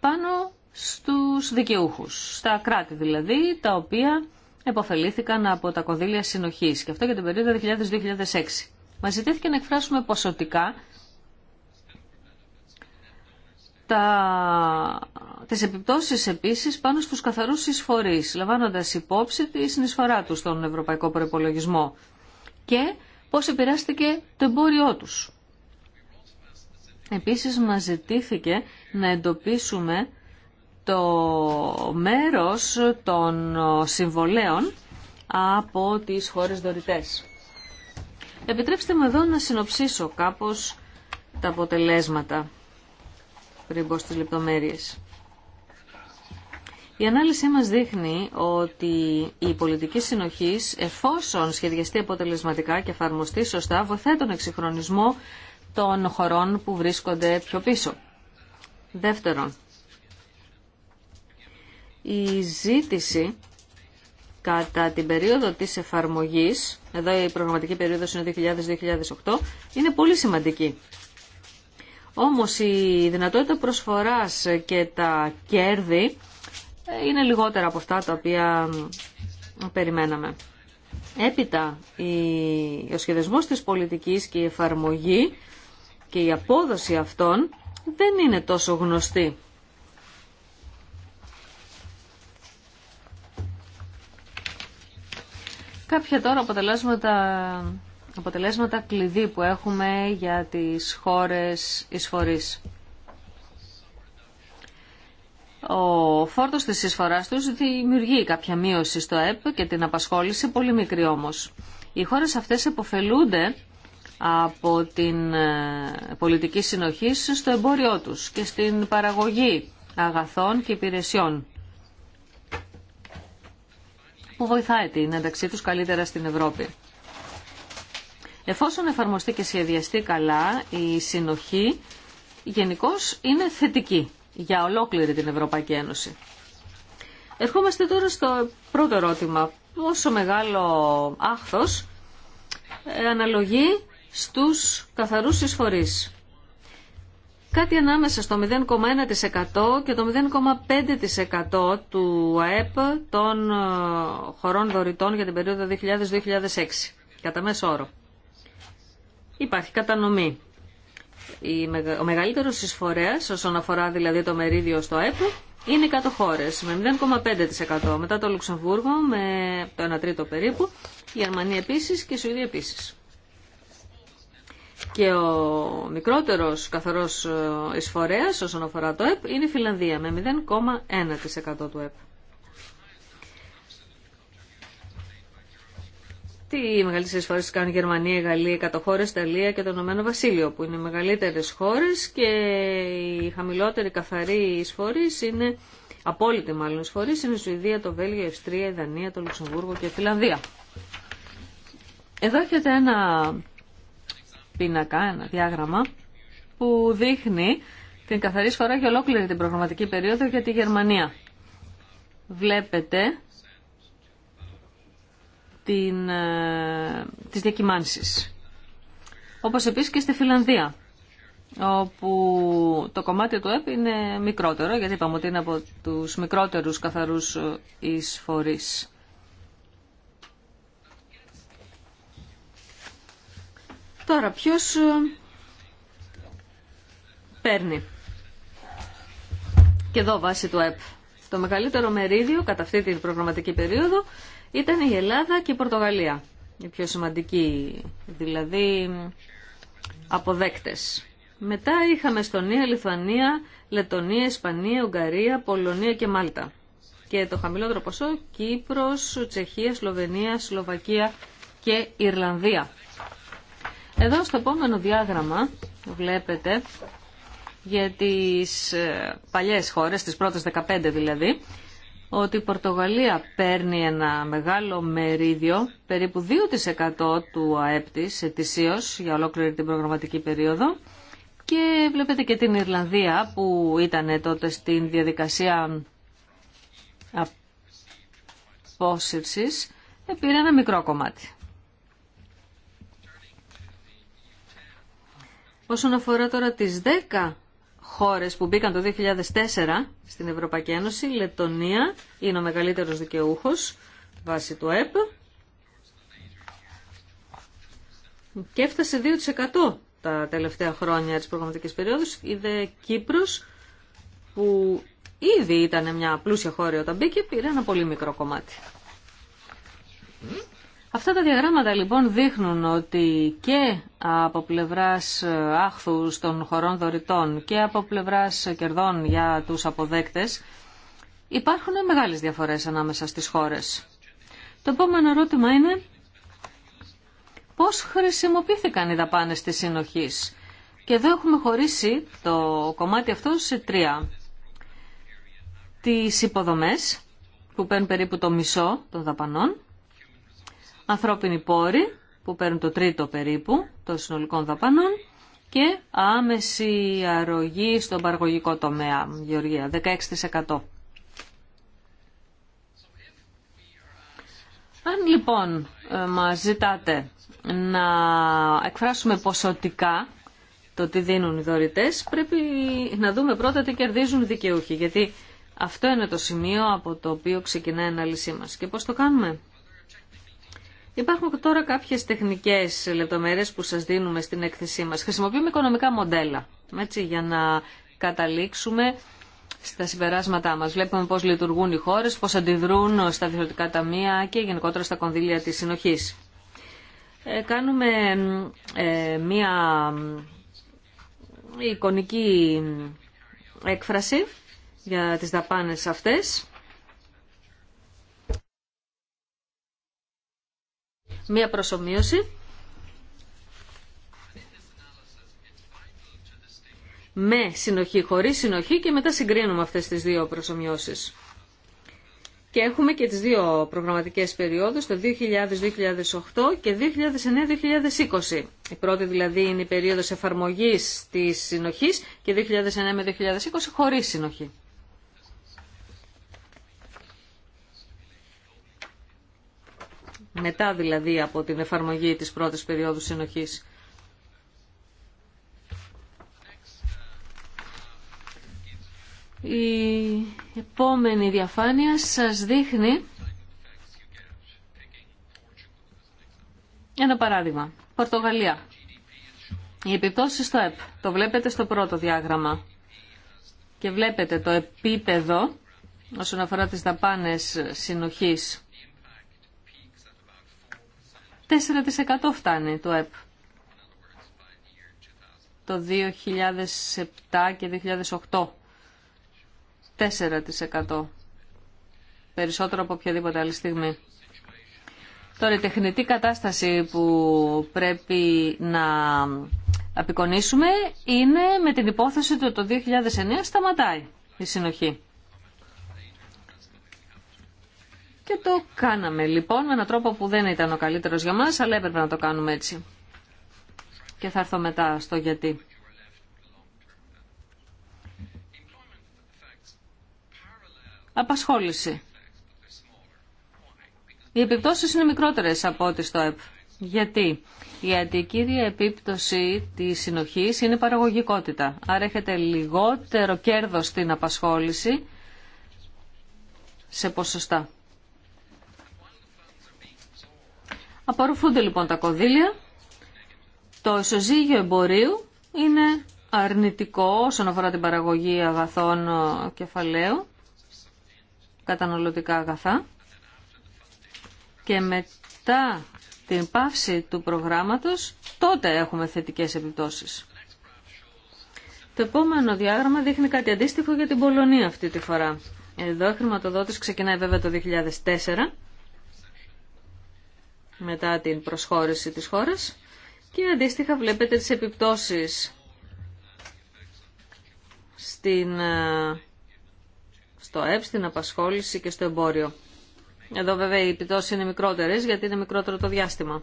πάνω στους δικαιούχους, στα κράτη δηλαδή, τα οποία επωφελήθηκαν από τα κονδύλια συνοχής, και αυτό για την περίοδο 2000-2006. Μας ζητήθηκε να εκφράσουμε ποσοτικά τα, τις επιπτώσεις επίσης πάνω στους καθαρούς εισφορείς, λαμβάνοντας υπόψη τη συνεισφορά τους στον ευρωπαϊκό προπολογισμό και πώς επηρεάστηκε το εμπόριό τους. Επίσης μας ζητήθηκε να εντοπίσουμε το μέρος των συμβολέων από τις χώρες δωρητές. Επιτρέψτε μου εδώ να συνοψίσω κάπως τα αποτελέσματα πριν μπω στις λεπτομέρειες. Η ανάλυση μας δείχνει ότι η πολιτική συνοχή εφόσον σχεδιαστεί αποτελεσματικά και εφαρμοστεί σωστά, βοηθάει τον εξυγχρονισμό των χωρών που βρίσκονται πιο πίσω. Δεύτερον, η ζήτηση κατά την περίοδο της εφαρμογής, εδώ η προγραμματική περίοδος είναι 2000-2008, είναι πολύ σημαντική. Όμως η δυνατότητα προσφοράς και τα κέρδη είναι λιγότερα από αυτά τα οποία περιμέναμε. Έπειτα, ο σχεδιασμός της πολιτικής και η εφαρμογή και η απόδοση αυτών δεν είναι τόσο γνωστή. Κάποια τώρα αποτελέσματα αποτελέσματα κλειδί που έχουμε για τις χώρες εισφορής. Ο φόρτος της εισφοράς τους δημιουργεί κάποια μείωση στο ΕΠ και την απασχόληση, πολύ μικρή όμως. Οι χώρες αυτές επωφελούνται από την ε, πολιτική συνοχή στο εμπόριό τους και στην παραγωγή αγαθών και υπηρεσιών που βοηθάει την ένταξή τους καλύτερα στην Ευρώπη. Εφόσον εφαρμοστεί και σχεδιαστεί καλά, η συνοχή γενικώ είναι θετική για ολόκληρη την Ευρωπαϊκή Ένωση. Ερχόμαστε τώρα στο πρώτο ερώτημα. Πόσο μεγάλο άχθος ε, αναλογεί στους καθαρούς εισφορείς. Κάτι ανάμεσα στο 0,1% και το 0,5% του ΑΕΠ των ε, χωρών δωρητών για την περίοδο 2000-2006, κατά μέσο όρο υπάρχει κατανομή. Ο μεγαλύτερος εισφορέας όσον αφορά δηλαδή το μερίδιο στο ΕΠΟ είναι οι κάτω χώρες με 0,5% μετά το Λουξεμβούργο με το 1 τρίτο περίπου, η Γερμανία επίσης και η Σουηδία επίσης. Και ο μικρότερος καθαρός ε, εισφορέας όσον αφορά το ΕΠ είναι η Φιλανδία με 0,1% του ΕΠ. Τι μεγαλύτερε χώρε κάνουν Γερμανία, η Γαλλία, οι κατοχώρε, η Ιταλία και το Ηνωμένο Βασίλειο, που είναι οι μεγαλύτερε χώρε και οι χαμηλότεροι καθαροί εισφορεί είναι, απόλυτοι μάλλον εισφορεί, είναι η Σουηδία, το Βέλγιο, η Ευστρία, η Δανία, το Λουξεμβούργο και η Φιλανδία. Εδώ έχετε ένα πίνακα, ένα διάγραμμα που δείχνει την καθαρή σφορά για ολόκληρη την προγραμματική περίοδο για τη Γερμανία. Βλέπετε την, ε, τις διακυμάνσεις. Όπως επίσης και στη Φιλανδία, όπου το κομμάτι του ΕΠ είναι μικρότερο, γιατί είπαμε ότι είναι από τους μικρότερους καθαρούς ε, εισφορείς. Τώρα, ποιος ε, παίρνει. Και εδώ βάση του ΕΠ. Το μεγαλύτερο μερίδιο κατά αυτή την προγραμματική περίοδο ήταν η Ελλάδα και η Πορτογαλία. Οι πιο σημαντικοί δηλαδή αποδέκτες. Μετά είχαμε Εστονία, Λιθουανία, Λετωνία, Ισπανία, Ουγγαρία, Πολωνία και Μάλτα. Και το χαμηλότερο ποσό Κύπρος, Τσεχία, Σλοβενία, Σλοβακία και Ιρλανδία. Εδώ στο επόμενο διάγραμμα βλέπετε για τις ε, παλιές χώρες, τις πρώτες 15 δηλαδή, ότι η Πορτογαλία παίρνει ένα μεγάλο μερίδιο, περίπου 2% του ΑΕΠ της ετησίως για ολόκληρη την προγραμματική περίοδο και βλέπετε και την Ιρλανδία που ήταν τότε στην διαδικασία απόσυρσης πήρε ένα μικρό κομμάτι. Όσον αφορά τώρα τις 10 χώρες που μπήκαν το 2004 στην Ευρωπαϊκή Ένωση, η Λετωνία είναι ο μεγαλύτερος δικαιούχος βάσει του ΕΠ και έφτασε 2% τα τελευταία χρόνια της προγραμματικής περίοδου. Είδε Κύπρος που ήδη ήταν μια πλούσια χώρα όταν μπήκε, πήρε ένα πολύ μικρό κομμάτι. Αυτά τα διαγράμματα λοιπόν δείχνουν ότι και από πλευράς ε, άχθους των χωρών δωρητών και από πλευράς κερδών για τους αποδέκτες υπάρχουν μεγάλες διαφορές ανάμεσα στις χώρες. Το επόμενο ερώτημα είναι πώς χρησιμοποιήθηκαν οι δαπάνες της συνοχής. Και εδώ έχουμε χωρίσει το κομμάτι αυτό σε τρία. Τις υποδομές που παίρνουν περίπου το μισό των δαπανών, ανθρώπινοι πόροι που παίρνουν το τρίτο περίπου των συνολικών δαπανών και άμεση αρρωγή στον παραγωγικό τομέα, Γεωργία, 16%. Αν λοιπόν ε, μας ζητάτε να εκφράσουμε ποσοτικά το τι δίνουν οι δωρητές, πρέπει να δούμε πρώτα τι κερδίζουν οι δικαιούχοι, γιατί αυτό είναι το σημείο από το οποίο ξεκινάει η ανάλυση μας. Και πώς το κάνουμε. Υπάρχουν τώρα κάποιες τεχνικές λεπτομέρειε που σας δίνουμε στην έκθεσή μα. Χρησιμοποιούμε οικονομικά μοντέλα έτσι, για να καταλήξουμε στα συμπεράσματά μας. Βλέπουμε πώς λειτουργούν οι χώρε, πώς αντιδρούν στα διευθυντικά ταμεία και γενικότερα στα κονδύλια της συνοχής. Ε, κάνουμε ε, μία εικονική έκφραση για τις δαπάνες αυτές μία προσωμείωση με συνοχή, χωρίς συνοχή και μετά συγκρίνουμε αυτές τις δύο προσωμιώσεις. Και έχουμε και τις δύο προγραμματικές περιόδους, το 2000-2008 και 2009-2020. Η πρώτη δηλαδή είναι η περίοδος εφαρμογής της συνοχής και 2009-2020 χωρίς συνοχή. μετά δηλαδή από την εφαρμογή της πρώτης περίοδου συνοχής. Η επόμενη διαφάνεια σας δείχνει ένα παράδειγμα. Πορτογαλία. Οι επιπτώσεις στο ΕΠ. Το βλέπετε στο πρώτο διάγραμμα. Και βλέπετε το επίπεδο όσον αφορά τις δαπάνες συνοχής 4% φτάνει το ΕΠ. Το 2007 και 2008. 4%. Περισσότερο από οποιαδήποτε άλλη στιγμή. Τώρα η τεχνητή κατάσταση που πρέπει να απεικονίσουμε είναι με την υπόθεση ότι το 2009 σταματάει η συνοχή. Και το κάναμε λοιπόν με έναν τρόπο που δεν ήταν ο καλύτερος για μας, αλλά έπρεπε να το κάνουμε έτσι. Και θα έρθω μετά στο γιατί. Απασχόληση. Οι επιπτώσεις είναι μικρότερες από ό,τι στο ΕΠ. Γιατί η κύρια επίπτωση της συνοχής είναι παραγωγικότητα. Άρα έχετε λιγότερο κέρδος στην απασχόληση σε ποσοστά. Απορροφούνται λοιπόν τα κονδύλια. Το ισοζύγιο εμπορίου είναι αρνητικό όσον αφορά την παραγωγή αγαθών ε, κεφαλαίου, καταναλωτικά αγαθά. Και μετά την πάυση του προγράμματος, τότε έχουμε θετικές επιπτώσεις. Το επόμενο διάγραμμα δείχνει κάτι αντίστοιχο για την Πολωνία αυτή τη φορά. Εδώ η χρηματοδότηση ξεκινάει βέβαια το 2004 μετά την προσχώρηση της χώρας και αντίστοιχα βλέπετε τις επιπτώσεις στην, ε, στο ΕΠ, στην απασχόληση και στο εμπόριο. Εδώ βέβαια οι επιπτώσεις είναι μικρότερες γιατί είναι μικρότερο το διάστημα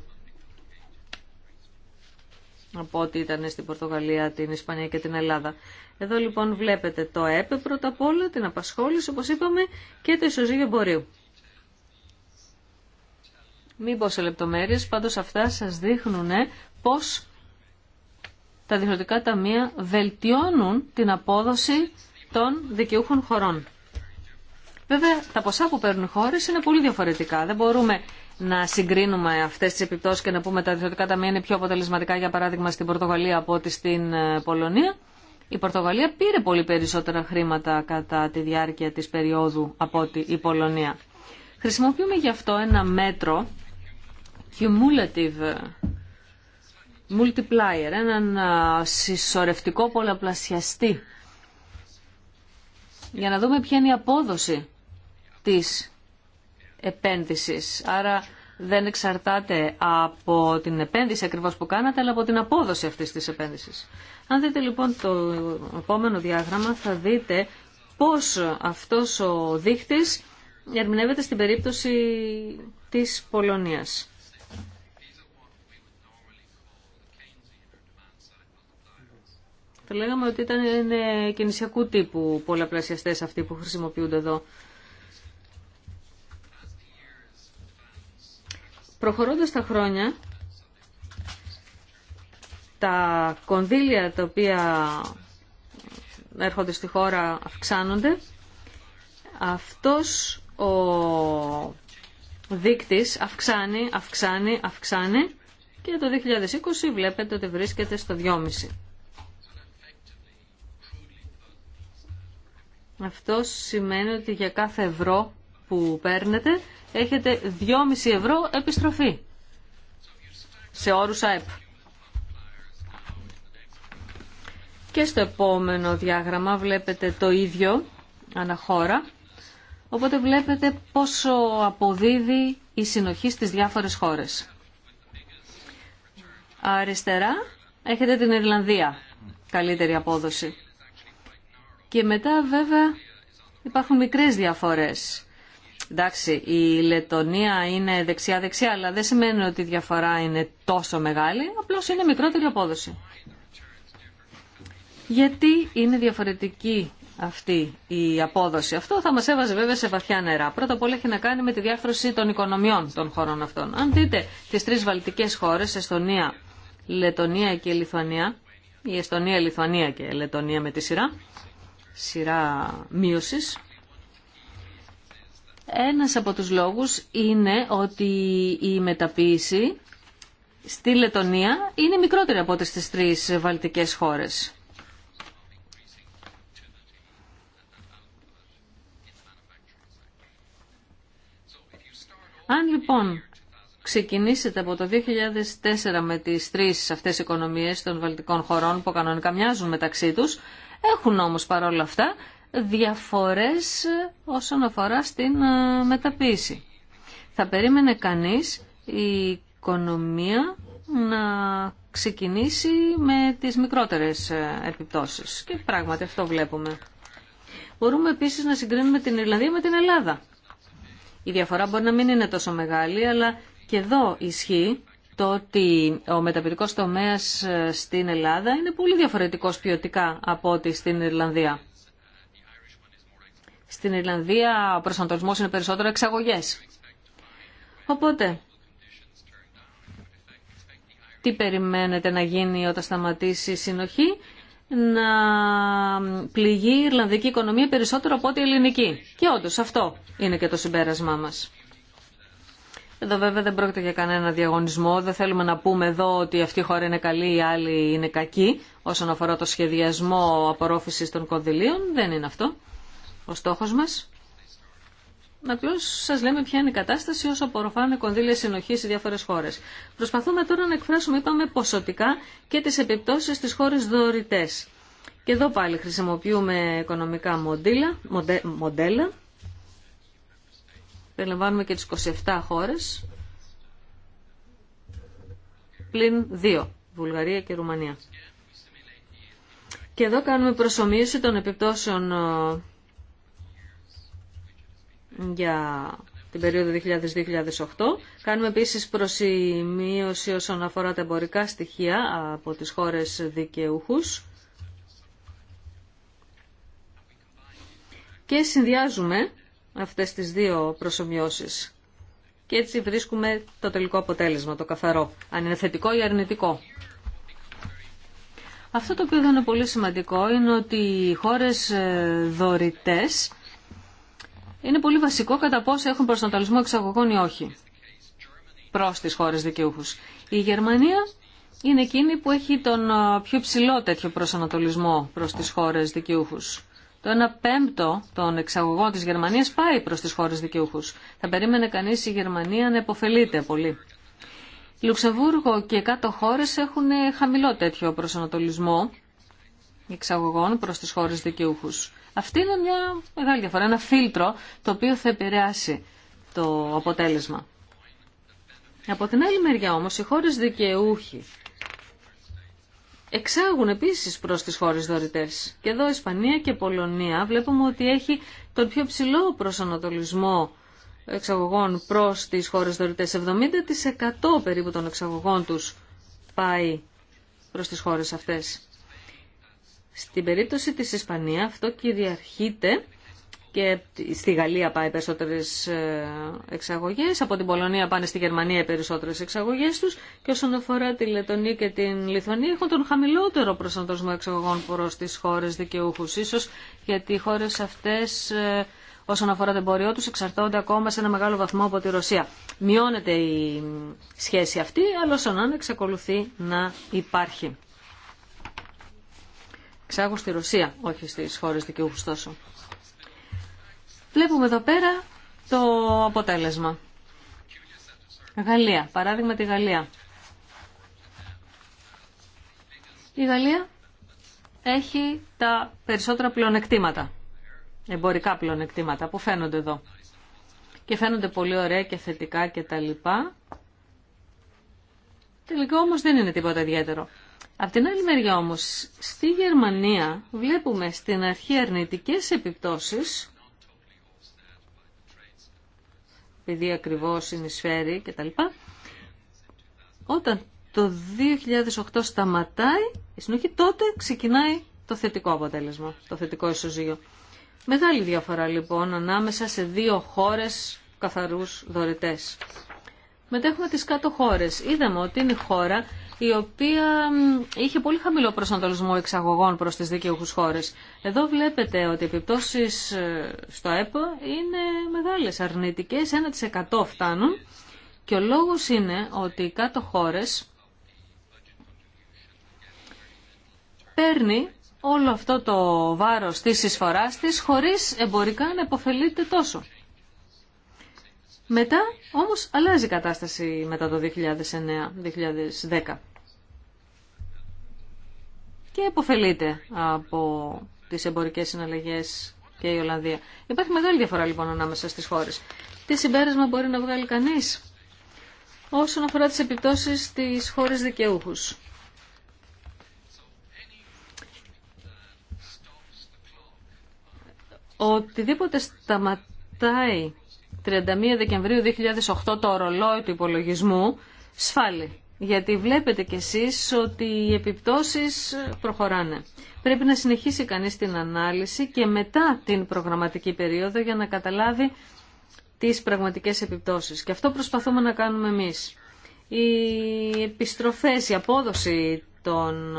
από ό,τι ήταν στην Πορτογαλία, την Ισπανία και την Ελλάδα. Εδώ λοιπόν βλέπετε το ΕΠΕ πρώτα απ' όλα, την απασχόληση όπως είπαμε και το ισοζύγιο εμπορίου. Μην πω σε λεπτομέρειες, πάντως αυτά σας δείχνουν πώ τα διαφορετικά ταμεία βελτιώνουν την απόδοση των δικαιούχων χωρών. Βέβαια, τα ποσά που παίρνουν οι χώρε είναι πολύ διαφορετικά. Δεν μπορούμε να συγκρίνουμε αυτέ τι επιπτώσει και να πούμε τα ιδιωτικά ταμεία είναι πιο αποτελεσματικά, για παράδειγμα, στην Πορτογαλία από ότι στην ε, Πολωνία. Η Πορτογαλία πήρε πολύ περισσότερα χρήματα κατά τη διάρκεια τη περίοδου από ότι η Πολωνία. Χρησιμοποιούμε γι' αυτό ένα μέτρο cumulative multiplier, έναν συσσωρευτικό πολλαπλασιαστή για να δούμε ποια είναι η απόδοση της επένδυσης. Άρα δεν εξαρτάται από την επένδυση ακριβώς που κάνατε, αλλά από την απόδοση αυτής της επένδυσης. Αν δείτε λοιπόν το επόμενο διάγραμμα θα δείτε πώς αυτός ο δείχτης ερμηνεύεται στην περίπτωση της Πολωνίας. Θα λέγαμε ότι ήταν είναι κινησιακού τύπου πολλαπλασιαστές αυτοί που χρησιμοποιούνται εδώ. Προχωρώντας τα χρόνια, τα κονδύλια τα οποία έρχονται στη χώρα αυξάνονται. Αυτός ο δείκτης αυξάνει, αυξάνει, αυξάνει και το 2020 βλέπετε ότι βρίσκεται στο 2,5. Αυτό σημαίνει ότι για κάθε ευρώ που παίρνετε έχετε 2,5 ευρώ επιστροφή σε όρους ΑΕΠ. Και στο επόμενο διάγραμμα βλέπετε το ίδιο αναχώρα. Οπότε βλέπετε πόσο αποδίδει η συνοχή στις διάφορες χώρες. Αριστερά έχετε την Ιρλανδία, καλύτερη απόδοση. Και μετά βέβαια υπάρχουν μικρές διαφορές. Εντάξει, η Λετωνία είναι δεξιά-δεξιά, αλλά δεν σημαίνει ότι η διαφορά είναι τόσο μεγάλη, απλώς είναι μικρότερη απόδοση. Γιατί είναι διαφορετική αυτή η απόδοση. Αυτό θα μας έβαζε βέβαια σε βαθιά νερά. Πρώτα απ' όλα έχει να κάνει με τη διάφρωση των οικονομιών των χωρών αυτών. Αν δείτε τις τρεις βαλτικές χώρες, Εστονία, Λετωνία και Λιθουανία, η Εστονία, Λιθουανία και Λετωνία με τη σειρά, σειρά μείωση. Ένας από τους λόγους είναι ότι η μεταποίηση στη Λετωνία είναι μικρότερη από τις στις τρεις βαλτικές χώρες. Αν λοιπόν ξεκινήσετε από το 2004 με τις τρεις αυτές οικονομίες των βαλτικών χωρών που κανονικά μοιάζουν μεταξύ τους, έχουν όμως παρόλα αυτά διαφορές όσον αφορά στην ε, μεταποίηση. Θα περίμενε κανείς η οικονομία να ξεκινήσει με τις μικρότερες ε, επιπτώσεις. Και πράγματι αυτό βλέπουμε. Μπορούμε επίσης να συγκρίνουμε την Ιρλανδία με την Ελλάδα. Η διαφορά μπορεί να μην είναι τόσο μεγάλη, αλλά και εδώ ισχύει το ότι ο μεταπηρικός τομέας ε, στην Ελλάδα είναι πολύ διαφορετικός ποιοτικά από ό,τι στην Ιρλανδία. Στην Ιρλανδία ο προσανατολισμός είναι περισσότερο εξαγωγές. Οπότε, τι περιμένετε να γίνει όταν σταματήσει η συνοχή, να πληγεί η Ιρλανδική οικονομία περισσότερο από ό,τι η ελληνική. Και όντως αυτό είναι και το συμπέρασμά μας. Εδώ βέβαια δεν πρόκειται για κανένα διαγωνισμό. Δεν θέλουμε να πούμε εδώ ότι αυτή η χώρα είναι καλή, η άλλη είναι κακή. Όσον αφορά το σχεδιασμό απορρόφησης των κονδυλίων, δεν είναι αυτό ο στόχος μας. Απλώ σα λέμε ποια είναι η κατάσταση όσο απορροφάνε κονδύλια συνοχή σε διάφορε χώρε. Προσπαθούμε τώρα να εκφράσουμε, είπαμε, ποσοτικά και τι επιπτώσει στι χώρε δωρητέ. Και εδώ πάλι χρησιμοποιούμε οικονομικά μοντέλα περιλαμβάνουμε και τις 27 χώρες, πλην 2, Βουλγαρία και Ρουμανία. Και εδώ κάνουμε προσωμείωση των επιπτώσεων ε, για την περίοδο 2000-2008. Κάνουμε επίσης προσημείωση όσον αφορά τα εμπορικά στοιχεία από τις χώρες δικαιούχους. Και συνδυάζουμε αυτές τις δύο προσωμιώσεις. Και έτσι βρίσκουμε το τελικό αποτέλεσμα, το καθαρό, αν είναι θετικό ή αρνητικό. Αυτό το οποίο είναι πολύ σημαντικό είναι ότι οι χώρες ε, δωρητές είναι πολύ βασικό κατά πόσο έχουν προσανατολισμό εξαγωγών ή όχι προς τις χώρες δικαιούχους. Η Γερμανία είναι εκείνη που έχει τον ε, πιο ψηλό τέτοιο προσανατολισμό προς τις χώρες δικαιούχους. Το 1 πέμπτο των εξαγωγών της Γερμανίας πάει προς τις χώρες δικαιούχους. Θα περίμενε κανείς η Γερμανία να υποφελείται πολύ. Λουξεμβούργο και κάτω χώρες έχουν χαμηλό τέτοιο προσανατολισμό εξαγωγών προς τις χώρες δικαιούχους. Αυτή είναι μια μεγάλη διαφορά, ένα φίλτρο το οποίο θα επηρεάσει το αποτέλεσμα. Από την άλλη μεριά όμως οι χώρες δικαιούχοι εξάγουν επίση προς τις χώρες δωρητέ. Και εδώ Ισπανία και Πολωνία βλέπουμε ότι έχει τον πιο ψηλό προσανατολισμό εξαγωγών προς τις χώρες δωρητέ. 70% περίπου των εξαγωγών τους πάει προ τις χώρες αυτές. Στην περίπτωση της Ισπανία αυτό κυριαρχείται και στη Γαλλία πάει περισσότερε ε, εξαγωγέ. από την Πολωνία πάνε στη Γερμανία οι περισσότερες εξαγωγές τους και όσον αφορά τη Λετωνία και την Λιθουανία έχουν τον χαμηλότερο προσανατολισμό εξαγωγών προ τι χώρε δικαιούχου. Ίσως γιατί οι χώρε αυτέ, ε, όσον αφορά το εμπόριό του, εξαρτώνται ακόμα σε ένα μεγάλο βαθμό από τη Ρωσία. Μειώνεται η σχέση αυτή, αλλά όσον αν εξακολουθεί να υπάρχει. Εξάγω στη Ρωσία, όχι στις χώρε δικαιούχου τόσο. Βλέπουμε εδώ πέρα το αποτέλεσμα. Γαλλία, παράδειγμα τη Γαλλία. Η Γαλλία έχει τα περισσότερα πλεονεκτήματα, εμπορικά πλεονεκτήματα που φαίνονται εδώ. Και φαίνονται πολύ ωραία και θετικά και τα λοιπά. Τελικά όμως δεν είναι τίποτα ιδιαίτερο. Απ' την άλλη μεριά όμως, στη Γερμανία βλέπουμε στην αρχή αρνητικές επιπτώσεις επειδή ακριβώς συνεισφέρει λοιπά. Όταν το 2008 σταματάει η συνοχή, τότε ξεκινάει το θετικό αποτέλεσμα, το θετικό ισοζύγιο. Μεγάλη διαφορά λοιπόν ανάμεσα σε δύο χώρες καθαρούς δωρετές. Μετά έχουμε τις κάτω χώρες. Είδαμε ότι είναι χώρα η οποία είχε πολύ χαμηλό προσανατολισμό εξαγωγών προς τις δικαιούχους χώρες. Εδώ βλέπετε ότι οι επιπτώσεις ε, στο ΕΠΟ είναι μεγάλες, αρνητικές, 1% φτάνουν και ο λόγος είναι ότι οι κάτω χώρες παίρνει όλο αυτό το βάρος της εισφοράς της χωρίς εμπορικά να υποφελείται τόσο. Μετά όμως αλλάζει η κατάσταση μετά το 2009-2010 και υποφελείται από τις εμπορικές συναλλαγές και η Ολλανδία. Υπάρχει μεγάλη διαφορά λοιπόν ανάμεσα στις χώρες. Τι συμπέρασμα μπορεί να βγάλει κανείς όσον αφορά τις επιπτώσεις στις χώρες δικαιούχους. Οτιδήποτε σταματάει 31 Δεκεμβρίου 2008 το ρολόι του υπολογισμού σφάλει. Γιατί βλέπετε κι εσείς ότι οι επιπτώσεις προχωράνε. Πρέπει να συνεχίσει κανείς την ανάλυση και μετά την προγραμματική περίοδο για να καταλάβει τις πραγματικές επιπτώσεις. Και αυτό προσπαθούμε να κάνουμε εμείς. Οι επιστροφές, η απόδοση των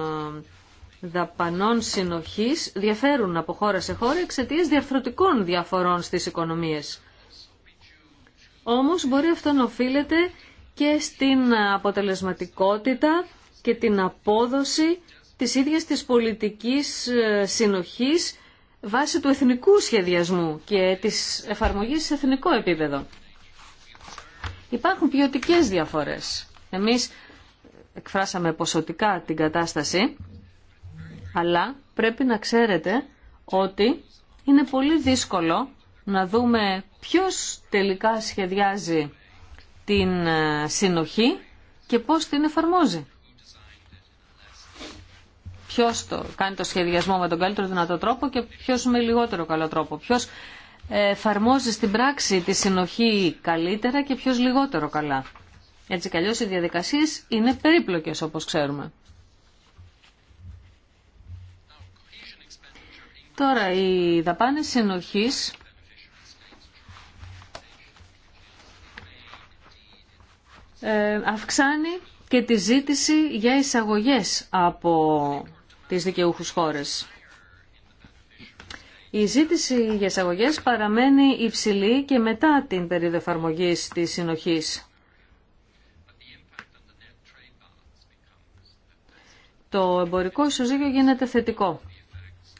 ε, δαπανών συνοχής διαφέρουν από χώρα σε χώρα εξαιτία διαρθρωτικών διαφορών στις οικονομίες. Όμως μπορεί αυτό να οφείλεται και στην αποτελεσματικότητα και την απόδοση της ίδιας της πολιτικής ε, συνοχής βάσει του εθνικού σχεδιασμού και της εφαρμογής σε εθνικό επίπεδο. Υπάρχουν ποιοτικέ διαφορές. Εμείς εκφράσαμε ποσοτικά την κατάσταση, αλλά πρέπει να ξέρετε ότι είναι πολύ δύσκολο να δούμε ποιος τελικά σχεδιάζει την ε, συνοχή και πώς την εφαρμόζει. Ποιος το, κάνει το σχεδιασμό με τον καλύτερο δυνατό τρόπο και ποιος με λιγότερο καλό τρόπο. Ποιος ε, εφαρμόζει στην πράξη τη συνοχή καλύτερα και ποιος λιγότερο καλά. Έτσι κι αλλιώς οι διαδικασίες είναι περίπλοκες όπως ξέρουμε. Τώρα οι δαπάνες συνοχής Ε, αυξάνει και τη ζήτηση για εισαγωγές από τις δικαιούχους χώρες. Η ζήτηση για εισαγωγέ παραμένει υψηλή και μετά την περίοδο εφαρμογή τη συνοχή. Το εμπορικό ισοζύγιο γίνεται θετικό.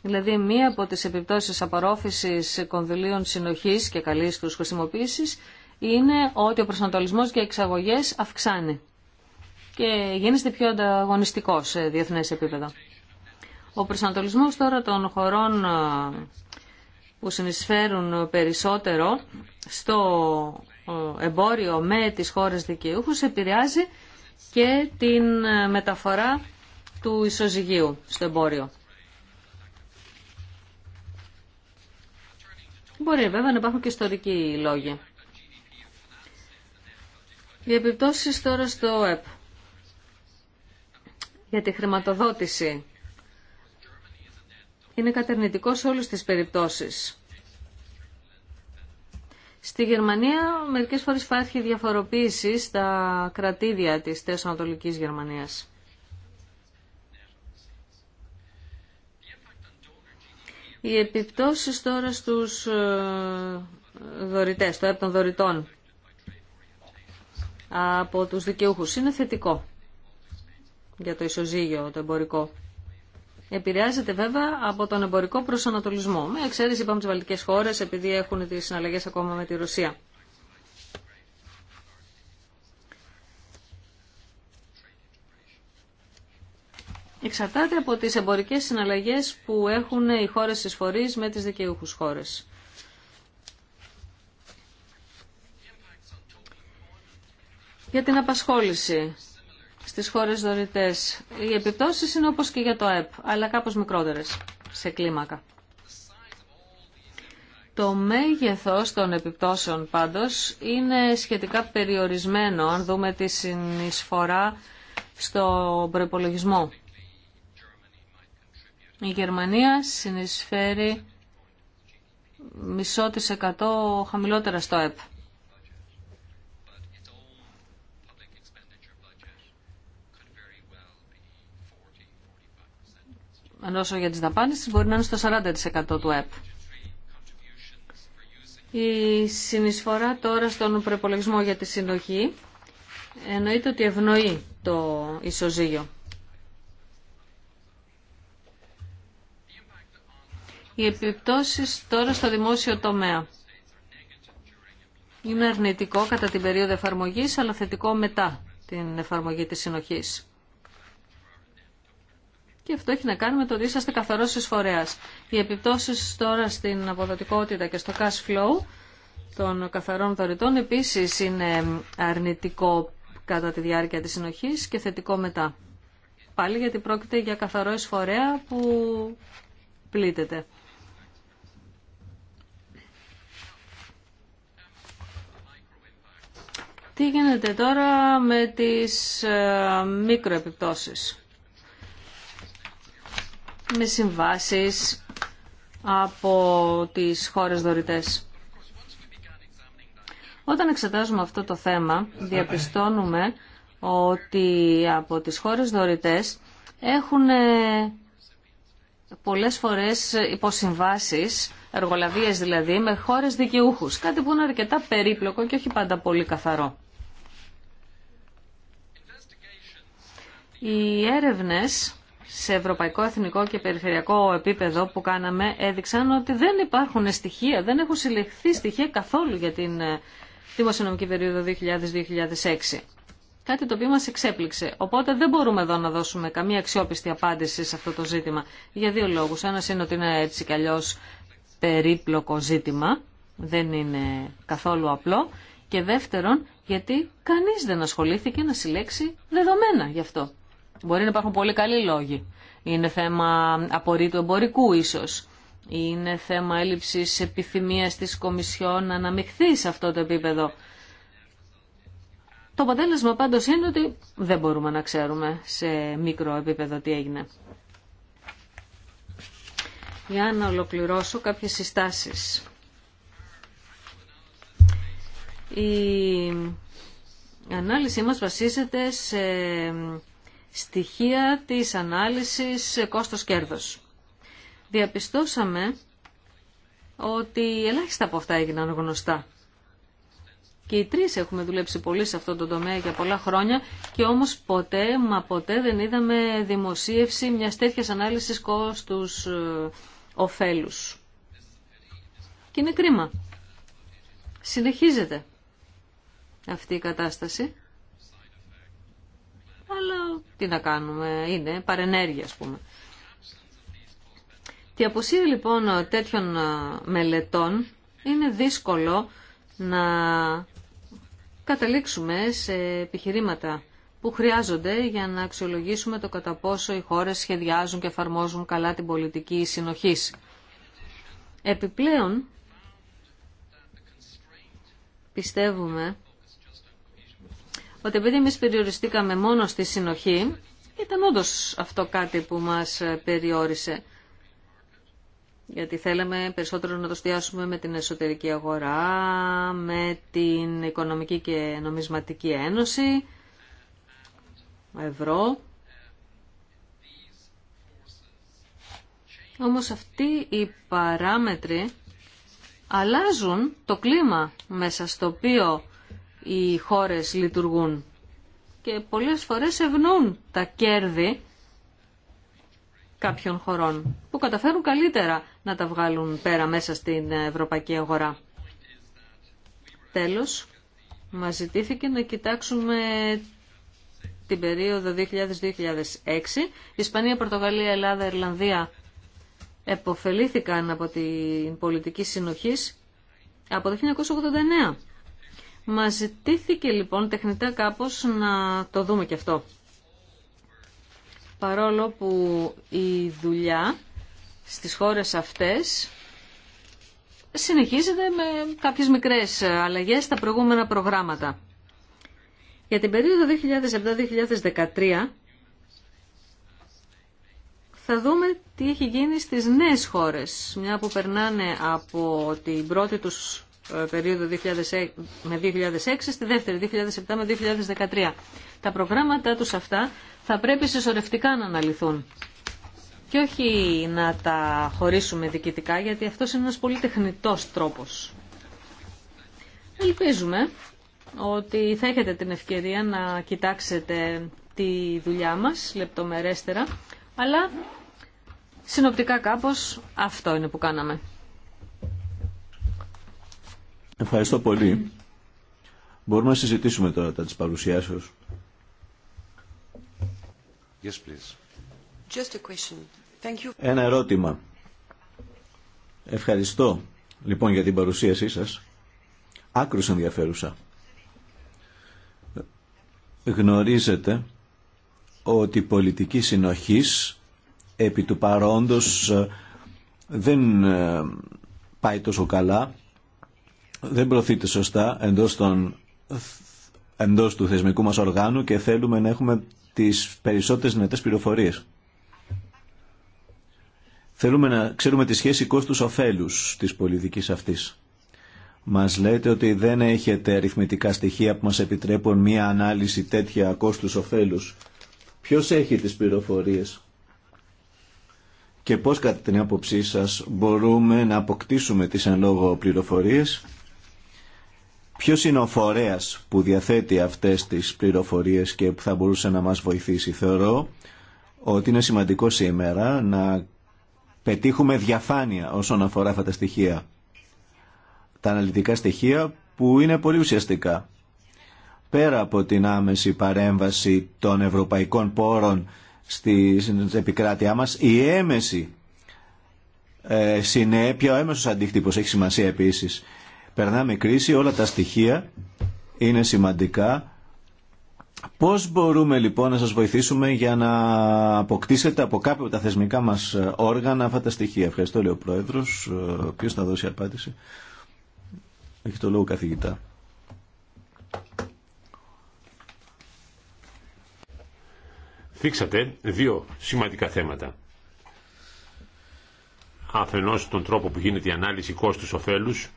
Δηλαδή, μία από τις επιπτώσεις απορρόφησης κονδυλίων συνοχής και καλής τους χρησιμοποίησης είναι ότι ο προσανατολισμός για εξαγωγές αυξάνει και γίνεται πιο ανταγωνιστικό σε διεθνές επίπεδο. Ο προσανατολισμός τώρα των χωρών που συνεισφέρουν περισσότερο στο εμπόριο με τις χώρες δικαιούχους επηρεάζει και την μεταφορά του ισοζυγίου στο εμπόριο. Μπορεί βέβαια να υπάρχουν και ιστορικοί λόγοι. Οι επιπτώσεις τώρα στο ΕΠ για τη χρηματοδότηση είναι κατερνητικό σε όλες τις περιπτώσεις. Στη Γερμανία μερικές φορές υπάρχει διαφοροποίηση στα κρατήδια της Τέσσερα Ανατολικής Γερμανίας. Οι επιπτώσεις τώρα στους ε, δωρητές, το ΕΠ των δωρητών από τους δικαιούχους. Είναι θετικό για το ισοζύγιο το εμπορικό. Επηρεάζεται βέβαια από τον εμπορικό προσανατολισμό. Με εξαίρεση είπαμε τις βαλτικές χώρες επειδή έχουν τις συναλλαγές ακόμα με τη Ρωσία. Εξαρτάται από τις εμπορικές συναλλαγές που έχουν οι χώρες φορής με τις δικαιούχους χώρες. Για την απασχόληση στις χώρες δωρητές, οι επιπτώσεις είναι όπως και για το ΕΠ, αλλά κάπως μικρότερες σε κλίμακα. Το μέγεθος των επιπτώσεων πάντως είναι σχετικά περιορισμένο αν δούμε τη συνεισφορά στο προπολογισμό. Η Γερμανία συνεισφέρει μισό της εκατό χαμηλότερα στο ΕΠ. όσο για τις δαπάνες μπορεί να είναι στο 40% του ΕΠ. Η συνεισφορά τώρα στον προπολογισμό για τη συνοχή εννοείται ότι ευνοεί το ισοζύγιο. Οι επιπτώσεις τώρα στο δημόσιο τομέα. Είναι αρνητικό κατά την περίοδο εφαρμογής, αλλά θετικό μετά την εφαρμογή της συνοχής. Και αυτό έχει να κάνει με το ότι είσαστε καθαρό εισφορέα. Οι επιπτώσεις τώρα στην αποδοτικότητα και στο cash flow των καθαρών δωρητών επίσης είναι αρνητικό κατά τη διάρκεια τη συνοχή και θετικό μετά. Πάλι γιατί πρόκειται για καθαρό εισφορέα που πλήττεται. Τι γίνεται τώρα με τις ε, μικροεπιπτώσεις με συμβάσεις από τις χώρες δωρητές. Όταν εξετάζουμε αυτό το θέμα, διαπιστώνουμε ότι από τις χώρες δωρητές έχουν ε, πολλές φορές υποσυμβάσεις, εργολαβίες δηλαδή, με χώρες δικαιούχους. Κάτι που είναι αρκετά περίπλοκο και όχι πάντα πολύ καθαρό. Οι έρευνες σε ευρωπαϊκό, εθνικό και περιφερειακό επίπεδο που κάναμε έδειξαν ότι δεν υπάρχουν στοιχεία, δεν έχουν συλλεχθεί στοιχεία καθόλου για την ε, δημοσιονομική περίοδο 2000-2006. Κάτι το οποίο μας εξέπληξε. Οπότε δεν μπορούμε εδώ να δώσουμε καμία αξιόπιστη απάντηση σε αυτό το ζήτημα. Για δύο λόγους. Ένα είναι ότι είναι έτσι κι αλλιώς περίπλοκο ζήτημα. Δεν είναι καθόλου απλό. Και δεύτερον, γιατί κανείς δεν ασχολήθηκε να συλλέξει δεδομένα γι' αυτό. Μπορεί να υπάρχουν πολύ καλοί λόγοι. Είναι θέμα απορρίτου εμπορικού ίσως. Είναι θέμα έλλειψης επιθυμίας της Κομισιόν να αναμειχθεί σε αυτό το επίπεδο. Το αποτέλεσμα πάντως είναι ότι δεν μπορούμε να ξέρουμε σε μικρό επίπεδο τι έγινε. Για να ολοκληρώσω κάποιες συστάσεις. Η ανάλυση μας βασίζεται σε στοιχεία της ανάλυσης κόστος-κέρδος. Διαπιστώσαμε ότι ελάχιστα από αυτά έγιναν γνωστά. Και οι τρεις έχουμε δουλέψει πολύ σε αυτό το τομέα για πολλά χρόνια και όμως ποτέ, μα ποτέ δεν είδαμε δημοσίευση μια τέτοιας ανάλυσης κόστους κόστους-οφέλους. Ε, και είναι κρίμα. Συνεχίζεται αυτή η κατάσταση τι να κάνουμε, είναι παρενέργεια ας πούμε. Τη αποσύρει λοιπόν τέτοιων μελετών είναι δύσκολο να καταλήξουμε σε επιχειρήματα που χρειάζονται για να αξιολογήσουμε το κατά πόσο οι χώρες σχεδιάζουν και εφαρμόζουν καλά την πολιτική συνοχής. Επιπλέον, πιστεύουμε ότι επειδή εμεί περιοριστήκαμε μόνο στη συνοχή, ήταν όντω αυτό κάτι που μας περιόρισε. Γιατί θέλαμε περισσότερο να το στιάσουμε με την εσωτερική αγορά, με την Οικονομική και Νομισματική Ένωση, ευρώ. Όμως αυτοί οι παράμετροι αλλάζουν το κλίμα μέσα στο οποίο οι χώρες λειτουργούν. Και πολλές φορές ευνούν τα κέρδη κάποιων χωρών που καταφέρουν καλύτερα να τα βγάλουν πέρα μέσα στην ευρωπαϊκή αγορά. Τέλος, μας ζητήθηκε να κοιτάξουμε την περίοδο 2000-2006. Ισπανία, Πορτογαλία, Ελλάδα, Ιρλανδία εποφελήθηκαν από την πολιτική συνοχής από το 1989. Μα ζητήθηκε λοιπόν τεχνητά κάπως να το δούμε και αυτό. Παρόλο που η δουλειά στις χώρες αυτές συνεχίζεται με κάποιες μικρές αλλαγές στα προηγούμενα προγράμματα. Για την περίοδο 2007-2013 θα δούμε τι έχει γίνει στις νέες χώρες, μια που περνάνε από την πρώτη τους ε, περίοδο 2006, με 2006, στη δεύτερη 2007 με 2013. Τα προγράμματα τους αυτά θα πρέπει συσσωρευτικά να αναλυθούν και όχι να τα χωρίσουμε διοικητικά γιατί αυτό είναι ένας πολύ τεχνητός τρόπος. Ελπίζουμε ότι θα έχετε την ευκαιρία να κοιτάξετε τη δουλειά μας λεπτομερέστερα, αλλά συνοπτικά κάπως αυτό είναι που κάναμε. Ευχαριστώ πολύ. Μπορούμε να συζητήσουμε τώρα τα της παρουσιάσεως. Yes, Ένα ερώτημα. Ευχαριστώ λοιπόν για την παρουσίασή σας. Άκρως ενδιαφέρουσα. Γνωρίζετε ότι η πολιτική συνοχής επί του παρόντος ε, δεν ε, πάει τόσο καλά δεν προωθείται σωστά εντός, των, εντός του θεσμικού μας οργάνου και θέλουμε να έχουμε τις περισσότερες δυνατές πληροφορίες. Θέλουμε να ξέρουμε τη σχέση κόστους-οφέλους της πολιτικής αυτής. Μας λέτε ότι δεν έχετε αριθμητικά στοιχεία που μας επιτρέπουν μία ανάλυση τέτοια κόστους-οφέλους. Ποιος έχει τις πληροφορίες και πώς κατά την άποψή σας μπορούμε να αποκτήσουμε τις εν λόγω πληροφορίες Ποιος είναι ο που διαθέτει αυτές τις πληροφορίες και που θα μπορούσε να μας βοηθήσει. Θεωρώ ότι είναι σημαντικό σήμερα να πετύχουμε διαφάνεια όσον αφορά αυτά τα στοιχεία. Τα αναλυτικά στοιχεία που είναι πολύ ουσιαστικά. Πέρα από την άμεση παρέμβαση των ευρωπαϊκών πόρων στην επικράτειά μας, η έμεση ε, συνέπεια, ο έμεσος αντίκτυπος έχει σημασία επίσης περνάμε κρίση, όλα τα στοιχεία είναι σημαντικά. Πώς μπορούμε λοιπόν να σας βοηθήσουμε για να αποκτήσετε από κάποια από τα θεσμικά μας όργανα αυτά τα στοιχεία. Ευχαριστώ λέει ο Πρόεδρος. Ε, Ποιος θα δώσει απάντηση. Έχει το λόγο καθηγητά. Φίξατε δύο σημαντικά θέματα. Αφενός τον τρόπο που γίνεται η ανάλυση κόστους-οφέλους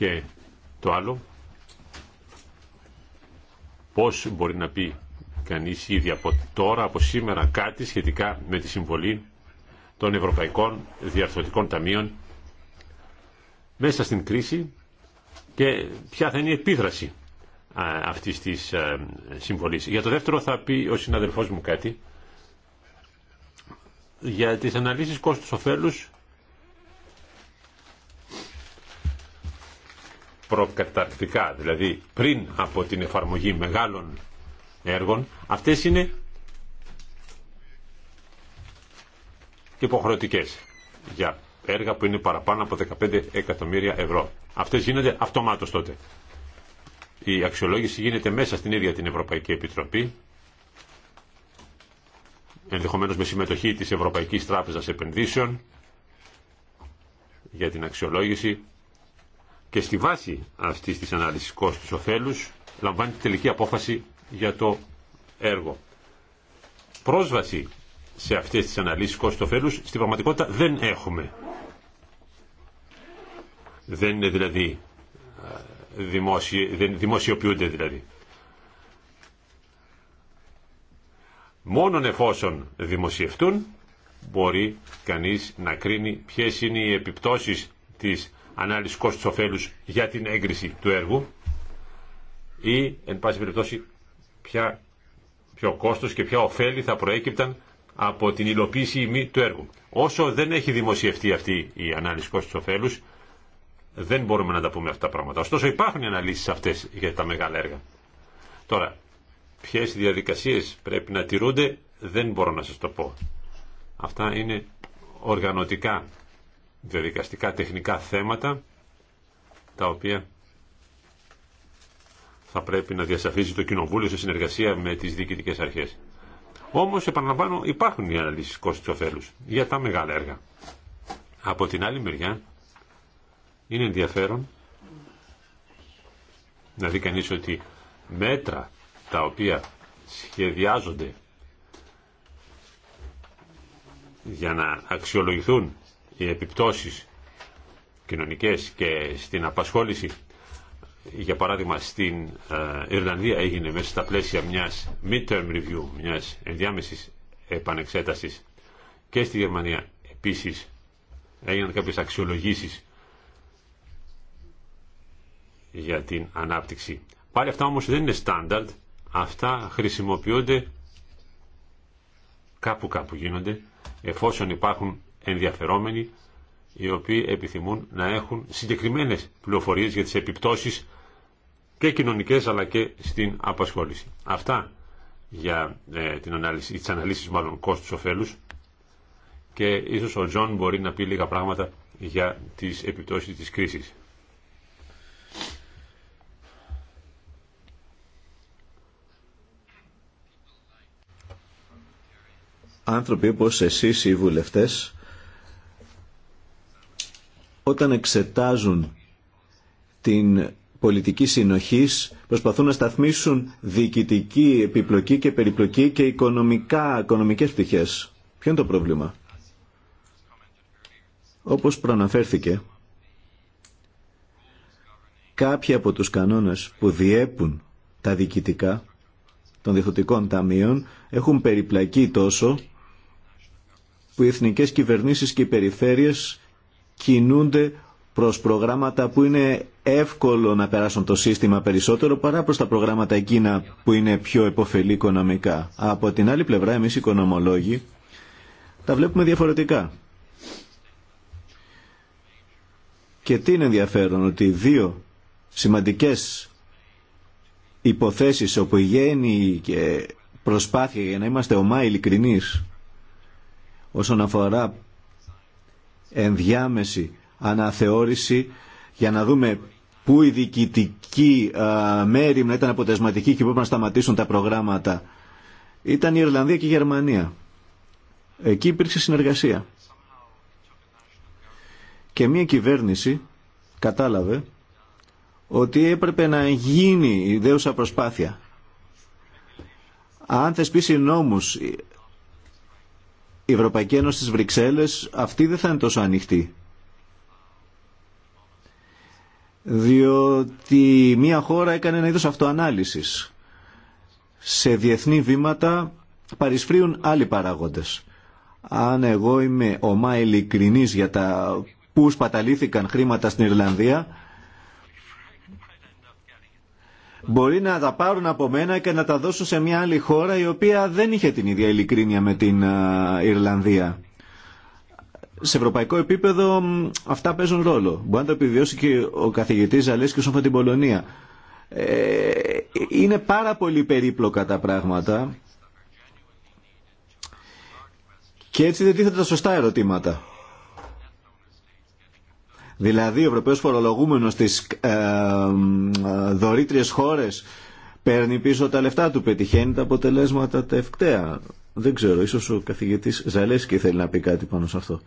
και το άλλο, πώς μπορεί να πει κανείς ήδη από τώρα, από σήμερα κάτι σχετικά με τη συμβολή των Ευρωπαϊκών Διαρθρωτικών Ταμείων μέσα στην κρίση και ποια θα είναι η επίδραση αυτής της ε, συμβολής. Για το δεύτερο θα πει ο συναδελφός μου κάτι για τις αναλύσεις κόστους-οφέλους προκαταρκτικά, δηλαδή πριν από την εφαρμογή μεγάλων έργων, αυτές είναι υποχρεωτικές για έργα που είναι παραπάνω από 15 εκατομμύρια ευρώ. Αυτές γίνονται αυτομάτως τότε. Η αξιολόγηση γίνεται μέσα στην ίδια την Ευρωπαϊκή Επιτροπή, ενδεχομένως με συμμετοχή της Ευρωπαϊκής Τράπεζας Επενδύσεων για την αξιολόγηση και στη βάση αυτής της ανάλυσης κόστους κόστος-οφέλους λαμβάνει τη τελική απόφαση για το έργο. Πρόσβαση σε αυτές τις αναλύσεις κόστος οφέλου στην πραγματικότητα δεν έχουμε. Δεν είναι δηλαδή ε, δεν δημοσιοποιούνται δηλαδή. Μόνον εφόσον δημοσιευτούν μπορεί κανείς να κρίνει ποιες είναι οι επιπτώσεις της ανάλυση κόστου ωφέλους για την έγκριση του έργου ή, εν πάση περιπτώσει, ποια, ποιο κόστος και ποια ωφέλη θα προέκυπταν από την υλοποίηση ή μη του έργου. Όσο δεν έχει δημοσιευτεί αυτή η ανάλυση κόστου ωφέλους, δεν μπορούμε να τα πούμε αυτά τα πράγματα. Ωστόσο υπάρχουν οι αναλύσεις αυτές για τα μεγάλα έργα. Τώρα, ποιε διαδικασίες πρέπει να τηρούνται, δεν μπορώ να σας το πω. Αυτά είναι οργανωτικά διαδικαστικά τεχνικά θέματα τα οποία θα πρέπει να διασαφίζει το Κοινοβούλιο σε συνεργασία με τις διοικητικές αρχές. Όμως, επαναλαμβάνω, υπάρχουν οι αναλύσεις κόστους ωφέλους για τα μεγάλα έργα. Από την άλλη μεριά, είναι ενδιαφέρον να δει κανείς ότι μέτρα τα οποία σχεδιάζονται για να αξιολογηθούν οι επιπτώσεις κοινωνικές και στην απασχόληση για παράδειγμα στην ε, Ιρλανδία έγινε μέσα στα πλαίσια μιας midterm review, μιας ενδιάμεσης επανεξέτασης και στη Γερμανία επίσης έγιναν κάποιες αξιολογήσεις για την ανάπτυξη. Πάλι αυτά όμως δεν είναι στάνταρτ, αυτά χρησιμοποιούνται κάπου κάπου γίνονται εφόσον υπάρχουν ενδιαφερόμενοι οι οποίοι επιθυμούν να έχουν συγκεκριμένες πληροφορίες για τις επιπτώσεις και κοινωνικές αλλά και στην απασχόληση. Αυτά για ε, την ανάλυση, τις αναλύσεις μάλλον κόστους ωφέλους και ίσως ο Τζον μπορεί να πει λίγα πράγματα για τις επιπτώσεις της κρίσης. Άνθρωποι όπως εσείς οι βουλευτές όταν εξετάζουν την πολιτική συνοχής προσπαθούν να σταθμίσουν διοικητική, επιπλοκή και περιπλοκή και οικονομικά, οικονομικές πτυχές. Ποιο είναι το πρόβλημα. Όπως προαναφέρθηκε, κάποιοι από τους κανόνες που διέπουν τα διοικητικά των διεθνωτικών ταμείων έχουν περιπλακεί τόσο που οι εθνικές κυβερνήσεις και οι περιφέρειες κινούνται προς προγράμματα που είναι εύκολο να περάσουν το σύστημα περισσότερο παρά προς τα προγράμματα εκείνα που είναι πιο επωφελή οικονομικά. Από την άλλη πλευρά εμείς οι οικονομολόγοι τα βλέπουμε διαφορετικά. Και τι είναι ενδιαφέρον ότι δύο σημαντικές υποθέσεις όπου η γέννη και προσπάθεια για να είμαστε ομά ειλικρινείς όσον αφορά ενδιάμεση αναθεώρηση για να δούμε πού η διοικητική μέρη ήταν αποτελεσματική και πού να σταματήσουν τα προγράμματα. Ήταν η Ιρλανδία και η Γερμανία. Εκεί υπήρξε συνεργασία. Και μια κυβέρνηση κατάλαβε ότι έπρεπε να γίνει ιδέουσα προσπάθεια. Αν θεσπίσει νόμους η Ευρωπαϊκή Ένωση στις Βρυξέλλες αυτή δεν θα είναι τόσο ανοιχτή. Διότι μια χώρα έκανε ένα είδος αυτοανάλυσης. Σε διεθνή βήματα παρισφρίουν άλλοι παράγοντες. Αν εγώ είμαι ομά ειλικρινής για τα που σπαταλήθηκαν χρήματα στην Ιρλανδία, μπορεί να τα πάρουν από μένα και να τα δώσουν σε μια άλλη χώρα η οποία δεν είχε την ίδια ειλικρίνεια με την Ιρλανδία. Σε ευρωπαϊκό επίπεδο αυτά παίζουν ρόλο. Μπορεί να το επιβιώσει και ο καθηγητής Ζαλέσκης ο την Πολωνία. Ε, είναι πάρα πολύ περίπλοκα τα πράγματα και έτσι δεν τίθεται τα σωστά ερωτήματα. Δηλαδή ο Ευρωπαίος φορολογούμενος στις ε, ε, χώρες παίρνει πίσω τα λεφτά του, πετυχαίνει τα αποτελέσματα τα ευκταία. Δεν ξέρω, ίσως ο καθηγητής Ζαλέσκη θέλει να πει κάτι πάνω σε αυτό.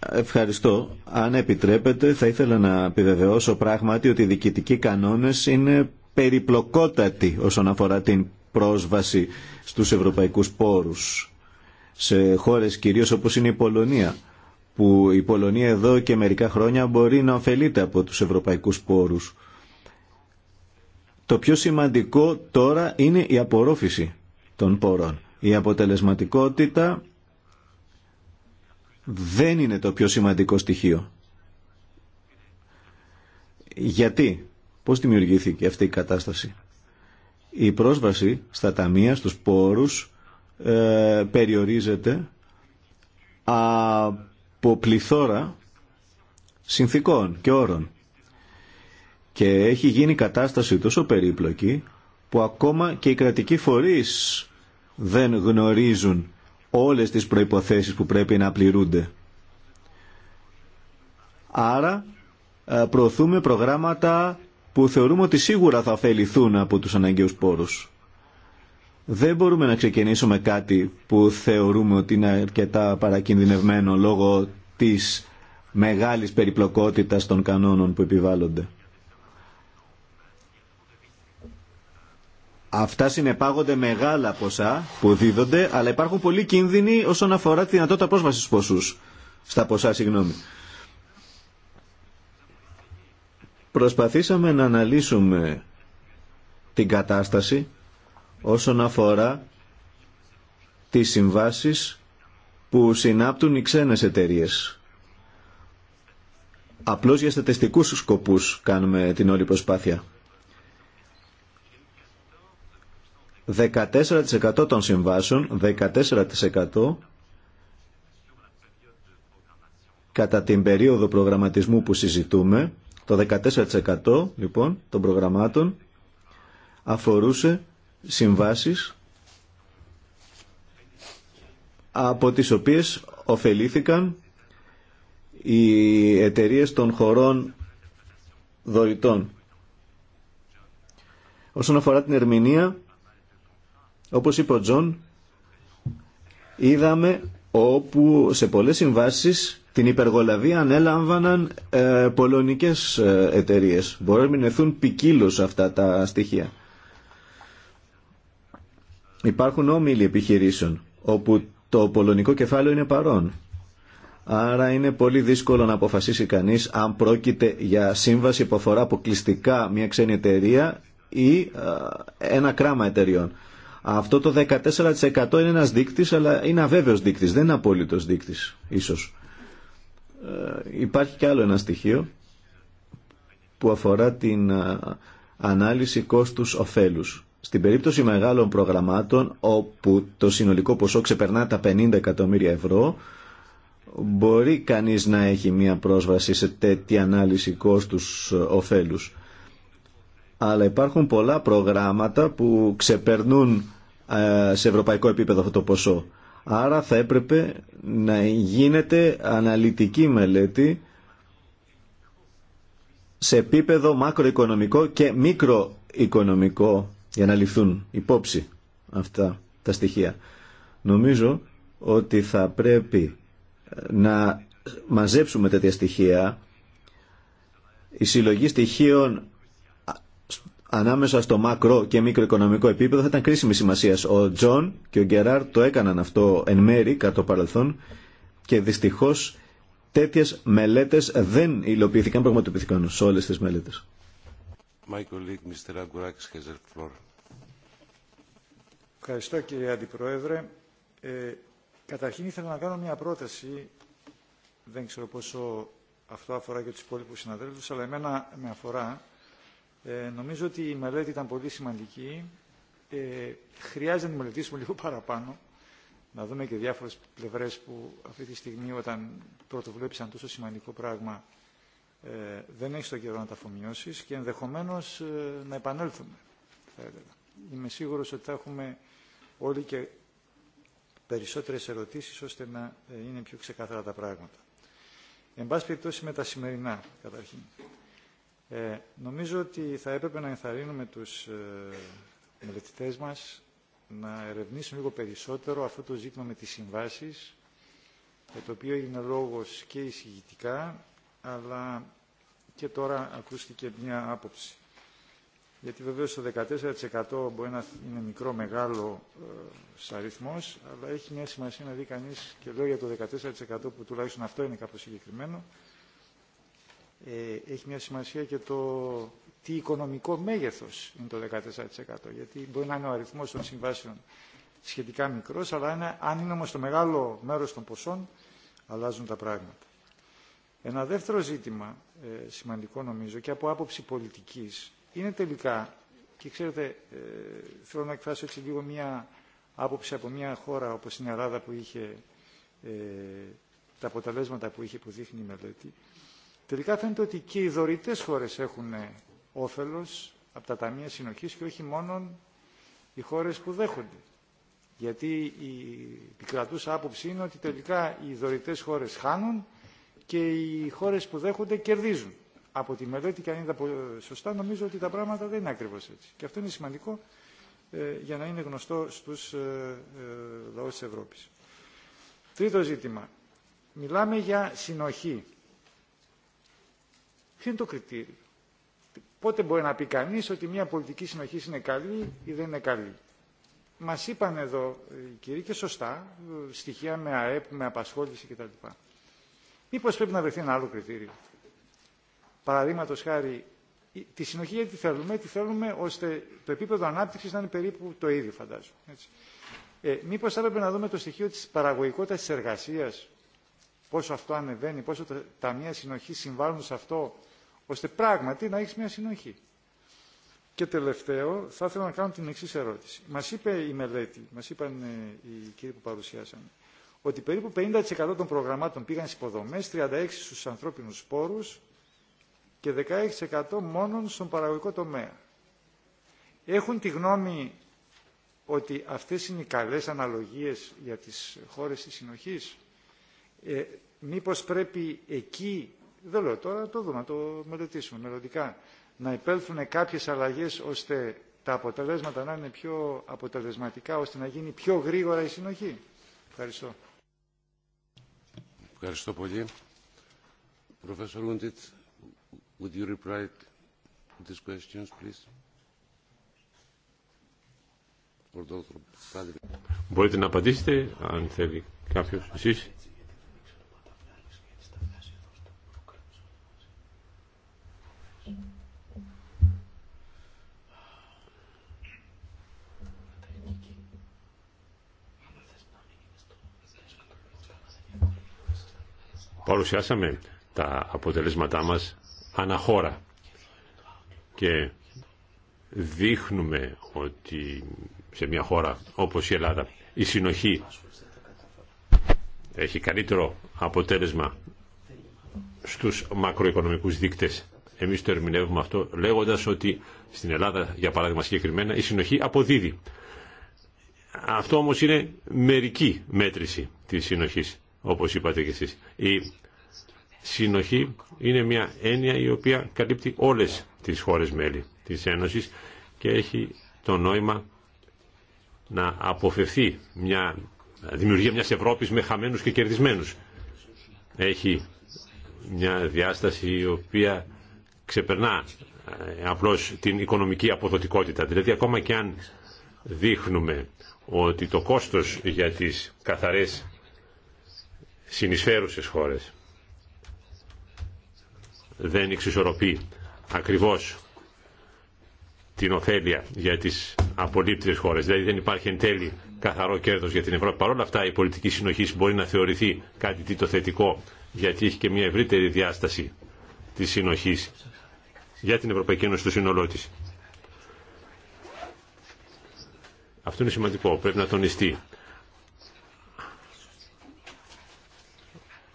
Ευχαριστώ. Αν επιτρέπετε θα ήθελα να επιβεβαιώσω πράγματι ότι οι διοικητικοί κανόνες είναι περιπλοκότατοι όσον αφορά την πρόσβαση στους ευρωπαϊκούς πόρους σε χώρες κυρίως όπως είναι η Πολωνία που η Πολωνία εδώ και μερικά χρόνια μπορεί να ωφελείται από τους ευρωπαϊκούς πόρους. Το πιο σημαντικό τώρα είναι η απορρόφηση των πόρων. Η αποτελεσματικότητα δεν είναι το πιο σημαντικό στοιχείο. Γιατί, πώς δημιουργήθηκε αυτή η κατάσταση. Η πρόσβαση στα ταμεία, στους πόρους, ε, περιορίζεται από πληθώρα συνθήκων και όρων. Και έχει γίνει κατάσταση τόσο περίπλοκη που ακόμα και οι κρατικοί φορείς δεν γνωρίζουν όλες τις προϋποθέσεις που πρέπει να πληρούνται. Άρα ε, προωθούμε προγράμματα που θεωρούμε ότι σίγουρα θα ωφεληθούν από τους αναγκαίους πόρους. Δεν μπορούμε να ξεκινήσουμε κάτι που θεωρούμε ότι είναι αρκετά παρακινδυνευμένο λόγω της μεγάλης περιπλοκότητας των κανόνων που επιβάλλονται. Αυτά συνεπάγονται μεγάλα ποσά που δίδονται, αλλά υπάρχουν πολλοί κίνδυνοι όσον αφορά τη δυνατότητα πρόσβαση ποσούς. Στα ποσά, συγγνώμη. Προσπαθήσαμε να αναλύσουμε την κατάσταση όσον αφορά τις συμβάσεις που συνάπτουν οι ξένες εταιρείες. Απλώς για στατιστικούς σκοπούς κάνουμε την όλη προσπάθεια. 14% των συμβάσεων, 14% κατά την περίοδο προγραμματισμού που συζητούμε, το 14% λοιπόν των προγραμμάτων αφορούσε συμβάσεις από τις οποίες ωφελήθηκαν οι εταιρείε των χωρών δωρητών. Όσον αφορά την ερμηνεία, όπως είπε ο Τζον, είδαμε όπου σε πολλές συμβάσεις την υπεργολαβία ανέλαμβαναν ε, πολωνικές ε, εταιρείες. Μπορεί να μηνεθούν ποικίλω αυτά τα στοιχεία. Υπάρχουν όμιλοι επιχειρήσεων όπου το πολωνικό κεφάλαιο είναι παρόν. Άρα είναι πολύ δύσκολο να αποφασίσει κανείς αν πρόκειται για σύμβαση που αφορά αποκλειστικά μια ξένη εταιρεία ή ε, ένα κράμα εταιρεών. Αυτό το 14% είναι ένας δείκτης, αλλά είναι αβέβαιος δείκτης, δεν είναι απόλυτος δείκτης, ίσως. Ε, υπάρχει και άλλο ένα στοιχείο που αφορά την ε, ανάλυση κόστους-οφέλους. Στην περίπτωση μεγάλων προγραμμάτων όπου το συνολικό ποσό ξεπερνά τα 50 εκατομμύρια ευρώ μπορεί κανείς να έχει μία πρόσβαση σε τέτοια ανάλυση κόστους ωφέλους. Αλλά υπάρχουν πολλά προγράμματα που ξεπερνούν ε, σε ευρωπαϊκό επίπεδο αυτό το ποσό. Άρα θα έπρεπε να γίνεται αναλυτική μελέτη σε επίπεδο μακροοικονομικό και μικροοικονομικό για να ληφθούν υπόψη αυτά τα στοιχεία. Νομίζω ότι θα πρέπει ε, να μαζέψουμε τέτοια στοιχεία. Η συλλογή στοιχείων ανάμεσα στο μακρο και μικροοικονομικό επίπεδο θα ήταν κρίσιμη σημασία. Ο Τζον και ο Γκεράρ το έκαναν αυτό εν μέρη κατά το παρελθόν και δυστυχώς τέτοιες μελέτες δεν υλοποιήθηκαν πραγματοποιηθήκαν σε όλες τις μελέτες. Ευχαριστώ, κύριε Αντιπρόεδρε. Ε, καταρχήν ήθελα να κάνω μια πρόταση. Δεν ξέρω πόσο αυτό αφορά και τους υπόλοιπους συναδέλφους, αλλά εμένα με αφορά. Ε, νομίζω ότι η μελέτη ήταν πολύ σημαντική. Ε, χρειάζεται να μελετήσουμε λίγο παραπάνω, να δούμε και διάφορες πλευρές που αυτή τη στιγμή όταν πρωτοβλέψαν τόσο σημαντικό πράγμα ε, δεν έχει το καιρό να τα αφομοιώσει και ενδεχομένω ε, να επανέλθουμε, Είμαι σίγουρο ότι θα έχουμε όλοι και περισσότερε ερωτήσει ώστε να ε, είναι πιο ξεκάθαρα τα πράγματα. Εν πάση περιπτώσει με τα σημερινά, καταρχήν. Ε, νομίζω ότι θα έπρεπε να ενθαρρύνουμε τους ε, μελετητές μας να ερευνήσουν λίγο περισσότερο αυτό το ζήτημα με τι συμβάσει, το οποίο έγινε λόγος και εισηγητικά αλλά και τώρα ακούστηκε μια άποψη. Γιατί βεβαίως το 14% μπορεί να είναι μικρό, μεγάλο ε, σαν αριθμό, αλλά έχει μια σημασία να δει κανεί και λέω για το 14% που τουλάχιστον αυτό είναι κάπως συγκεκριμένο, ε, έχει μια σημασία και το τι οικονομικό μέγεθος είναι το 14%. Γιατί μπορεί να είναι ο αριθμός των συμβάσεων σχετικά μικρός, αλλά είναι, αν είναι όμως το μεγάλο μέρος των ποσών, αλλάζουν τα πράγματα. Ένα δεύτερο ζήτημα ε, σημαντικό νομίζω και από άποψη πολιτικής είναι τελικά και ξέρετε ε, θέλω να εκφράσω έτσι λίγο μια άποψη από μια χώρα όπως η Ελλάδα που είχε ε, τα αποτελέσματα που είχε που δείχνει η μελέτη τελικά φαίνεται ότι και οι δωρητές χώρες έχουν όφελος από τα ταμεία συνοχής και όχι μόνο οι χώρες που δέχονται. Γιατί η επικρατούσα άποψη είναι ότι τελικά οι δωρητές χώρες χάνουν και οι χώρες που δέχονται κερδίζουν. Από τη μελέτη και αν είναι σωστά νομίζω ότι τα πράγματα δεν είναι ακριβώς έτσι. Και αυτό είναι σημαντικό ε, για να είναι γνωστό στους ε, ε, λαούς της Ευρώπης. Τρίτο ζήτημα. Μιλάμε για συνοχή. Ποιο είναι το κριτήριο. Πότε μπορεί να πει κανείς ότι μια πολιτική συνοχή είναι καλή ή δεν είναι καλή. Μας είπαν εδώ ε, οι κύριοι και σωστά ε, στοιχεία με ΑΕΠ, με απασχόληση κτλ. Μήπως πρέπει να βρεθεί ένα άλλο κριτήριο. Παραδείγματο χάρη, τη συνοχή γιατί τη θέλουμε, τη θέλουμε ώστε το επίπεδο ανάπτυξη να είναι περίπου το ίδιο, φαντάζομαι. Έτσι. Ε, Μήπω θα έπρεπε να δούμε το στοιχείο τη παραγωγικότητα τη εργασία, πόσο αυτό ανεβαίνει, πόσο τα μία συνοχή συμβάλλουν σε αυτό, ώστε πράγματι να έχει μια συνοχή. Και τελευταίο, θα ήθελα να κάνω την εξή ερώτηση. Μα είπε η μελέτη, μα είπαν ε, οι κύριοι που παρουσιάσαμε, ότι περίπου 50% των προγραμμάτων πήγαν στις υποδομές, 36% στους ανθρώπινους πόρους και 16% μόνον στον παραγωγικό τομέα. Έχουν τη γνώμη ότι αυτές είναι οι καλές αναλογίες για τις χώρες της συνοχής. Ε, μήπως πρέπει εκεί, δεν λέω τώρα, το δούμε, το μελετήσουμε μελλοντικά, να υπέλθουν κάποιες αλλαγές ώστε τα αποτελέσματα να είναι πιο αποτελεσματικά, ώστε να γίνει πιο γρήγορα η συνοχή. Ευχαριστώ. Ευχαριστώ πολύ. Professor Lundit, would you reply to these questions, please? Μπορείτε να απαντήσετε, αν θέλει κάποιος, εσείς. παρουσιάσαμε τα αποτελέσματά μας αναχώρα και δείχνουμε ότι σε μια χώρα όπως η Ελλάδα η συνοχή έχει καλύτερο αποτέλεσμα στους μακροοικονομικούς δείκτες. Εμείς το ερμηνεύουμε αυτό λέγοντας ότι στην Ελλάδα, για παράδειγμα συγκεκριμένα, η συνοχή αποδίδει. Αυτό όμως είναι μερική μέτρηση της συνοχής, όπως είπατε και εσείς. Η συνοχή είναι μια έννοια η οποία καλύπτει όλες τις χώρες μέλη της Ένωσης και έχει το νόημα να αποφευθεί μια δημιουργία μιας Ευρώπης με χαμένους και κερδισμένους. Έχει μια διάσταση η οποία ξεπερνά ε, απλώς την οικονομική αποδοτικότητα. Δηλαδή ακόμα και αν δείχνουμε ότι το κόστος για τις καθαρές συνεισφέρουσες χώρες δεν εξισορροπεί ακριβώς την ωφέλεια για τις απολύπτριες χώρες. Δηλαδή δεν υπάρχει εν τέλει καθαρό κέρδος για την Ευρώπη. Παρ' όλα αυτά η πολιτική συνοχή μπορεί να θεωρηθεί κάτι τίτο θετικό γιατί έχει και μια ευρύτερη διάσταση της συνοχής για την Ευρωπαϊκή Ένωση στο σύνολό τη. Αυτό είναι σημαντικό, πρέπει να τονιστεί.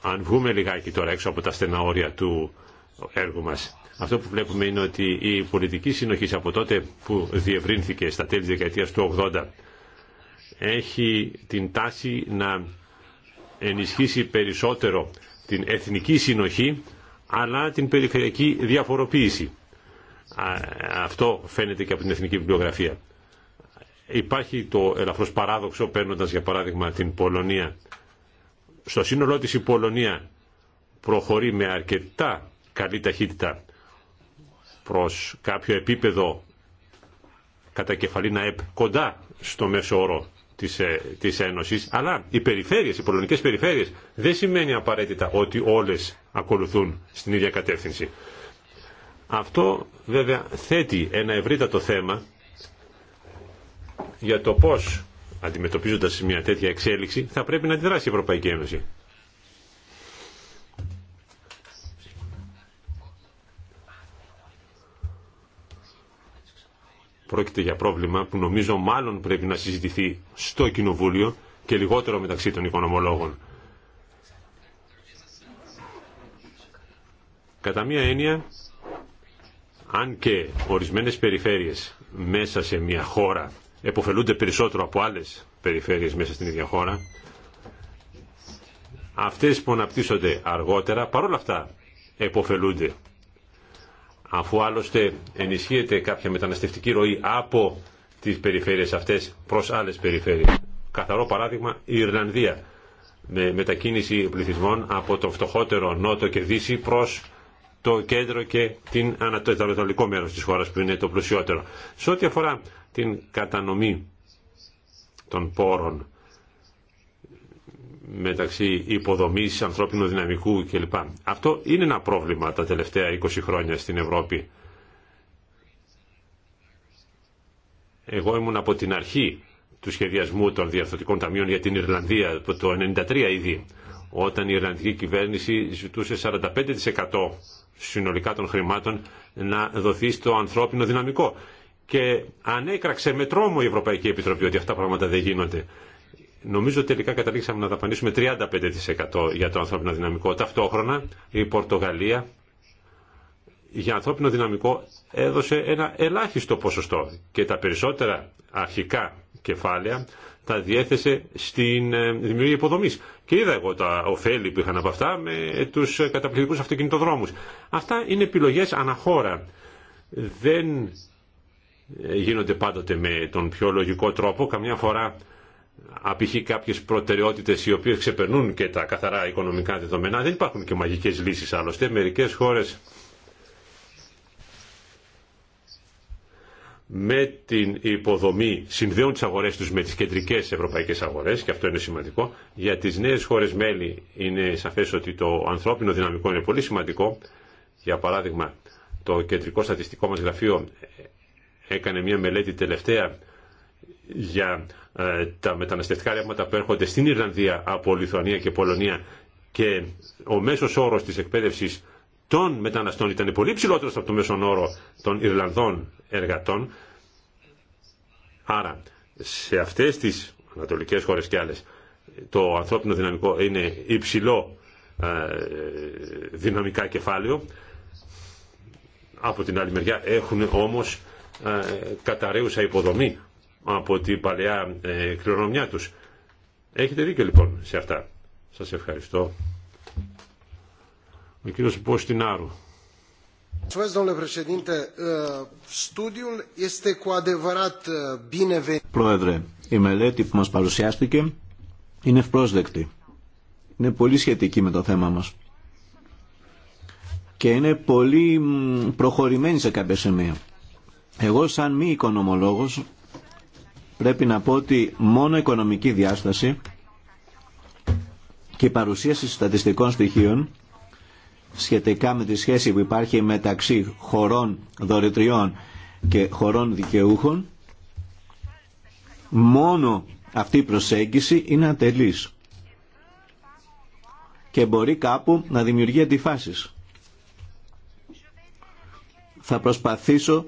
Αν βγούμε λιγάκι τώρα έξω από τα στενά όρια του μας. Αυτό που βλέπουμε είναι ότι η πολιτική συνοχή από τότε που διευρύνθηκε στα τέλη της δεκαετίας του 80 έχει την τάση να ενισχύσει περισσότερο την εθνική συνοχή αλλά την περιφερειακή διαφοροποίηση. Αυτό φαίνεται και από την εθνική βιβλιογραφία. Υπάρχει το ελαφρώς παράδοξο παίρνοντας για παράδειγμα την Πολωνία. Στο σύνολό της η Πολωνία προχωρεί με αρκετά καλή ταχύτητα προς κάποιο επίπεδο κατά να ΕΠ κοντά στο μέσο όρο της, ε, της Ένωσης, αλλά οι περιφέρειες, οι πολωνικές περιφέρειες δεν σημαίνει απαραίτητα ότι όλες ακολουθούν στην ίδια κατεύθυνση. Αυτό βέβαια θέτει ένα ευρύτατο θέμα για το πώς αντιμετωπίζοντας μια τέτοια εξέλιξη θα πρέπει να αντιδράσει η Ευρωπαϊκή Ένωση. Πρόκειται για πρόβλημα που νομίζω μάλλον πρέπει να συζητηθεί στο Κοινοβούλιο και λιγότερο μεταξύ των οικονομολόγων. Κατά μία έννοια, αν και ορισμένες περιφέρειες μέσα σε μια χώρα εποφελούνται περισσότερο από άλλες περιφέρειες μέσα στην ίδια χώρα, αυτές που αναπτύσσονται αργότερα, παρόλα αυτά εποφελούνται αφού άλλωστε ενισχύεται κάποια μεταναστευτική ροή από τις περιφέρειες αυτές προς άλλες περιφέρειες. Καθαρό παράδειγμα η Ιρλανδία με μετακίνηση πληθυσμών από το φτωχότερο νότο και δύση προς το κέντρο και την ανατολικό μέρος της χώρας που είναι το πλουσιότερο. Σε ό,τι αφορά την κατανομή των πόρων μεταξύ υποδομής, ανθρώπινου δυναμικού κλπ. Αυτό είναι ένα πρόβλημα τα τελευταία 20 χρόνια στην Ευρώπη. Εγώ ήμουν από την αρχή του σχεδιασμού των διαρθωτικών ταμείων για την Ιρλανδία, το 1993 ήδη, όταν η Ιρλανδική κυβέρνηση ζητούσε 45% συνολικά των χρημάτων να δοθεί στο ανθρώπινο δυναμικό. Και ανέκραξε με τρόμο η Ευρωπαϊκή Επιτροπή ότι αυτά πράγματα δεν γίνονται. Νομίζω τελικά καταλήξαμε να δαπανίσουμε 35% για το ανθρώπινο δυναμικό. Ταυτόχρονα η Πορτογαλία για ανθρώπινο δυναμικό έδωσε ένα ελάχιστο ποσοστό και τα περισσότερα αρχικά κεφάλαια τα διέθεσε στην ε, δημιουργία υποδομή. Και είδα εγώ τα ωφέλη που είχαν από αυτά με του καταπληκτικού αυτοκινητοδρόμου. Αυτά είναι επιλογέ αναχώρα. Δεν ε, γίνονται πάντοτε με τον πιο λογικό τρόπο. Καμιά φορά απηχεί κάποιες προτεραιότητες οι οποίες ξεπερνούν και τα καθαρά οικονομικά δεδομένα. Δεν υπάρχουν και μαγικές λύσεις άλλωστε. Μερικές χώρες με την υποδομή συνδέουν τι αγορέ τους με τις κεντρικές ευρωπαϊκές αγορές και αυτό είναι σημαντικό. Για τι νέες χώρες μέλη είναι σαφές ότι το ανθρώπινο δυναμικό είναι πολύ σημαντικό. Για παράδειγμα, το κεντρικό στατιστικό μα γραφείο έκανε μια μελέτη τελευταία για ε, τα μεταναστευτικά ρεύματα που έρχονται στην Ιρλανδία από Λιθουανία και Πολωνία και ο μέσος όρος της εκπαίδευσης των μεταναστών ήταν πολύ ψηλότερο από το μέσον όρο των Ιρλανδών εργατών. Άρα, σε αυτές τις ανατολικές χώρες και άλλες, το ανθρώπινο δυναμικό είναι υψηλό ε, δυναμικά κεφάλαιο. Από την άλλη μεριά έχουν όμως ε, καταραίουσα υποδομή από την παλαιά ε, κληρονομιά τους. Έχετε δίκιο λοιπόν σε αυτά. Σας ευχαριστώ. Ο κύριος Ποστινάρου. Ε, ε, Πρόεδρε, η μελέτη που μας παρουσιάστηκε είναι ευπρόσδεκτη. Είναι πολύ σχετική με το θέμα μας. Και είναι πολύ προχωρημένη σε κάποια σημεία. Εγώ σαν μη οικονομολόγος πρέπει να πω ότι μόνο οικονομική διάσταση και η παρουσίαση στατιστικών στοιχείων σχετικά με τη σχέση που υπάρχει μεταξύ χωρών δωρητριών και χωρών δικαιούχων μόνο αυτή η προσέγγιση είναι ατελής και μπορεί κάπου να δημιουργεί αντιφάσεις. Θα προσπαθήσω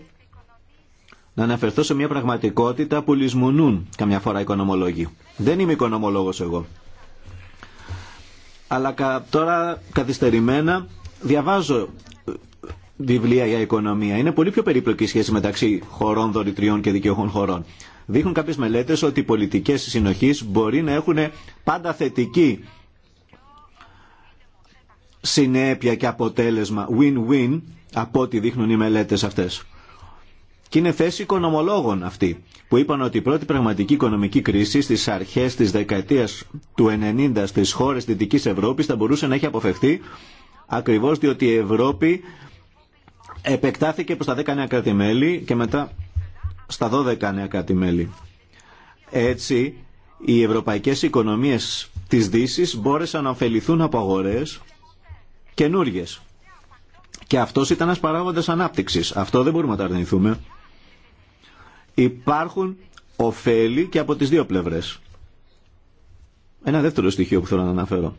να αναφερθώ σε μια πραγματικότητα που λησμονούν καμιά φορά οικονομολόγοι. Δεν είμαι οικονομολόγος εγώ. Αλλά τώρα καθυστερημένα διαβάζω ε, βιβλία για οικονομία. Είναι πολύ πιο περίπλοκη η σχέση μεταξύ χωρών δωρητριών και δικαιωχών χωρών. Δείχνουν κάποιε μελέτε ότι οι πολιτικέ συνοχή μπορεί να έχουν πάντα θετική συνέπεια και αποτέλεσμα win-win από ό,τι δείχνουν οι μελέτε αυτέ. Και είναι θέση οικονομολόγων αυτή, που είπαν ότι η πρώτη πραγματική οικονομική κρίση στις αρχές της δεκαετίας του 90 στις χώρες Δυτικής Ευρώπης θα μπορούσε να έχει αποφευθεί ακριβώς διότι η Ευρώπη επεκτάθηκε προς τα 10 νέα κράτη-μέλη και μετά στα 12 νέα κράτη-μέλη. Έτσι, οι ευρωπαϊκές οικονομίες της Δύσης μπόρεσαν να ωφεληθούν από αγορέ καινούριε. Και αυτός ήταν ένα παράγοντα ανάπτυξης. Αυτό δεν μπορούμε να τα αρνηθούμε. Υπάρχουν ωφέλη και από τις δύο πλευρές. Ένα δεύτερο στοιχείο που θέλω να αναφέρω.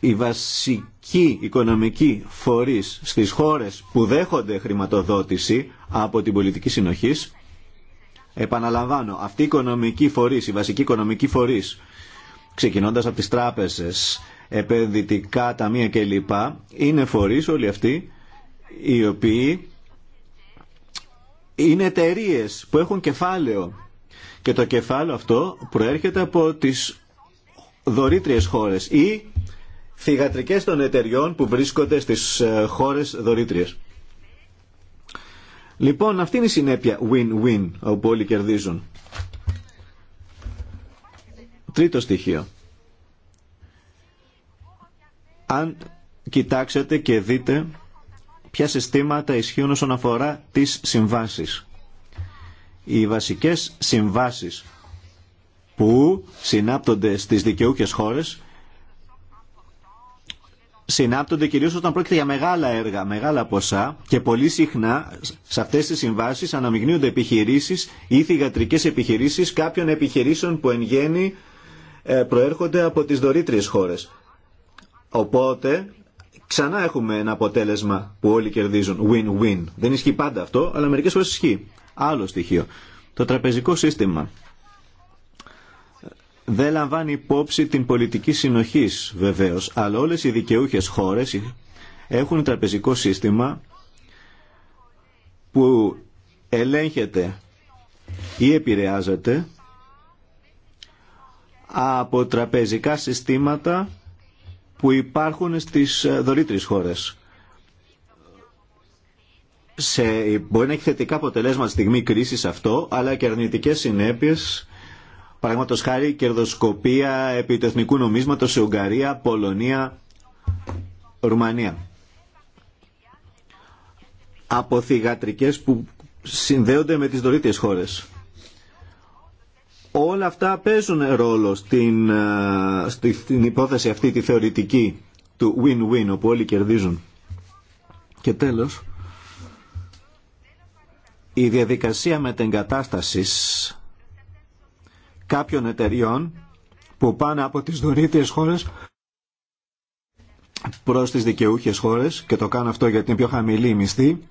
Οι βασικοί οικονομικοί φορείς στις χώρες που δέχονται χρηματοδότηση από την πολιτική συνοχής, επαναλαμβάνω, αυτή η οικονομικοί φορείς, οι βασικοί οικονομικοί φορείς, ξεκινώντας από τις τράπεζες, επενδυτικά ταμεία κλπ, είναι φορείς όλοι αυτοί οι οποίοι είναι εταιρείε που έχουν κεφάλαιο και το κεφάλαιο αυτό προέρχεται από τις δωρήτριες χώρες ή θυγατρικές των εταιριών που βρίσκονται στις ε, χώρες δωρήτριες. Λοιπόν, αυτή είναι η συνέπεια win-win, όπου όλοι κερδίζουν. Τρίτο στοιχείο. Αν κοιτάξετε και δείτε ποια συστήματα ισχύουν όσον αφορά τις συμβάσεις. Οι βασικές συμβάσεις που συνάπτονται στις δικαιούχες χώρες συνάπτονται κυρίως όταν πρόκειται για μεγάλα έργα, μεγάλα ποσά και πολύ συχνά σε αυτές τις συμβάσεις αναμειγνύονται επιχειρήσεις ή θηγατρικές επιχειρήσεις κάποιων επιχειρήσεων που εν γέννη ε, προέρχονται από τις δωρήτριες χώρες. Οπότε ξανά έχουμε ένα αποτέλεσμα που όλοι κερδίζουν. Win-win. Δεν ισχύει πάντα αυτό, αλλά μερικέ φορέ ισχύει. Άλλο στοιχείο. Το τραπεζικό σύστημα δεν λαμβάνει υπόψη την πολιτική συνοχής βεβαίω, αλλά όλε οι δικαιούχε χώρε έχουν τραπεζικό σύστημα που ελέγχεται ή επηρεάζεται από τραπεζικά συστήματα που υπάρχουν στις ε, δωρήτρες χώρες. Σε, μπορεί να έχει θετικά αποτελέσματα στη στιγμή κρίσης αυτό, αλλά και αρνητικές συνέπειες, παραδείγματο χάρη κερδοσκοπία επί του εθνικού νομίσματος σε Ουγγαρία, Πολωνία, Ρουμανία. Από που συνδέονται με τις δωρήτριες χώρες. Όλα αυτά παίζουν ρόλο στην, ε, στην υπόθεση αυτή τη θεωρητική του win-win όπου όλοι κερδίζουν. Και τέλος, η διαδικασία μετεγκατάστασης κάποιων εταιριών που πάνε από τις δωρήτριες χώρες προς τις δικαιούχες χώρες και το κάνω αυτό γιατί την πιο χαμηλή μισθή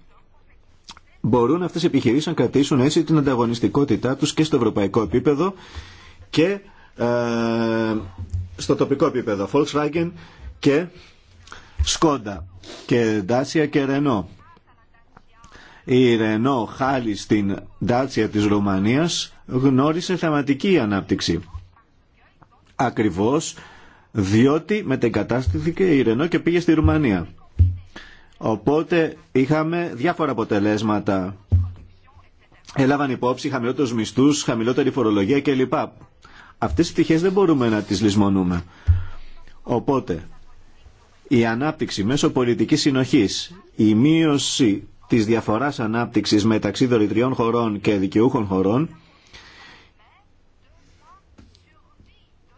μπορούν αυτές οι επιχειρήσεις να κρατήσουν έτσι την ανταγωνιστικότητά τους και στο ευρωπαϊκό επίπεδο και ε, στο τοπικό επίπεδο. Volkswagen και Skoda και Dacia και Renault. Η Renault χάρη στην Dacia της Ρουμανίας γνώρισε θεματική ανάπτυξη. Ακριβώς διότι μετεγκατάστηκε η Renault και πήγε στη Ρουμανία. Οπότε είχαμε διάφορα αποτελέσματα. Έλαβαν υπόψη χαμηλότερους μισθούς, χαμηλότερη φορολογία κλπ. Αυτές οι πτυχές δεν μπορούμε να τις λησμονούμε. Οπότε, η ανάπτυξη μέσω πολιτικής συνοχής, η μείωση της διαφοράς ανάπτυξης μεταξύ δωρητριών χωρών και δικαιούχων χωρών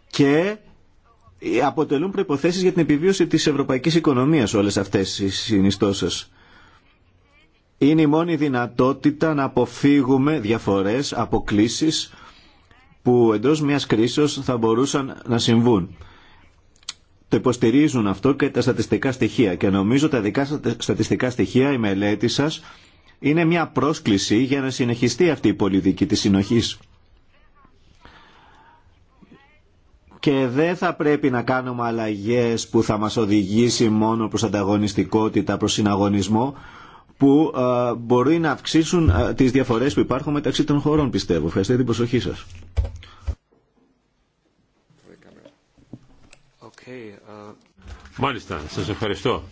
και ε, αποτελούν προϋποθέσεις για την επιβίωση της ευρωπαϊκής οικονομίας όλες αυτές οι συνιστώσεις. Είναι η μόνη δυνατότητα να αποφύγουμε διαφορές, αποκλίσεις που εντός μιας κρίσεως θα μπορούσαν να συμβούν. Το υποστηρίζουν αυτό και τα στατιστικά στοιχεία και νομίζω τα δικά στατιστικά στοιχεία, η μελέτη σας, είναι μια πρόσκληση για να συνεχιστεί αυτή η πολιτική της συνοχής και δεν θα πρέπει να κάνουμε αλλαγές που θα μας οδηγήσει μόνο προς ανταγωνιστικότητα, προς συναγωνισμό που ε, μπορεί να αυξήσουν ε, τις διαφορές που υπάρχουν μεταξύ των χωρών πιστεύω. Ευχαριστώ την προσοχή σας. Uh, Μάλιστα, σας ευχαριστώ.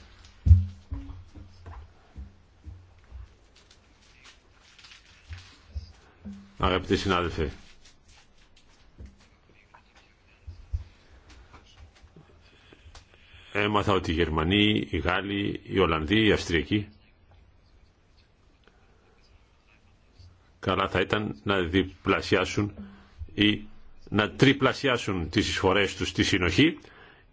Αγαπητοί συνάδελφοι, έμαθα ότι οι Γερμανοί, οι Γάλλοι, οι Ολλανδοί, οι Αυστριακοί καλά θα ήταν να διπλασιάσουν ή να τριπλασιάσουν τις εισφορές τους στη συνοχή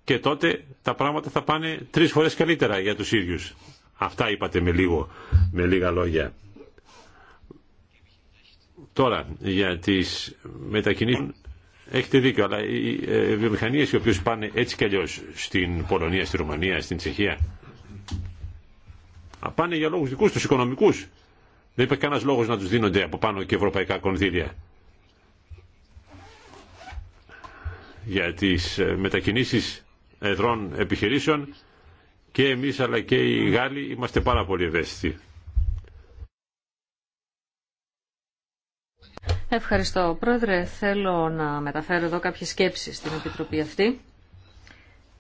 και τότε τα πράγματα θα πάνε τρεις φορές καλύτερα για τους ίδιους. Αυτά είπατε με, λίγο, με λίγα λόγια. Τώρα, για τις μετακινήσεις Έχετε δίκιο, αλλά οι βιομηχανίε οι ε, οποίε πάνε έτσι κι αλλιώ στην Πολωνία, στη Ρουμανία, στην Τσεχία, πάνε για λόγου δικού του οικονομικού. Δεν υπάρχει κανένα λόγο να τους δίνονται από πάνω και ευρωπαϊκά κονδύλια. Για τι ε, μετακινήσεις εδρών επιχειρήσεων και εμείς αλλά και οι Γάλλοι είμαστε πάρα πολύ ευαίσθητοι. Ευχαριστώ, Πρόεδρε. Θέλω να μεταφέρω εδώ κάποιες σκέψεις στην Επιτροπή αυτή,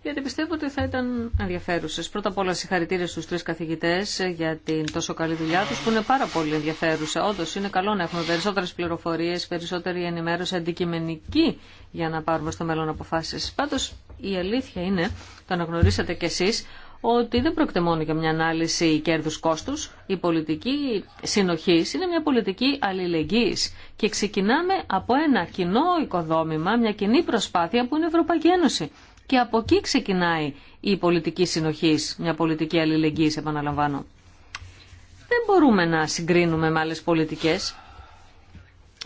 γιατί πιστεύω ότι θα ήταν ενδιαφέρουσε. Πρώτα απ' όλα συγχαρητήρια στους τρεις καθηγητές για την τόσο καλή δουλειά τους, που είναι πάρα πολύ ενδιαφέρουσα. Όντως, είναι καλό να έχουμε περισσότερες πληροφορίες, περισσότερη ενημέρωση αντικειμενική για να πάρουμε στο μέλλον αποφάσεις. Πάντως, η αλήθεια είναι, το αναγνωρίσατε κι εσείς, ότι δεν πρόκειται μόνο για μια ανάλυση κέρδους κόστους. Η πολιτική συνοχής είναι μια πολιτική αλληλεγγύης και ξεκινάμε από ένα κοινό οικοδόμημα, μια κοινή προσπάθεια που είναι η Ευρωπαϊκή Ένωση. Και από εκεί ξεκινάει η πολιτική συνοχής, μια πολιτική αλληλεγγύης επαναλαμβάνω. Δεν μπορούμε να συγκρίνουμε με άλλες πολιτικές.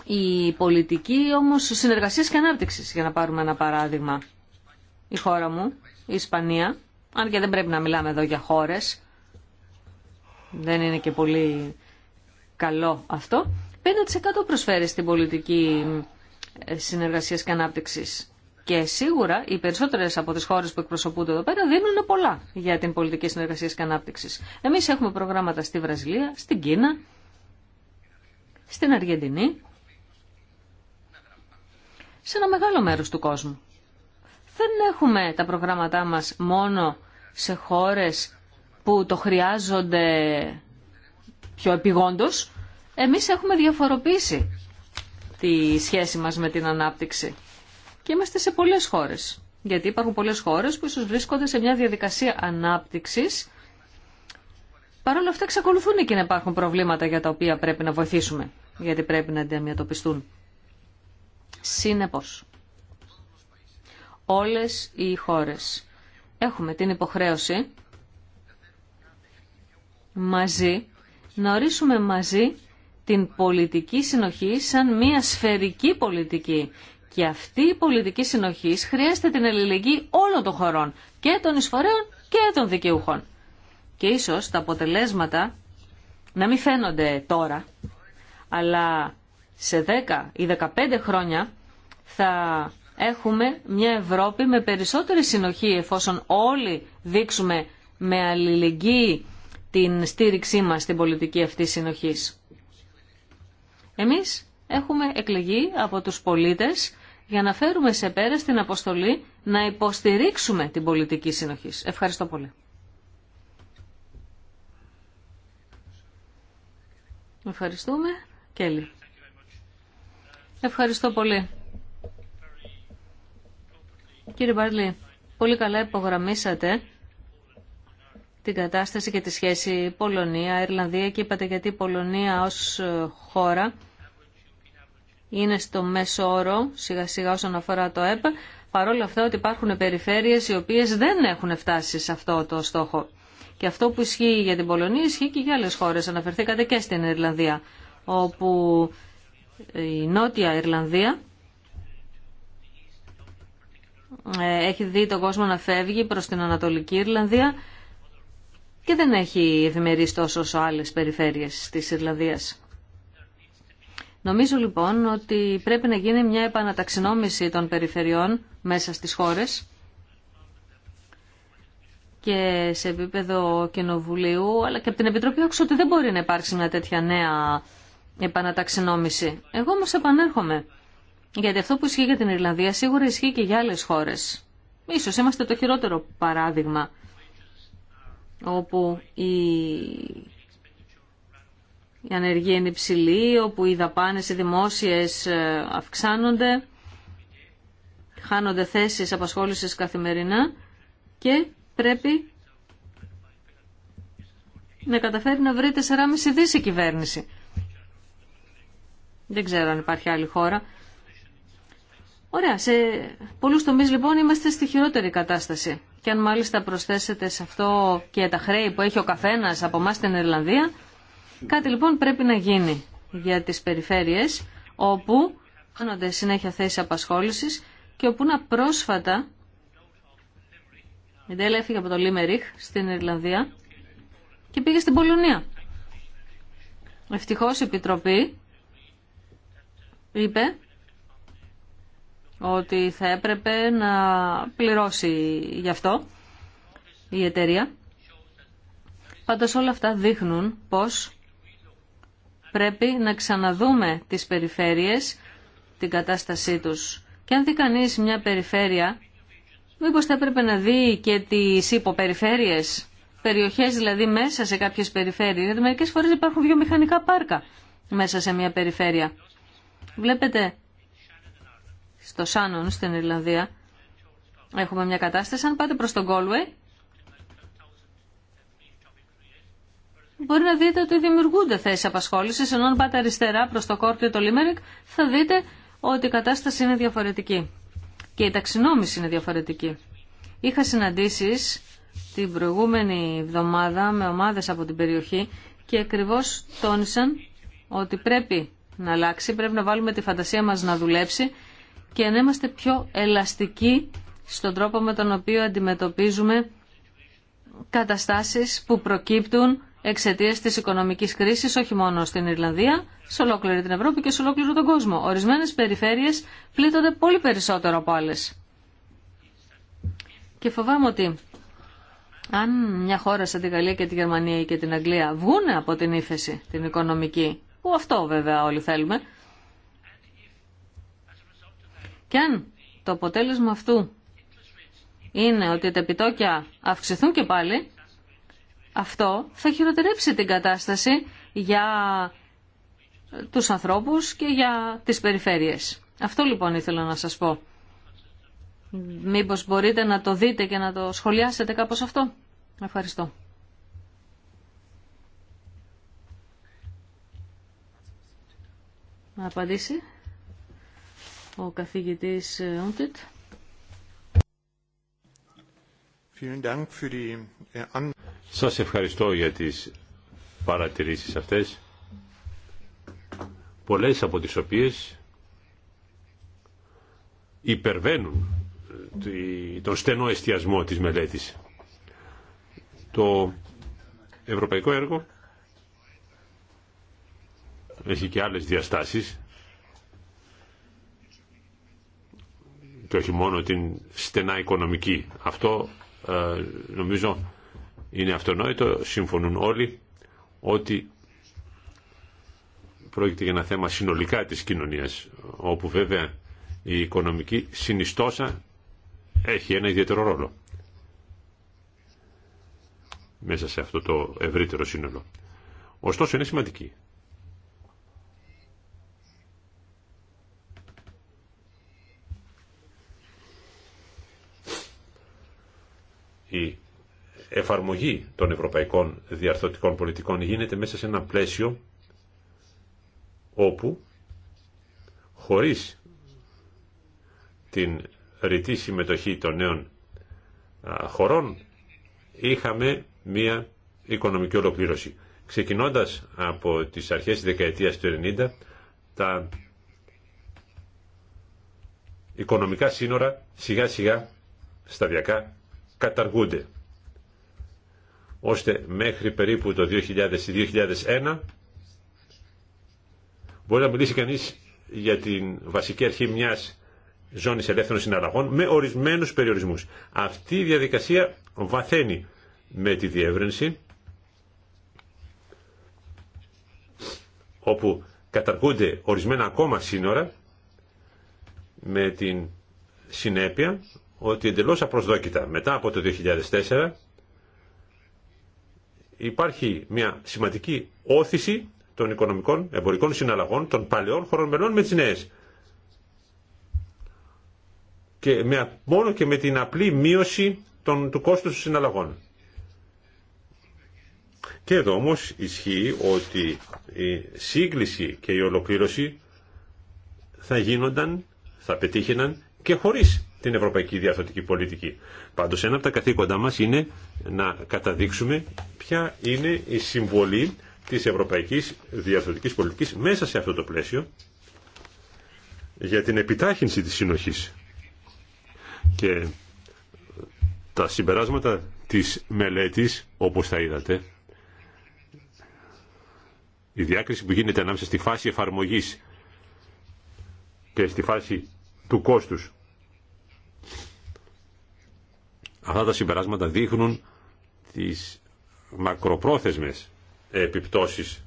Η πολιτική όμως συνεργασίας και ανάπτυξης, για να πάρουμε ένα παράδειγμα. Η χώρα μου, η Ισπανία, αν και δεν πρέπει να μιλάμε εδώ για χώρες, δεν είναι και πολύ καλό αυτό, 5% προσφέρει στην πολιτική ε, συνεργασίας και ανάπτυξης. Και σίγουρα οι περισσότερε από τι χώρε που εκπροσωπούνται εδώ πέρα δίνουν πολλά για την πολιτική συνεργασία και ανάπτυξη. Εμεί έχουμε προγράμματα στη Βραζιλία, στην Κίνα, στην Αργεντινή, σε ένα μεγάλο μέρο του κόσμου δεν έχουμε τα προγράμματά μας μόνο σε χώρες που το χρειάζονται πιο επιγόντως. Εμείς έχουμε διαφοροποίησει τη σχέση μας με την ανάπτυξη και είμαστε σε πολλές χώρες. Γιατί υπάρχουν πολλές χώρες που ίσως βρίσκονται σε μια διαδικασία ανάπτυξης Παρ' όλα αυτά εξακολουθούν και να υπάρχουν προβλήματα για τα οποία πρέπει να βοηθήσουμε, γιατί πρέπει να αντιμετωπιστούν. Συνεπώς, όλες οι χώρες. Έχουμε την υποχρέωση μαζί να ορίσουμε μαζί την πολιτική συνοχή σαν μια σφαιρική πολιτική. Και αυτή η πολιτική συνοχή χρειάζεται την ελληνική όλων των χωρών, και των εισφορέων και των δικαιούχων. Και ίσως τα αποτελέσματα να μην φαίνονται τώρα, αλλά σε 10 ή 15 χρόνια θα έχουμε μια Ευρώπη με περισσότερη συνοχή εφόσον όλοι δείξουμε με αλληλεγγύη την στήριξή μας στην πολιτική αυτή συνοχής. Εμείς έχουμε εκλεγεί από τους πολίτες για να φέρουμε σε πέρα στην αποστολή να υποστηρίξουμε την πολιτική συνοχής. Ευχαριστώ πολύ. Ευχαριστούμε. Κέλλη. Ευχαριστώ πολύ. Κύριε Μπάρλι, πολύ καλά υπογραμμίσατε την κατάσταση και τη σχέση Πολωνία-Ιρλανδία και είπατε γιατί η Πολωνία ως χώρα είναι στο μέσο όρο σιγά σιγά όσον αφορά το ΕΠ παρόλα αυτά ότι υπάρχουν περιφέρειες οι οποίες δεν έχουν φτάσει σε αυτό το στόχο. Και αυτό που ισχύει για την Πολωνία ισχύει και για άλλες χώρες. Αναφερθήκατε και στην Ιρλανδία όπου η Νότια Ιρλανδία ε, έχει δει τον κόσμο να φεύγει προς την Ανατολική Ιρλανδία και δεν έχει ευημερίσει τόσο όσο άλλες περιφέρειες της Ιρλανδίας. Νομίζω λοιπόν ότι πρέπει να γίνει μια επαναταξινόμηση των περιφερειών μέσα στις χώρες και σε επίπεδο κοινοβουλίου, αλλά και από την Επιτροπή άκουσα ότι δεν μπορεί να υπάρξει μια τέτοια νέα επαναταξινόμηση. Εγώ όμως επανέρχομαι. Γιατί αυτό που ισχύει για την Ιρλανδία σίγουρα ισχύει και για άλλε χώρες. Ίσως είμαστε το χειρότερο παράδειγμα όπου η, η ανεργία είναι υψηλή, όπου οι δαπάνες οι δημόσιες ε, αυξάνονται, χάνονται θέσεις απασχόλησης καθημερινά και πρέπει να καταφέρει να βρει 4,5 δις η κυβέρνηση. Δεν ξέρω αν υπάρχει άλλη χώρα Ωραία, σε πολλούς τομείς λοιπόν είμαστε στη χειρότερη κατάσταση. Και αν μάλιστα προσθέσετε σε αυτό και τα χρέη που έχει ο καθένας από εμά στην Ιρλανδία, κάτι λοιπόν πρέπει να γίνει για τις περιφέρειες όπου χάνονται συνέχεια θέσει απασχόλησης και όπου να πρόσφατα η Ντέλα έφυγε από το Λίμεριχ στην Ιρλανδία και πήγε στην Πολωνία. Ευτυχώς η Επιτροπή είπε ότι θα έπρεπε να πληρώσει γι' αυτό η εταιρεία. Πάντως όλα αυτά δείχνουν πως πρέπει να ξαναδούμε τις περιφέρειες, την κατάστασή τους. Και αν δει κανείς μια περιφέρεια, μήπως θα έπρεπε να δει και τις υποπεριφέρειες, περιοχές δηλαδή μέσα σε κάποιες περιφέρειες, γιατί μερικές φορές υπάρχουν βιομηχανικά πάρκα μέσα σε μια περιφέρεια. Βλέπετε στο Σάνον στην Ιρλανδία έχουμε μια κατάσταση. Αν πάτε προς τον Galway μπορεί να δείτε ότι δημιουργούνται θέσεις απασχόλησης ενώ αν πάτε αριστερά προς το κόρτιο το Λίμερικ θα δείτε ότι η κατάσταση είναι διαφορετική και η ταξινόμηση είναι διαφορετική. Είχα συναντήσεις την προηγούμενη εβδομάδα με ομάδες από την περιοχή και ακριβώ τόνισαν ότι πρέπει να αλλάξει, πρέπει να βάλουμε τη φαντασία μας να δουλέψει και να είμαστε πιο ελαστικοί στον τρόπο με τον οποίο αντιμετωπίζουμε καταστάσεις που προκύπτουν εξαιτίας της οικονομικής κρίσης όχι μόνο στην Ιρλανδία, σε ολόκληρη την Ευρώπη και σε ολόκληρο τον κόσμο. Ορισμένες περιφέρειες πλήττονται πολύ περισσότερο από άλλε. Και φοβάμαι ότι αν μια χώρα σαν τη Γαλλία και τη Γερμανία ή και την Αγγλία βγούνε από την ύφεση την οικονομική, που αυτό βέβαια όλοι θέλουμε, και αν το αποτέλεσμα αυτού είναι ότι τα επιτόκια αυξηθούν και πάλι, αυτό θα χειροτερέψει την κατάσταση για τους ανθρώπους και για τις περιφέρειες. Αυτό λοιπόν ήθελα να σας πω. Μήπως μπορείτε να το δείτε και να το σχολιάσετε κάπως αυτό. Ευχαριστώ. Να απαντήσει ο καθηγητής Όντιτ. Ε, äh, Σας ευχαριστώ για τις παρατηρήσεις αυτές, πολλές από τις οποίες υπερβαίνουν ε, τον στενό εστιασμό της μελέτης. Το ευρωπαϊκό έργο έχει και άλλες διαστάσεις και όχι μόνο την στενά οικονομική. Αυτό ε, νομίζω είναι αυτονόητο, συμφωνούν όλοι ότι πρόκειται για ένα θέμα συνολικά της κοινωνίας όπου βέβαια η οικονομική συνιστόσα έχει ένα ιδιαίτερο ρόλο μέσα σε αυτό το ευρύτερο σύνολο. Ωστόσο είναι σημαντική. η εφαρμογή των ευρωπαϊκών διαρθρωτικών πολιτικών γίνεται μέσα σε ένα πλαίσιο όπου χωρίς την ρητή συμμετοχή των νέων χωρών είχαμε μία οικονομική ολοκλήρωση. Ξεκινώντας από τις αρχές της δεκαετίας του 90, τα οικονομικά σύνορα σιγά σιγά σταδιακά καταργούνται ώστε μέχρι περίπου το 2000-2001 μπορεί να μιλήσει κανείς για την βασική αρχή μιας ζώνης ελεύθερων συναλλαγών με ορισμένους περιορισμούς. Αυτή η διαδικασία βαθαίνει με τη διεύρυνση όπου καταργούνται ορισμένα ακόμα σύνορα με την συνέπεια ότι εντελώς απροσδόκητα μετά από το 2004 υπάρχει μια σημαντική όθηση των οικονομικών εμπορικών συναλλαγών των παλαιών χωρών μελών με τις νέες. Και με, μόνο και με την απλή μείωση των, του κόστου των συναλλαγών. Και εδώ όμως ισχύει ότι η σύγκληση και η ολοκλήρωση θα γίνονταν, θα πετύχαιναν και χωρίς την Ευρωπαϊκή Διαρθρωτική Πολιτική. Πάντως ένα από τα καθήκοντά μας είναι να καταδείξουμε ποια είναι η συμβολή της Ευρωπαϊκής διαθωτικής Πολιτικής μέσα σε αυτό το πλαίσιο για την επιτάχυνση της συνοχής. Και τα συμπεράσματα της μελέτης, όπως θα είδατε, η διάκριση που γίνεται ανάμεσα στη φάση εφαρμογής και στη φάση του κόστους Αυτά τα συμπεράσματα δείχνουν τις μακροπρόθεσμες επιπτώσεις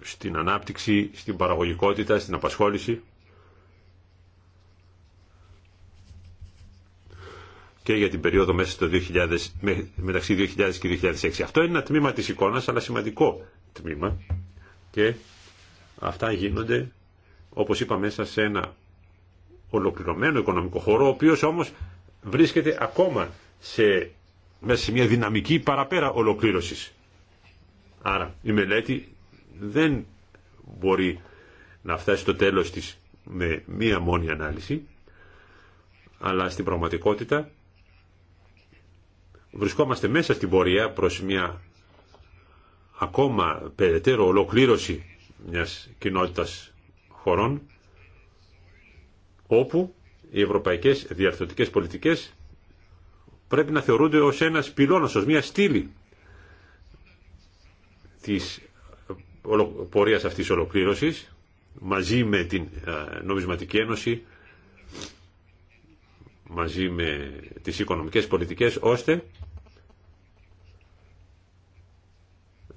στην ανάπτυξη, στην παραγωγικότητα, στην απασχόληση και για την περίοδο μέσα στο 2000, μεταξύ 2000 και 2006. Αυτό είναι ένα τμήμα της εικόνας, αλλά σημαντικό τμήμα και αυτά γίνονται, όπως είπα, μέσα σε ένα ολοκληρωμένο οικονομικό χώρο, ο οποίος όμως βρίσκεται ακόμα σε, μέσα σε μια δυναμική παραπέρα ολοκλήρωσης. Άρα η μελέτη δεν μπορεί να φτάσει στο τέλος της με μία μόνη ανάλυση, αλλά στην πραγματικότητα βρισκόμαστε μέσα στην πορεία προς μια ακόμα περαιτέρω ολοκλήρωση μιας κοινότητας χωρών, όπου οι ευρωπαϊκές διαρθρωτικές πολιτικές πρέπει να θεωρούνται ως ένας πυλώνα, ω μια στήλη της αυτή τη ολοκλήρωση μαζί με την ε, νομισματική ένωση μαζί με τις οικονομικές πολιτικές ώστε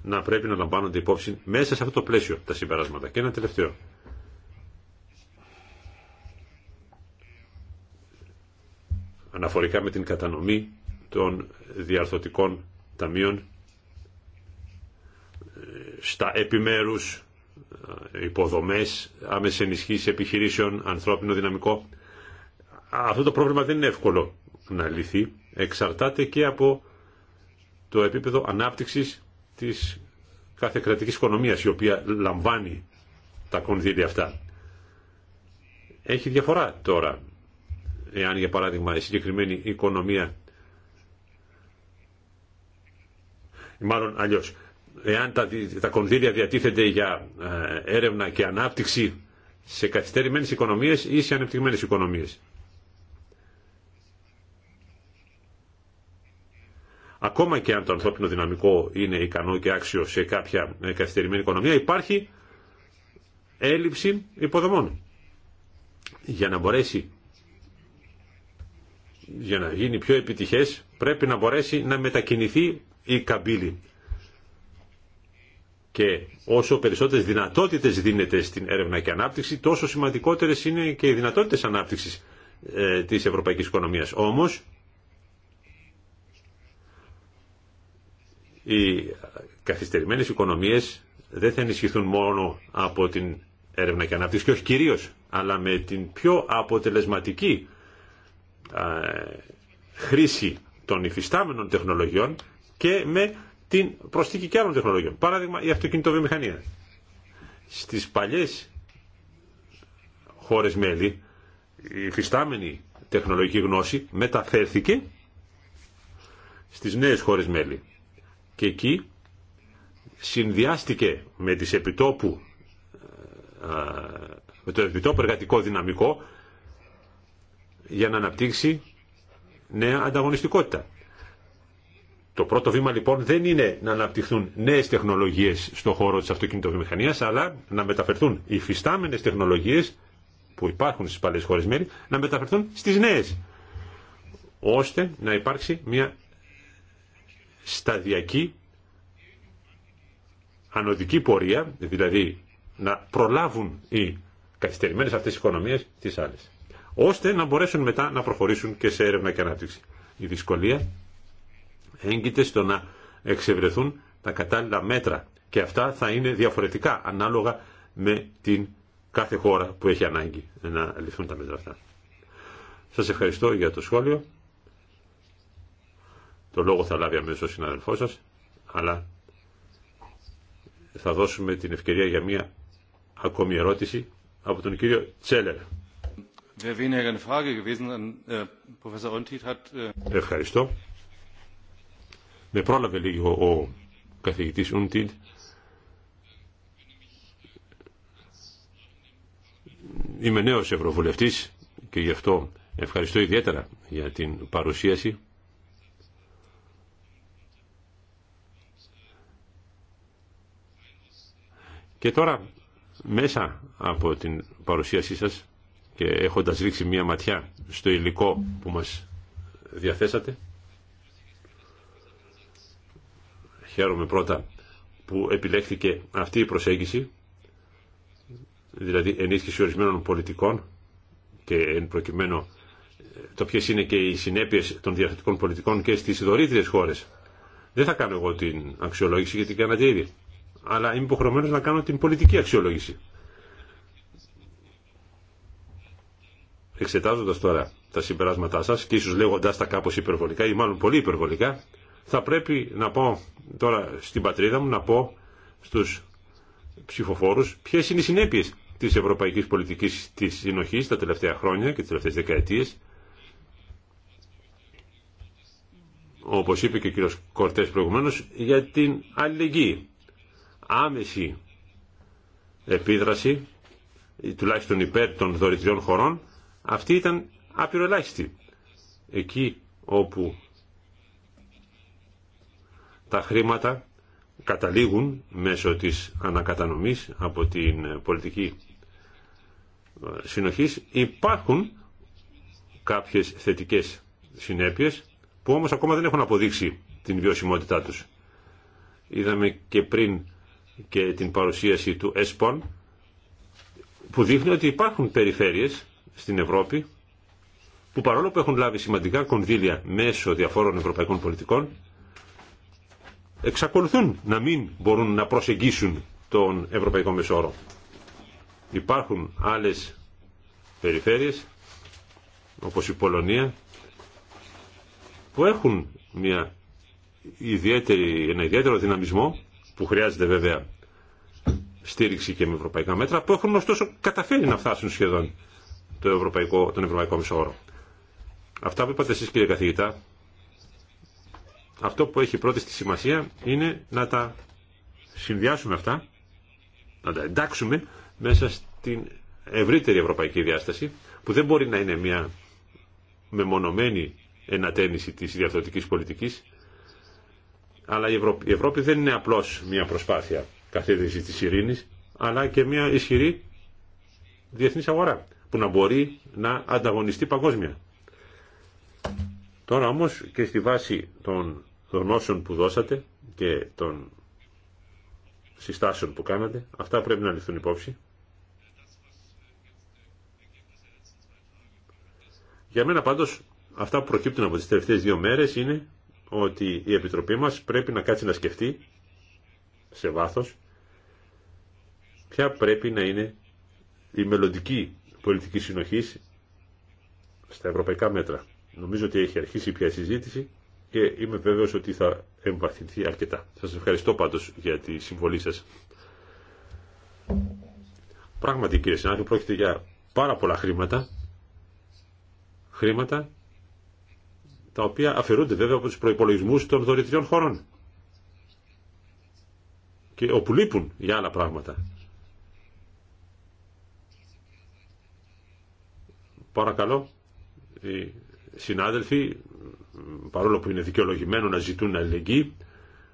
να πρέπει να λαμβάνονται υπόψη μέσα σε αυτό το πλαίσιο τα συμπεράσματα. Και ένα τελευταίο. αναφορικά με την κατανομή των διαρθωτικών ταμείων ε, στα επιμέρους ε, υποδομές, άμεση ενισχύσει επιχειρήσεων, ανθρώπινο δυναμικό. Αυτό το πρόβλημα δεν είναι εύκολο να λυθεί. Εξαρτάται και από το επίπεδο ανάπτυξης της κάθε κρατικής οικονομίας η οποία λαμβάνει τα κονδύλια αυτά. Έχει διαφορά τώρα Εάν για παράδειγμα η συγκεκριμένη οικονομία μάλλον αλλιώς εάν τα, τα κονδύλια διατίθενται για ε, έρευνα και ανάπτυξη σε καθυστερημένες οικονομίες ή σε ανεπτυγμένες οικονομίες. Ακόμα και αν το ανθρώπινο δυναμικό είναι ικανό και άξιο σε κάποια ε, καθυστερημένη οικονομία, υπάρχει έλλειψη υποδομών. Για να μπορέσει για να γίνει πιο επιτυχές πρέπει να μπορέσει να μετακινηθεί η καμπύλη. Και όσο περισσότερες δυνατότητες δίνεται στην έρευνα και ανάπτυξη, τόσο σημαντικότερες είναι και οι δυνατότητες ανάπτυξης ε, της ευρωπαϊκής οικονομίας. Όμως, οι καθυστερημένες οικονομίες δεν θα ενισχυθούν μόνο από την έρευνα και ανάπτυξη, και όχι κυρίως, αλλά με την πιο αποτελεσματική χρήση των υφιστάμενων τεχνολογιών και με την προσθήκη και άλλων τεχνολογιών. Παράδειγμα, η αυτοκινητοβιομηχανία. Στις παλιές χώρες μέλη, η υφιστάμενη τεχνολογική γνώση μεταφέρθηκε στις νέες χώρες μέλη. Και εκεί συνδυάστηκε με τις επιτόπου με το επιτόπου εργατικό δυναμικό για να αναπτύξει νέα ανταγωνιστικότητα. Το πρώτο βήμα λοιπόν δεν είναι να αναπτυχθούν νέες τεχνολογίες στον χώρο της αυτοκινητοβιομηχανίας, αλλά να μεταφερθούν οι φυστάμενες τεχνολογίες που υπάρχουν στις παλαιές χώρες μέρη να μεταφερθούν στις νέες, ώστε να υπάρξει μια σταδιακή ανωδική πορεία, δηλαδή να προλάβουν οι καθυστερημένες αυτές οι οικονομίες τις άλλες ώστε να μπορέσουν μετά να προχωρήσουν και σε έρευνα και ανάπτυξη. Η δυσκολία έγκυται στο να εξευρεθούν τα κατάλληλα μέτρα και αυτά θα είναι διαφορετικά ανάλογα με την κάθε χώρα που έχει ανάγκη να ληφθούν τα μέτρα αυτά. Σας ευχαριστώ για το σχόλιο. Το λόγο θα λάβει αμέσως ο συναδελφός σας, αλλά θα δώσουμε την ευκαιρία για μία ακόμη ερώτηση από τον κύριο Τσέλερ. Äh, äh, ευχαριστώ. Με πρόλαβε λίγο ο καθηγητής Ούντιντ. Είμαι νέος ευρωβουλευτής και γι' αυτό ευχαριστώ ιδιαίτερα για την παρουσίαση. Και τώρα μέσα από την παρουσίασή σας και έχοντας ρίξει μία ματιά στο υλικό που μας διαθέσατε χαίρομαι πρώτα που επιλέχθηκε αυτή η προσέγγιση δηλαδή ενίσχυση ορισμένων πολιτικών και εν προκειμένου ε, το ποιες είναι και οι συνέπειες των διαθετικών πολιτικών και στις δωρήτριε χώρες. Δεν θα κάνω εγώ την αξιολόγηση γιατί την κάνατε ήδη. Αλλά είμαι υποχρεωμένος να κάνω την πολιτική αξιολόγηση. Εξετάζοντα τώρα τα συμπεράσματά σας και ίσω λέγοντα τα κάπω υπερβολικά ή μάλλον πολύ υπερβολικά, θα πρέπει να πω τώρα στην πατρίδα μου να πω στους ψηφοφόρου ποιε είναι οι συνέπειες τη ευρωπαϊκής πολιτικής τη συνοχή τα τελευταία χρόνια και τι τελευταίε δεκαετίες. Όπως είπε και ο κ. Κορτέ προηγουμένω, για την αλληλεγγύη. Άμεση επίδραση, τουλάχιστον υπέρ των δωρητριών χωρών, αυτή ήταν απειροελάχιστη. Εκεί όπου τα χρήματα καταλήγουν μέσω της ανακατανομής από την πολιτική ε, συνοχής υπάρχουν κάποιες θετικές συνέπειες που όμως ακόμα δεν έχουν αποδείξει την βιωσιμότητά τους. Είδαμε και πριν και την παρουσίαση του ΕΣΠΟΝ που δείχνει ότι υπάρχουν περιφέρειες στην Ευρώπη που παρόλο που έχουν λάβει σημαντικά κονδύλια μέσω διαφόρων ευρωπαϊκών πολιτικών εξακολουθούν να μην μπορούν να προσεγγίσουν τον Ευρωπαϊκό Μεσόρο. Υπάρχουν άλλες περιφέρειες όπως η Πολωνία που έχουν μια ιδιαίτερη, ένα ιδιαίτερο δυναμισμό που χρειάζεται βέβαια στήριξη και με ευρωπαϊκά μέτρα που έχουν ωστόσο καταφέρει να φτάσουν σχεδόν το ευρωπαϊκό, τον ευρωπαϊκό μισόωρο. Αυτά που είπατε εσείς κύριε καθηγητά, αυτό που έχει πρώτη στη σημασία είναι να τα συνδυάσουμε αυτά, να τα εντάξουμε μέσα στην ευρύτερη ευρωπαϊκή διάσταση, που δεν μπορεί να είναι μια μεμονωμένη ενατένιση της διαρθρωτικής πολιτικής, αλλά η Ευρώπη, δεν είναι απλώς μια προσπάθεια καθίδρυσης της ειρήνης, αλλά και μια ισχυρή διεθνής αγορά που να μπορεί να ανταγωνιστεί παγκόσμια. Τώρα όμως και στη βάση των, γνώσεων που δώσατε και των συστάσεων που κάνατε, αυτά πρέπει να ληφθούν υπόψη. Για μένα πάντως αυτά που προκύπτουν από τις τελευταίες δύο μέρες είναι ότι η Επιτροπή μας πρέπει να κάτσει να σκεφτεί σε βάθος ποια πρέπει να είναι η μελλοντική Πολιτική συνοχής στα ευρωπαϊκά μέτρα. Νομίζω ότι έχει αρχίσει πια η συζήτηση και είμαι βέβαιος ότι θα εμβαθυνθεί αρκετά. Σας ευχαριστώ πάντως για τη συμβολή σας. Πράγματι κύριε συνάδελφε πρόκειται για πάρα πολλά χρήματα, χρήματα τα οποία αφαιρούνται βέβαια από τους προϋπολογισμούς των δωρητριών χωρών και όπου λείπουν για άλλα πράγματα. Παρακαλώ, οι συνάδελφοι, παρόλο που είναι δικαιολογημένο να ζητούν αλληλεγγύη,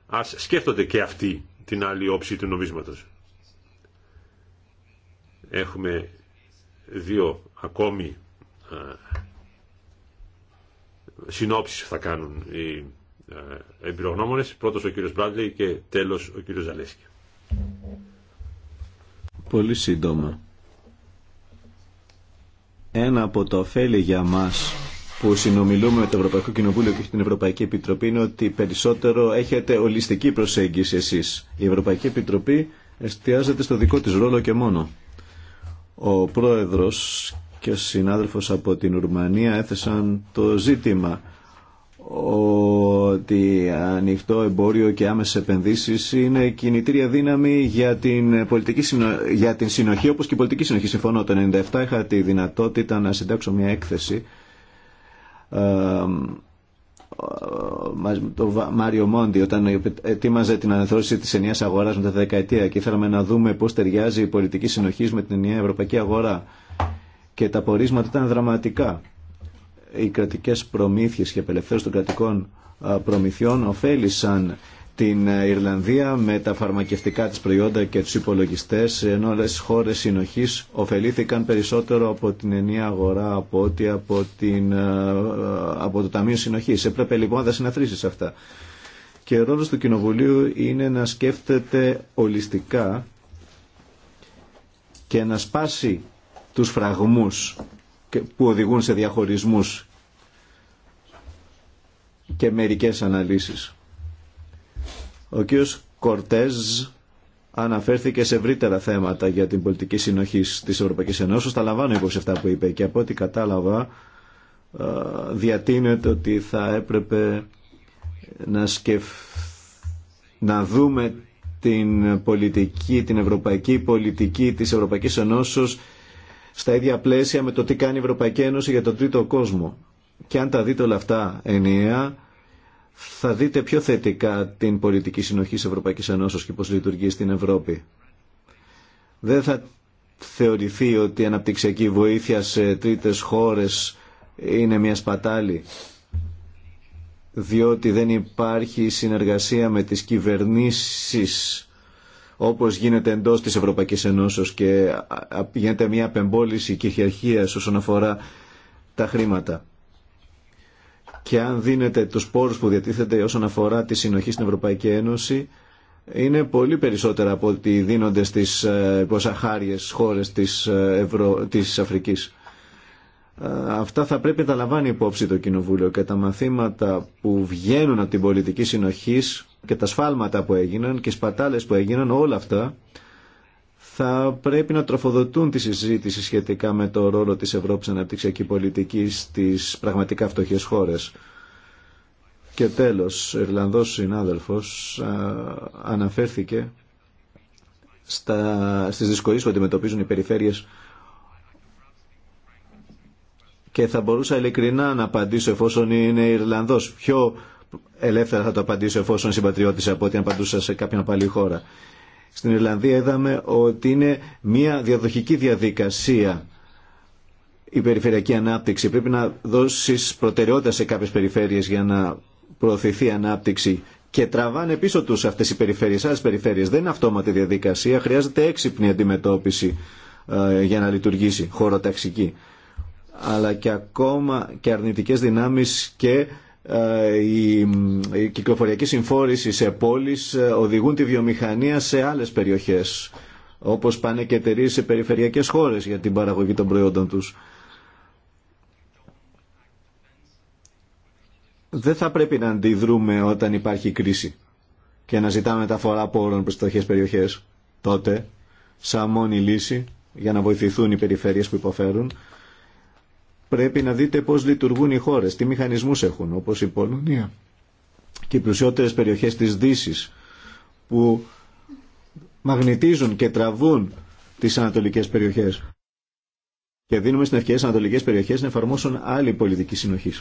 ας σκέφτονται και αυτοί την άλλη όψη του νομίσματος. Έχουμε δύο ακόμη ε, συνόψεις θα κάνουν οι ε, εμπειρογνώμονες. Πρώτος ο κύριος Μπράντλεϊ και τέλος ο κύριος Ζαλέσκη. Πολύ σύντομα. Ένα από τα ωφέλη για μας που συνομιλούμε με το Ευρωπαϊκό Κοινοβούλιο και την Ευρωπαϊκή Επιτροπή είναι ότι περισσότερο έχετε ολιστική προσέγγιση εσείς. Η Ευρωπαϊκή Επιτροπή εστιάζεται στο δικό της ρόλο και μόνο. Ο πρόεδρος και ο συνάδελφος από την Ουρμανία έθεσαν το ζήτημα ότι ανοιχτό εμπόριο και άμεσες επενδύσεις είναι κινητήρια δύναμη για την, πολιτική για την συνοχή όπως και η πολιτική συνοχή. Συμφωνώ, το 1997 είχα τη δυνατότητα να συντάξω μια έκθεση τον Μάριο Μόντι όταν ετοίμαζε την αναθεώρηση της ενιαίας αγοράς με τα δεκαετία και ήθελαμε να δούμε πώς ταιριάζει η πολιτική συνοχής με την ενιαία ευρωπαϊκή αγορά και τα πορίσματα ήταν δραματικά οι κρατικές προμήθειες και απελευθέρωση των κρατικών προμηθειών ωφέλησαν την ε, Ιρλανδία με τα φαρμακευτικά της προϊόντα και τους υπολογιστές ενώ όλες τις χώρες συνοχής ωφελήθηκαν περισσότερο από την ενία αγορά από ό,τι ε, από, το Ταμείο Συνοχής. Έπρεπε λοιπόν να συναθρήσεις αυτά. Και ο ρόλος του Κοινοβουλίου είναι να σκέφτεται ολιστικά και να σπάσει τους φραγμούς που οδηγούν σε διαχωρισμούς και μερικές αναλύσεις. Ο κ. Κορτέζ αναφέρθηκε σε ευρύτερα θέματα για την πολιτική συνοχή της Ευρωπαϊκής Ενώσης. Τα λαμβάνω υπόψη αυτά που είπε και από ό,τι κατάλαβα διατείνεται ότι θα έπρεπε να, σκεφ... να δούμε την πολιτική, την ευρωπαϊκή πολιτική της Ευρωπαϊκής Ενώσης στα ίδια πλαίσια με το τι κάνει η Ευρωπαϊκή Ένωση για τον τρίτο κόσμο. Και αν τα δείτε όλα αυτά ενιαία, θα δείτε πιο θετικά την πολιτική συνοχή της Ευρωπαϊκής Ενώσης και πώς λειτουργεί στην Ευρώπη. Δεν θα θεωρηθεί ότι η αναπτυξιακή βοήθεια σε τρίτες χώρες είναι μια σπατάλη διότι δεν υπάρχει συνεργασία με τις κυβερνήσεις όπως γίνεται εντός της Ευρωπαϊκής Ενώσεως και γίνεται μια απεμπόληση και όσον αφορά τα χρήματα. Και αν δίνετε τους πόρους που διατίθεται όσον αφορά τη συνοχή στην Ευρωπαϊκή Ένωση, είναι πολύ περισσότερα από ό,τι δίνονται στις ε, προσαχάριες χώρες της, ε, Ευρω... Αφρικής. Ε, αυτά θα πρέπει να τα λαμβάνει υπόψη το Κοινοβούλιο και τα μαθήματα που βγαίνουν από την πολιτική συνοχής και τα σφάλματα που έγιναν και οι σπατάλες που έγιναν, όλα αυτά θα πρέπει να τροφοδοτούν τη συζήτηση σχετικά με το ρόλο της Ευρώπης αναπτυξιακή πολιτική στις πραγματικά φτωχές χώρες. Και τέλος, ο Ιρλανδός συνάδελφος αναφέρθηκε στα, στις δυσκολίες που αντιμετωπίζουν οι περιφέρειες και θα μπορούσα ειλικρινά να απαντήσω εφόσον είναι Ιρλανδός πιο ελεύθερα θα το απαντήσω εφόσον συμπατριώτησα από ό,τι απαντούσα σε κάποια άλλη χώρα. Στην Ιρλανδία είδαμε ότι είναι μια διαδοχική διαδικασία η περιφερειακή ανάπτυξη. Πρέπει να δώσει προτεραιότητα σε κάποιε περιφέρειες για να προωθηθεί η ανάπτυξη και τραβάνε πίσω του αυτέ οι περιφερειε, άλλε περιφέρειε Δεν είναι αυτόματη διαδικασία, χρειάζεται έξυπνη αντιμετώπιση ε, για να λειτουργήσει χωροταξική αλλά και ακόμα και αρνητικέ δυνάμει και ε, η κυκλοφοριακή συμφόρηση σε πόλεις ε, οδηγούν τη βιομηχανία σε άλλες περιοχές όπως πάνε και εταιρείε σε περιφερειακές χώρες για την παραγωγή των προϊόντων τους. Δεν θα πρέπει να αντιδρούμε όταν υπάρχει κρίση και να ζητάμε μεταφορά πόρων προς τις περιοχές. Τότε, σαν μόνη λύση για να βοηθηθούν οι περιφέρειες που υποφέρουν, Πρέπει να δείτε πώς λειτουργούν οι χώρες, τι μηχανισμούς έχουν, όπως η Πολωνία και οι πλουσιότερες περιοχές της Δύσης που μαγνητίζουν και τραβούν τις ανατολικές περιοχές και δίνουμε στην ευκαιρία στις ανατολικές περιοχές να εφαρμόσουν άλλη πολιτική συνοχή.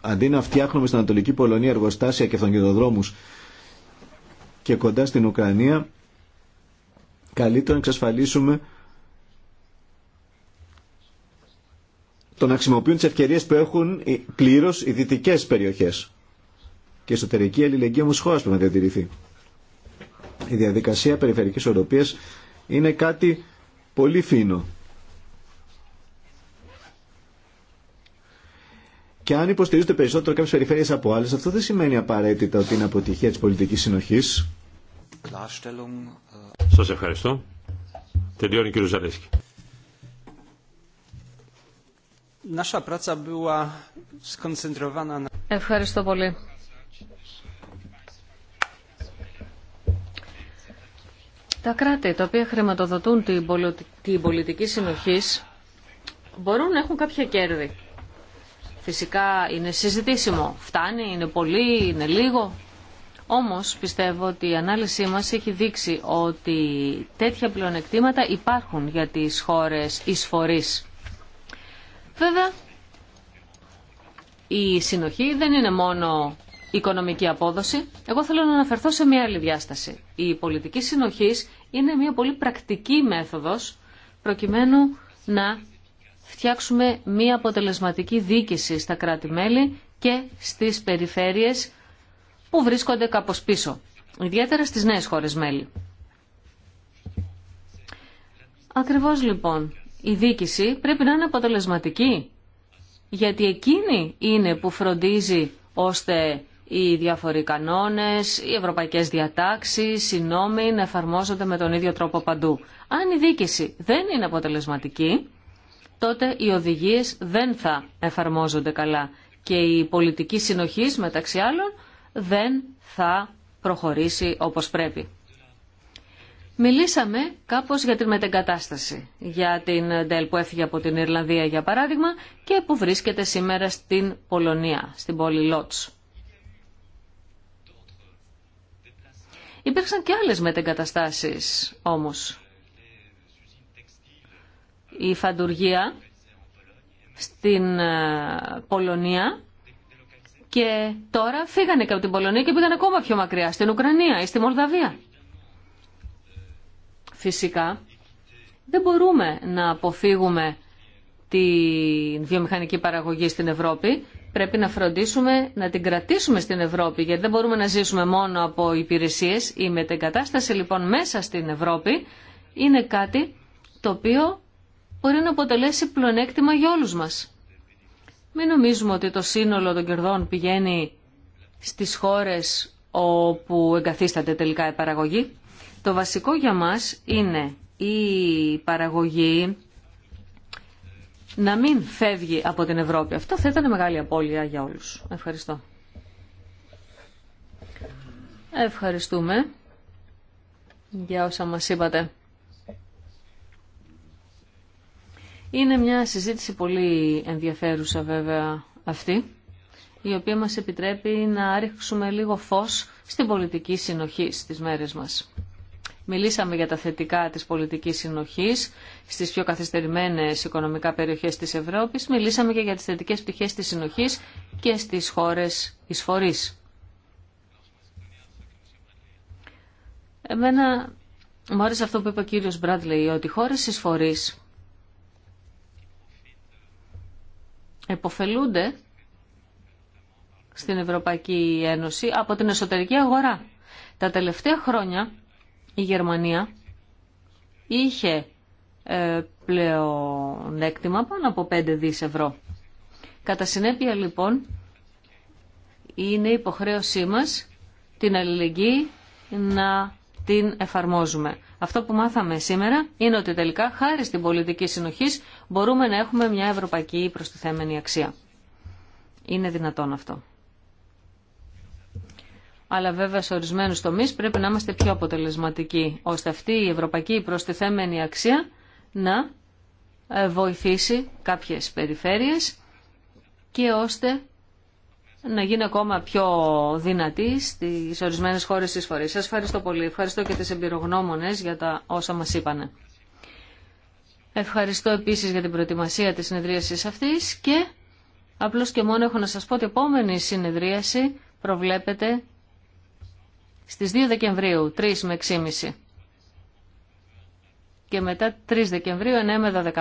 Αντί να φτιάχνουμε στην Ανατολική Πολωνία εργοστάσια και αυτοκινητοδρόμους και κοντά στην Ουκρανία, καλύτερα να εξασφαλίσουμε το να χρησιμοποιούν τι ευκαιρίε που έχουν πλήρω οι δυτικέ περιοχές. Και εσωτερική αλληλεγγύη όμω χώρας πρέπει να διατηρηθεί. Η διαδικασία περιφερειακή οροπία είναι κάτι πολύ φίνο. Και αν υποστηρίζονται περισσότερο κάποιε περιφέρειε από άλλε, αυτό δεν σημαίνει απαραίτητα ότι είναι αποτυχία τη πολιτική συνοχή. Ε, Σα ευχαριστώ. Τελειώνει ο κ. Ευχαριστώ πολύ. Τα κράτη τα οποία χρηματοδοτούν την πολιτική συνοχή μπορούν να έχουν κάποια κέρδη. Φυσικά είναι συζητήσιμο. Φτάνει, είναι πολύ, είναι λίγο. Όμως πιστεύω ότι η ανάλυση μας έχει δείξει ότι τέτοια πλεονεκτήματα υπάρχουν για τις χώρες εισφορής. Βέβαια, η συνοχή δεν είναι μόνο οικονομική απόδοση. Εγώ θέλω να αναφερθώ σε μια άλλη διάσταση. Η πολιτική συνοχή είναι μια πολύ πρακτική μέθοδος προκειμένου να φτιάξουμε μια αποτελεσματική δίκηση στα κράτη-μέλη και στις περιφέρειες που βρίσκονται κάπως πίσω, ιδιαίτερα στις νέες χώρες μέλη. Ακριβώς λοιπόν, η δίκηση πρέπει να είναι αποτελεσματική. Γιατί εκείνη είναι που φροντίζει ώστε οι διάφοροι κανόνες, οι ευρωπαϊκές διατάξεις, οι νόμοι να εφαρμόζονται με τον ίδιο τρόπο παντού. Αν η δίκηση δεν είναι αποτελεσματική, τότε οι οδηγίες δεν θα εφαρμόζονται καλά και η πολιτική συνοχής μεταξύ άλλων δεν θα προχωρήσει όπως πρέπει. Μιλήσαμε κάπως για την μετεγκατάσταση, για την Ντέλ που έφυγε από την Ιρλανδία για παράδειγμα και που βρίσκεται σήμερα στην Πολωνία, στην πόλη Λότς. Υπήρξαν και άλλες μετεγκαταστάσεις όμως. Η φαντουργία στην ε, Πολωνία και τώρα φύγανε και από την Πολωνία και πήγαν ακόμα πιο μακριά, στην Ουκρανία ή στη Μολδαβία φυσικά δεν μπορούμε να αποφύγουμε τη βιομηχανική παραγωγή στην Ευρώπη. Πρέπει να φροντίσουμε να την κρατήσουμε στην Ευρώπη, γιατί δεν μπορούμε να ζήσουμε μόνο από υπηρεσίες. Η μετεγκατάσταση λοιπόν μέσα στην Ευρώπη είναι κάτι το οποίο μπορεί να αποτελέσει πλονέκτημα για όλους μας. Μην νομίζουμε ότι το σύνολο των κερδών πηγαίνει στις χώρες όπου εγκαθίσταται τελικά η παραγωγή. Το βασικό για μας είναι η παραγωγή να μην φεύγει από την Ευρώπη. Αυτό θα ήταν μεγάλη απώλεια για όλους. Ευχαριστώ. Ευχαριστούμε για όσα μας είπατε. Είναι μια συζήτηση πολύ ενδιαφέρουσα βέβαια αυτή, η οποία μας επιτρέπει να ρίξουμε λίγο φως στην πολιτική συνοχή στις μέρες μας. Μιλήσαμε για τα θετικά της πολιτικής συνοχής στις πιο καθυστερημένες οικονομικά περιοχές της Ευρώπης. Μιλήσαμε και για τις θετικές πτυχές της συνοχής και στις χώρες εισφορής. Εμένα μου άρεσε αυτό που είπε ο κύριος Μπράτλεϊ, ότι οι χώρες εισφορής εποφελούνται στην Ευρωπαϊκή Ένωση από την εσωτερική αγορά. Τα τελευταία χρόνια η Γερμανία είχε ε, πλεονέκτημα πάνω από 5 δις ευρώ. Κατά συνέπεια λοιπόν είναι υποχρέωσή μας την αλληλεγγύη να την εφαρμόζουμε. Αυτό που μάθαμε σήμερα είναι ότι τελικά χάρη στην πολιτική συνοχή μπορούμε να έχουμε μια ευρωπαϊκή προστιθέμενη αξία. Είναι δυνατόν αυτό αλλά βέβαια σε ορισμένου τομεί πρέπει να είμαστε πιο αποτελεσματικοί, ώστε αυτή η ευρωπαϊκή προστιθέμενη αξία να ε, βοηθήσει κάποιες περιφέρειες και ώστε να γίνει ακόμα πιο δυνατή στις ορισμένες χώρες της φορής. Σας ευχαριστώ πολύ. Ευχαριστώ και τις εμπειρογνώμονες για τα όσα μας είπανε. Ευχαριστώ επίσης για την προετοιμασία της συνεδρίασης αυτής και απλώς και μόνο έχω να σας πω ότι η επόμενη συνεδρίαση προβλέπεται στις 2 Δεκεμβρίου 3 με 6,5 και μετά 3 Δεκεμβρίου 9 με 12.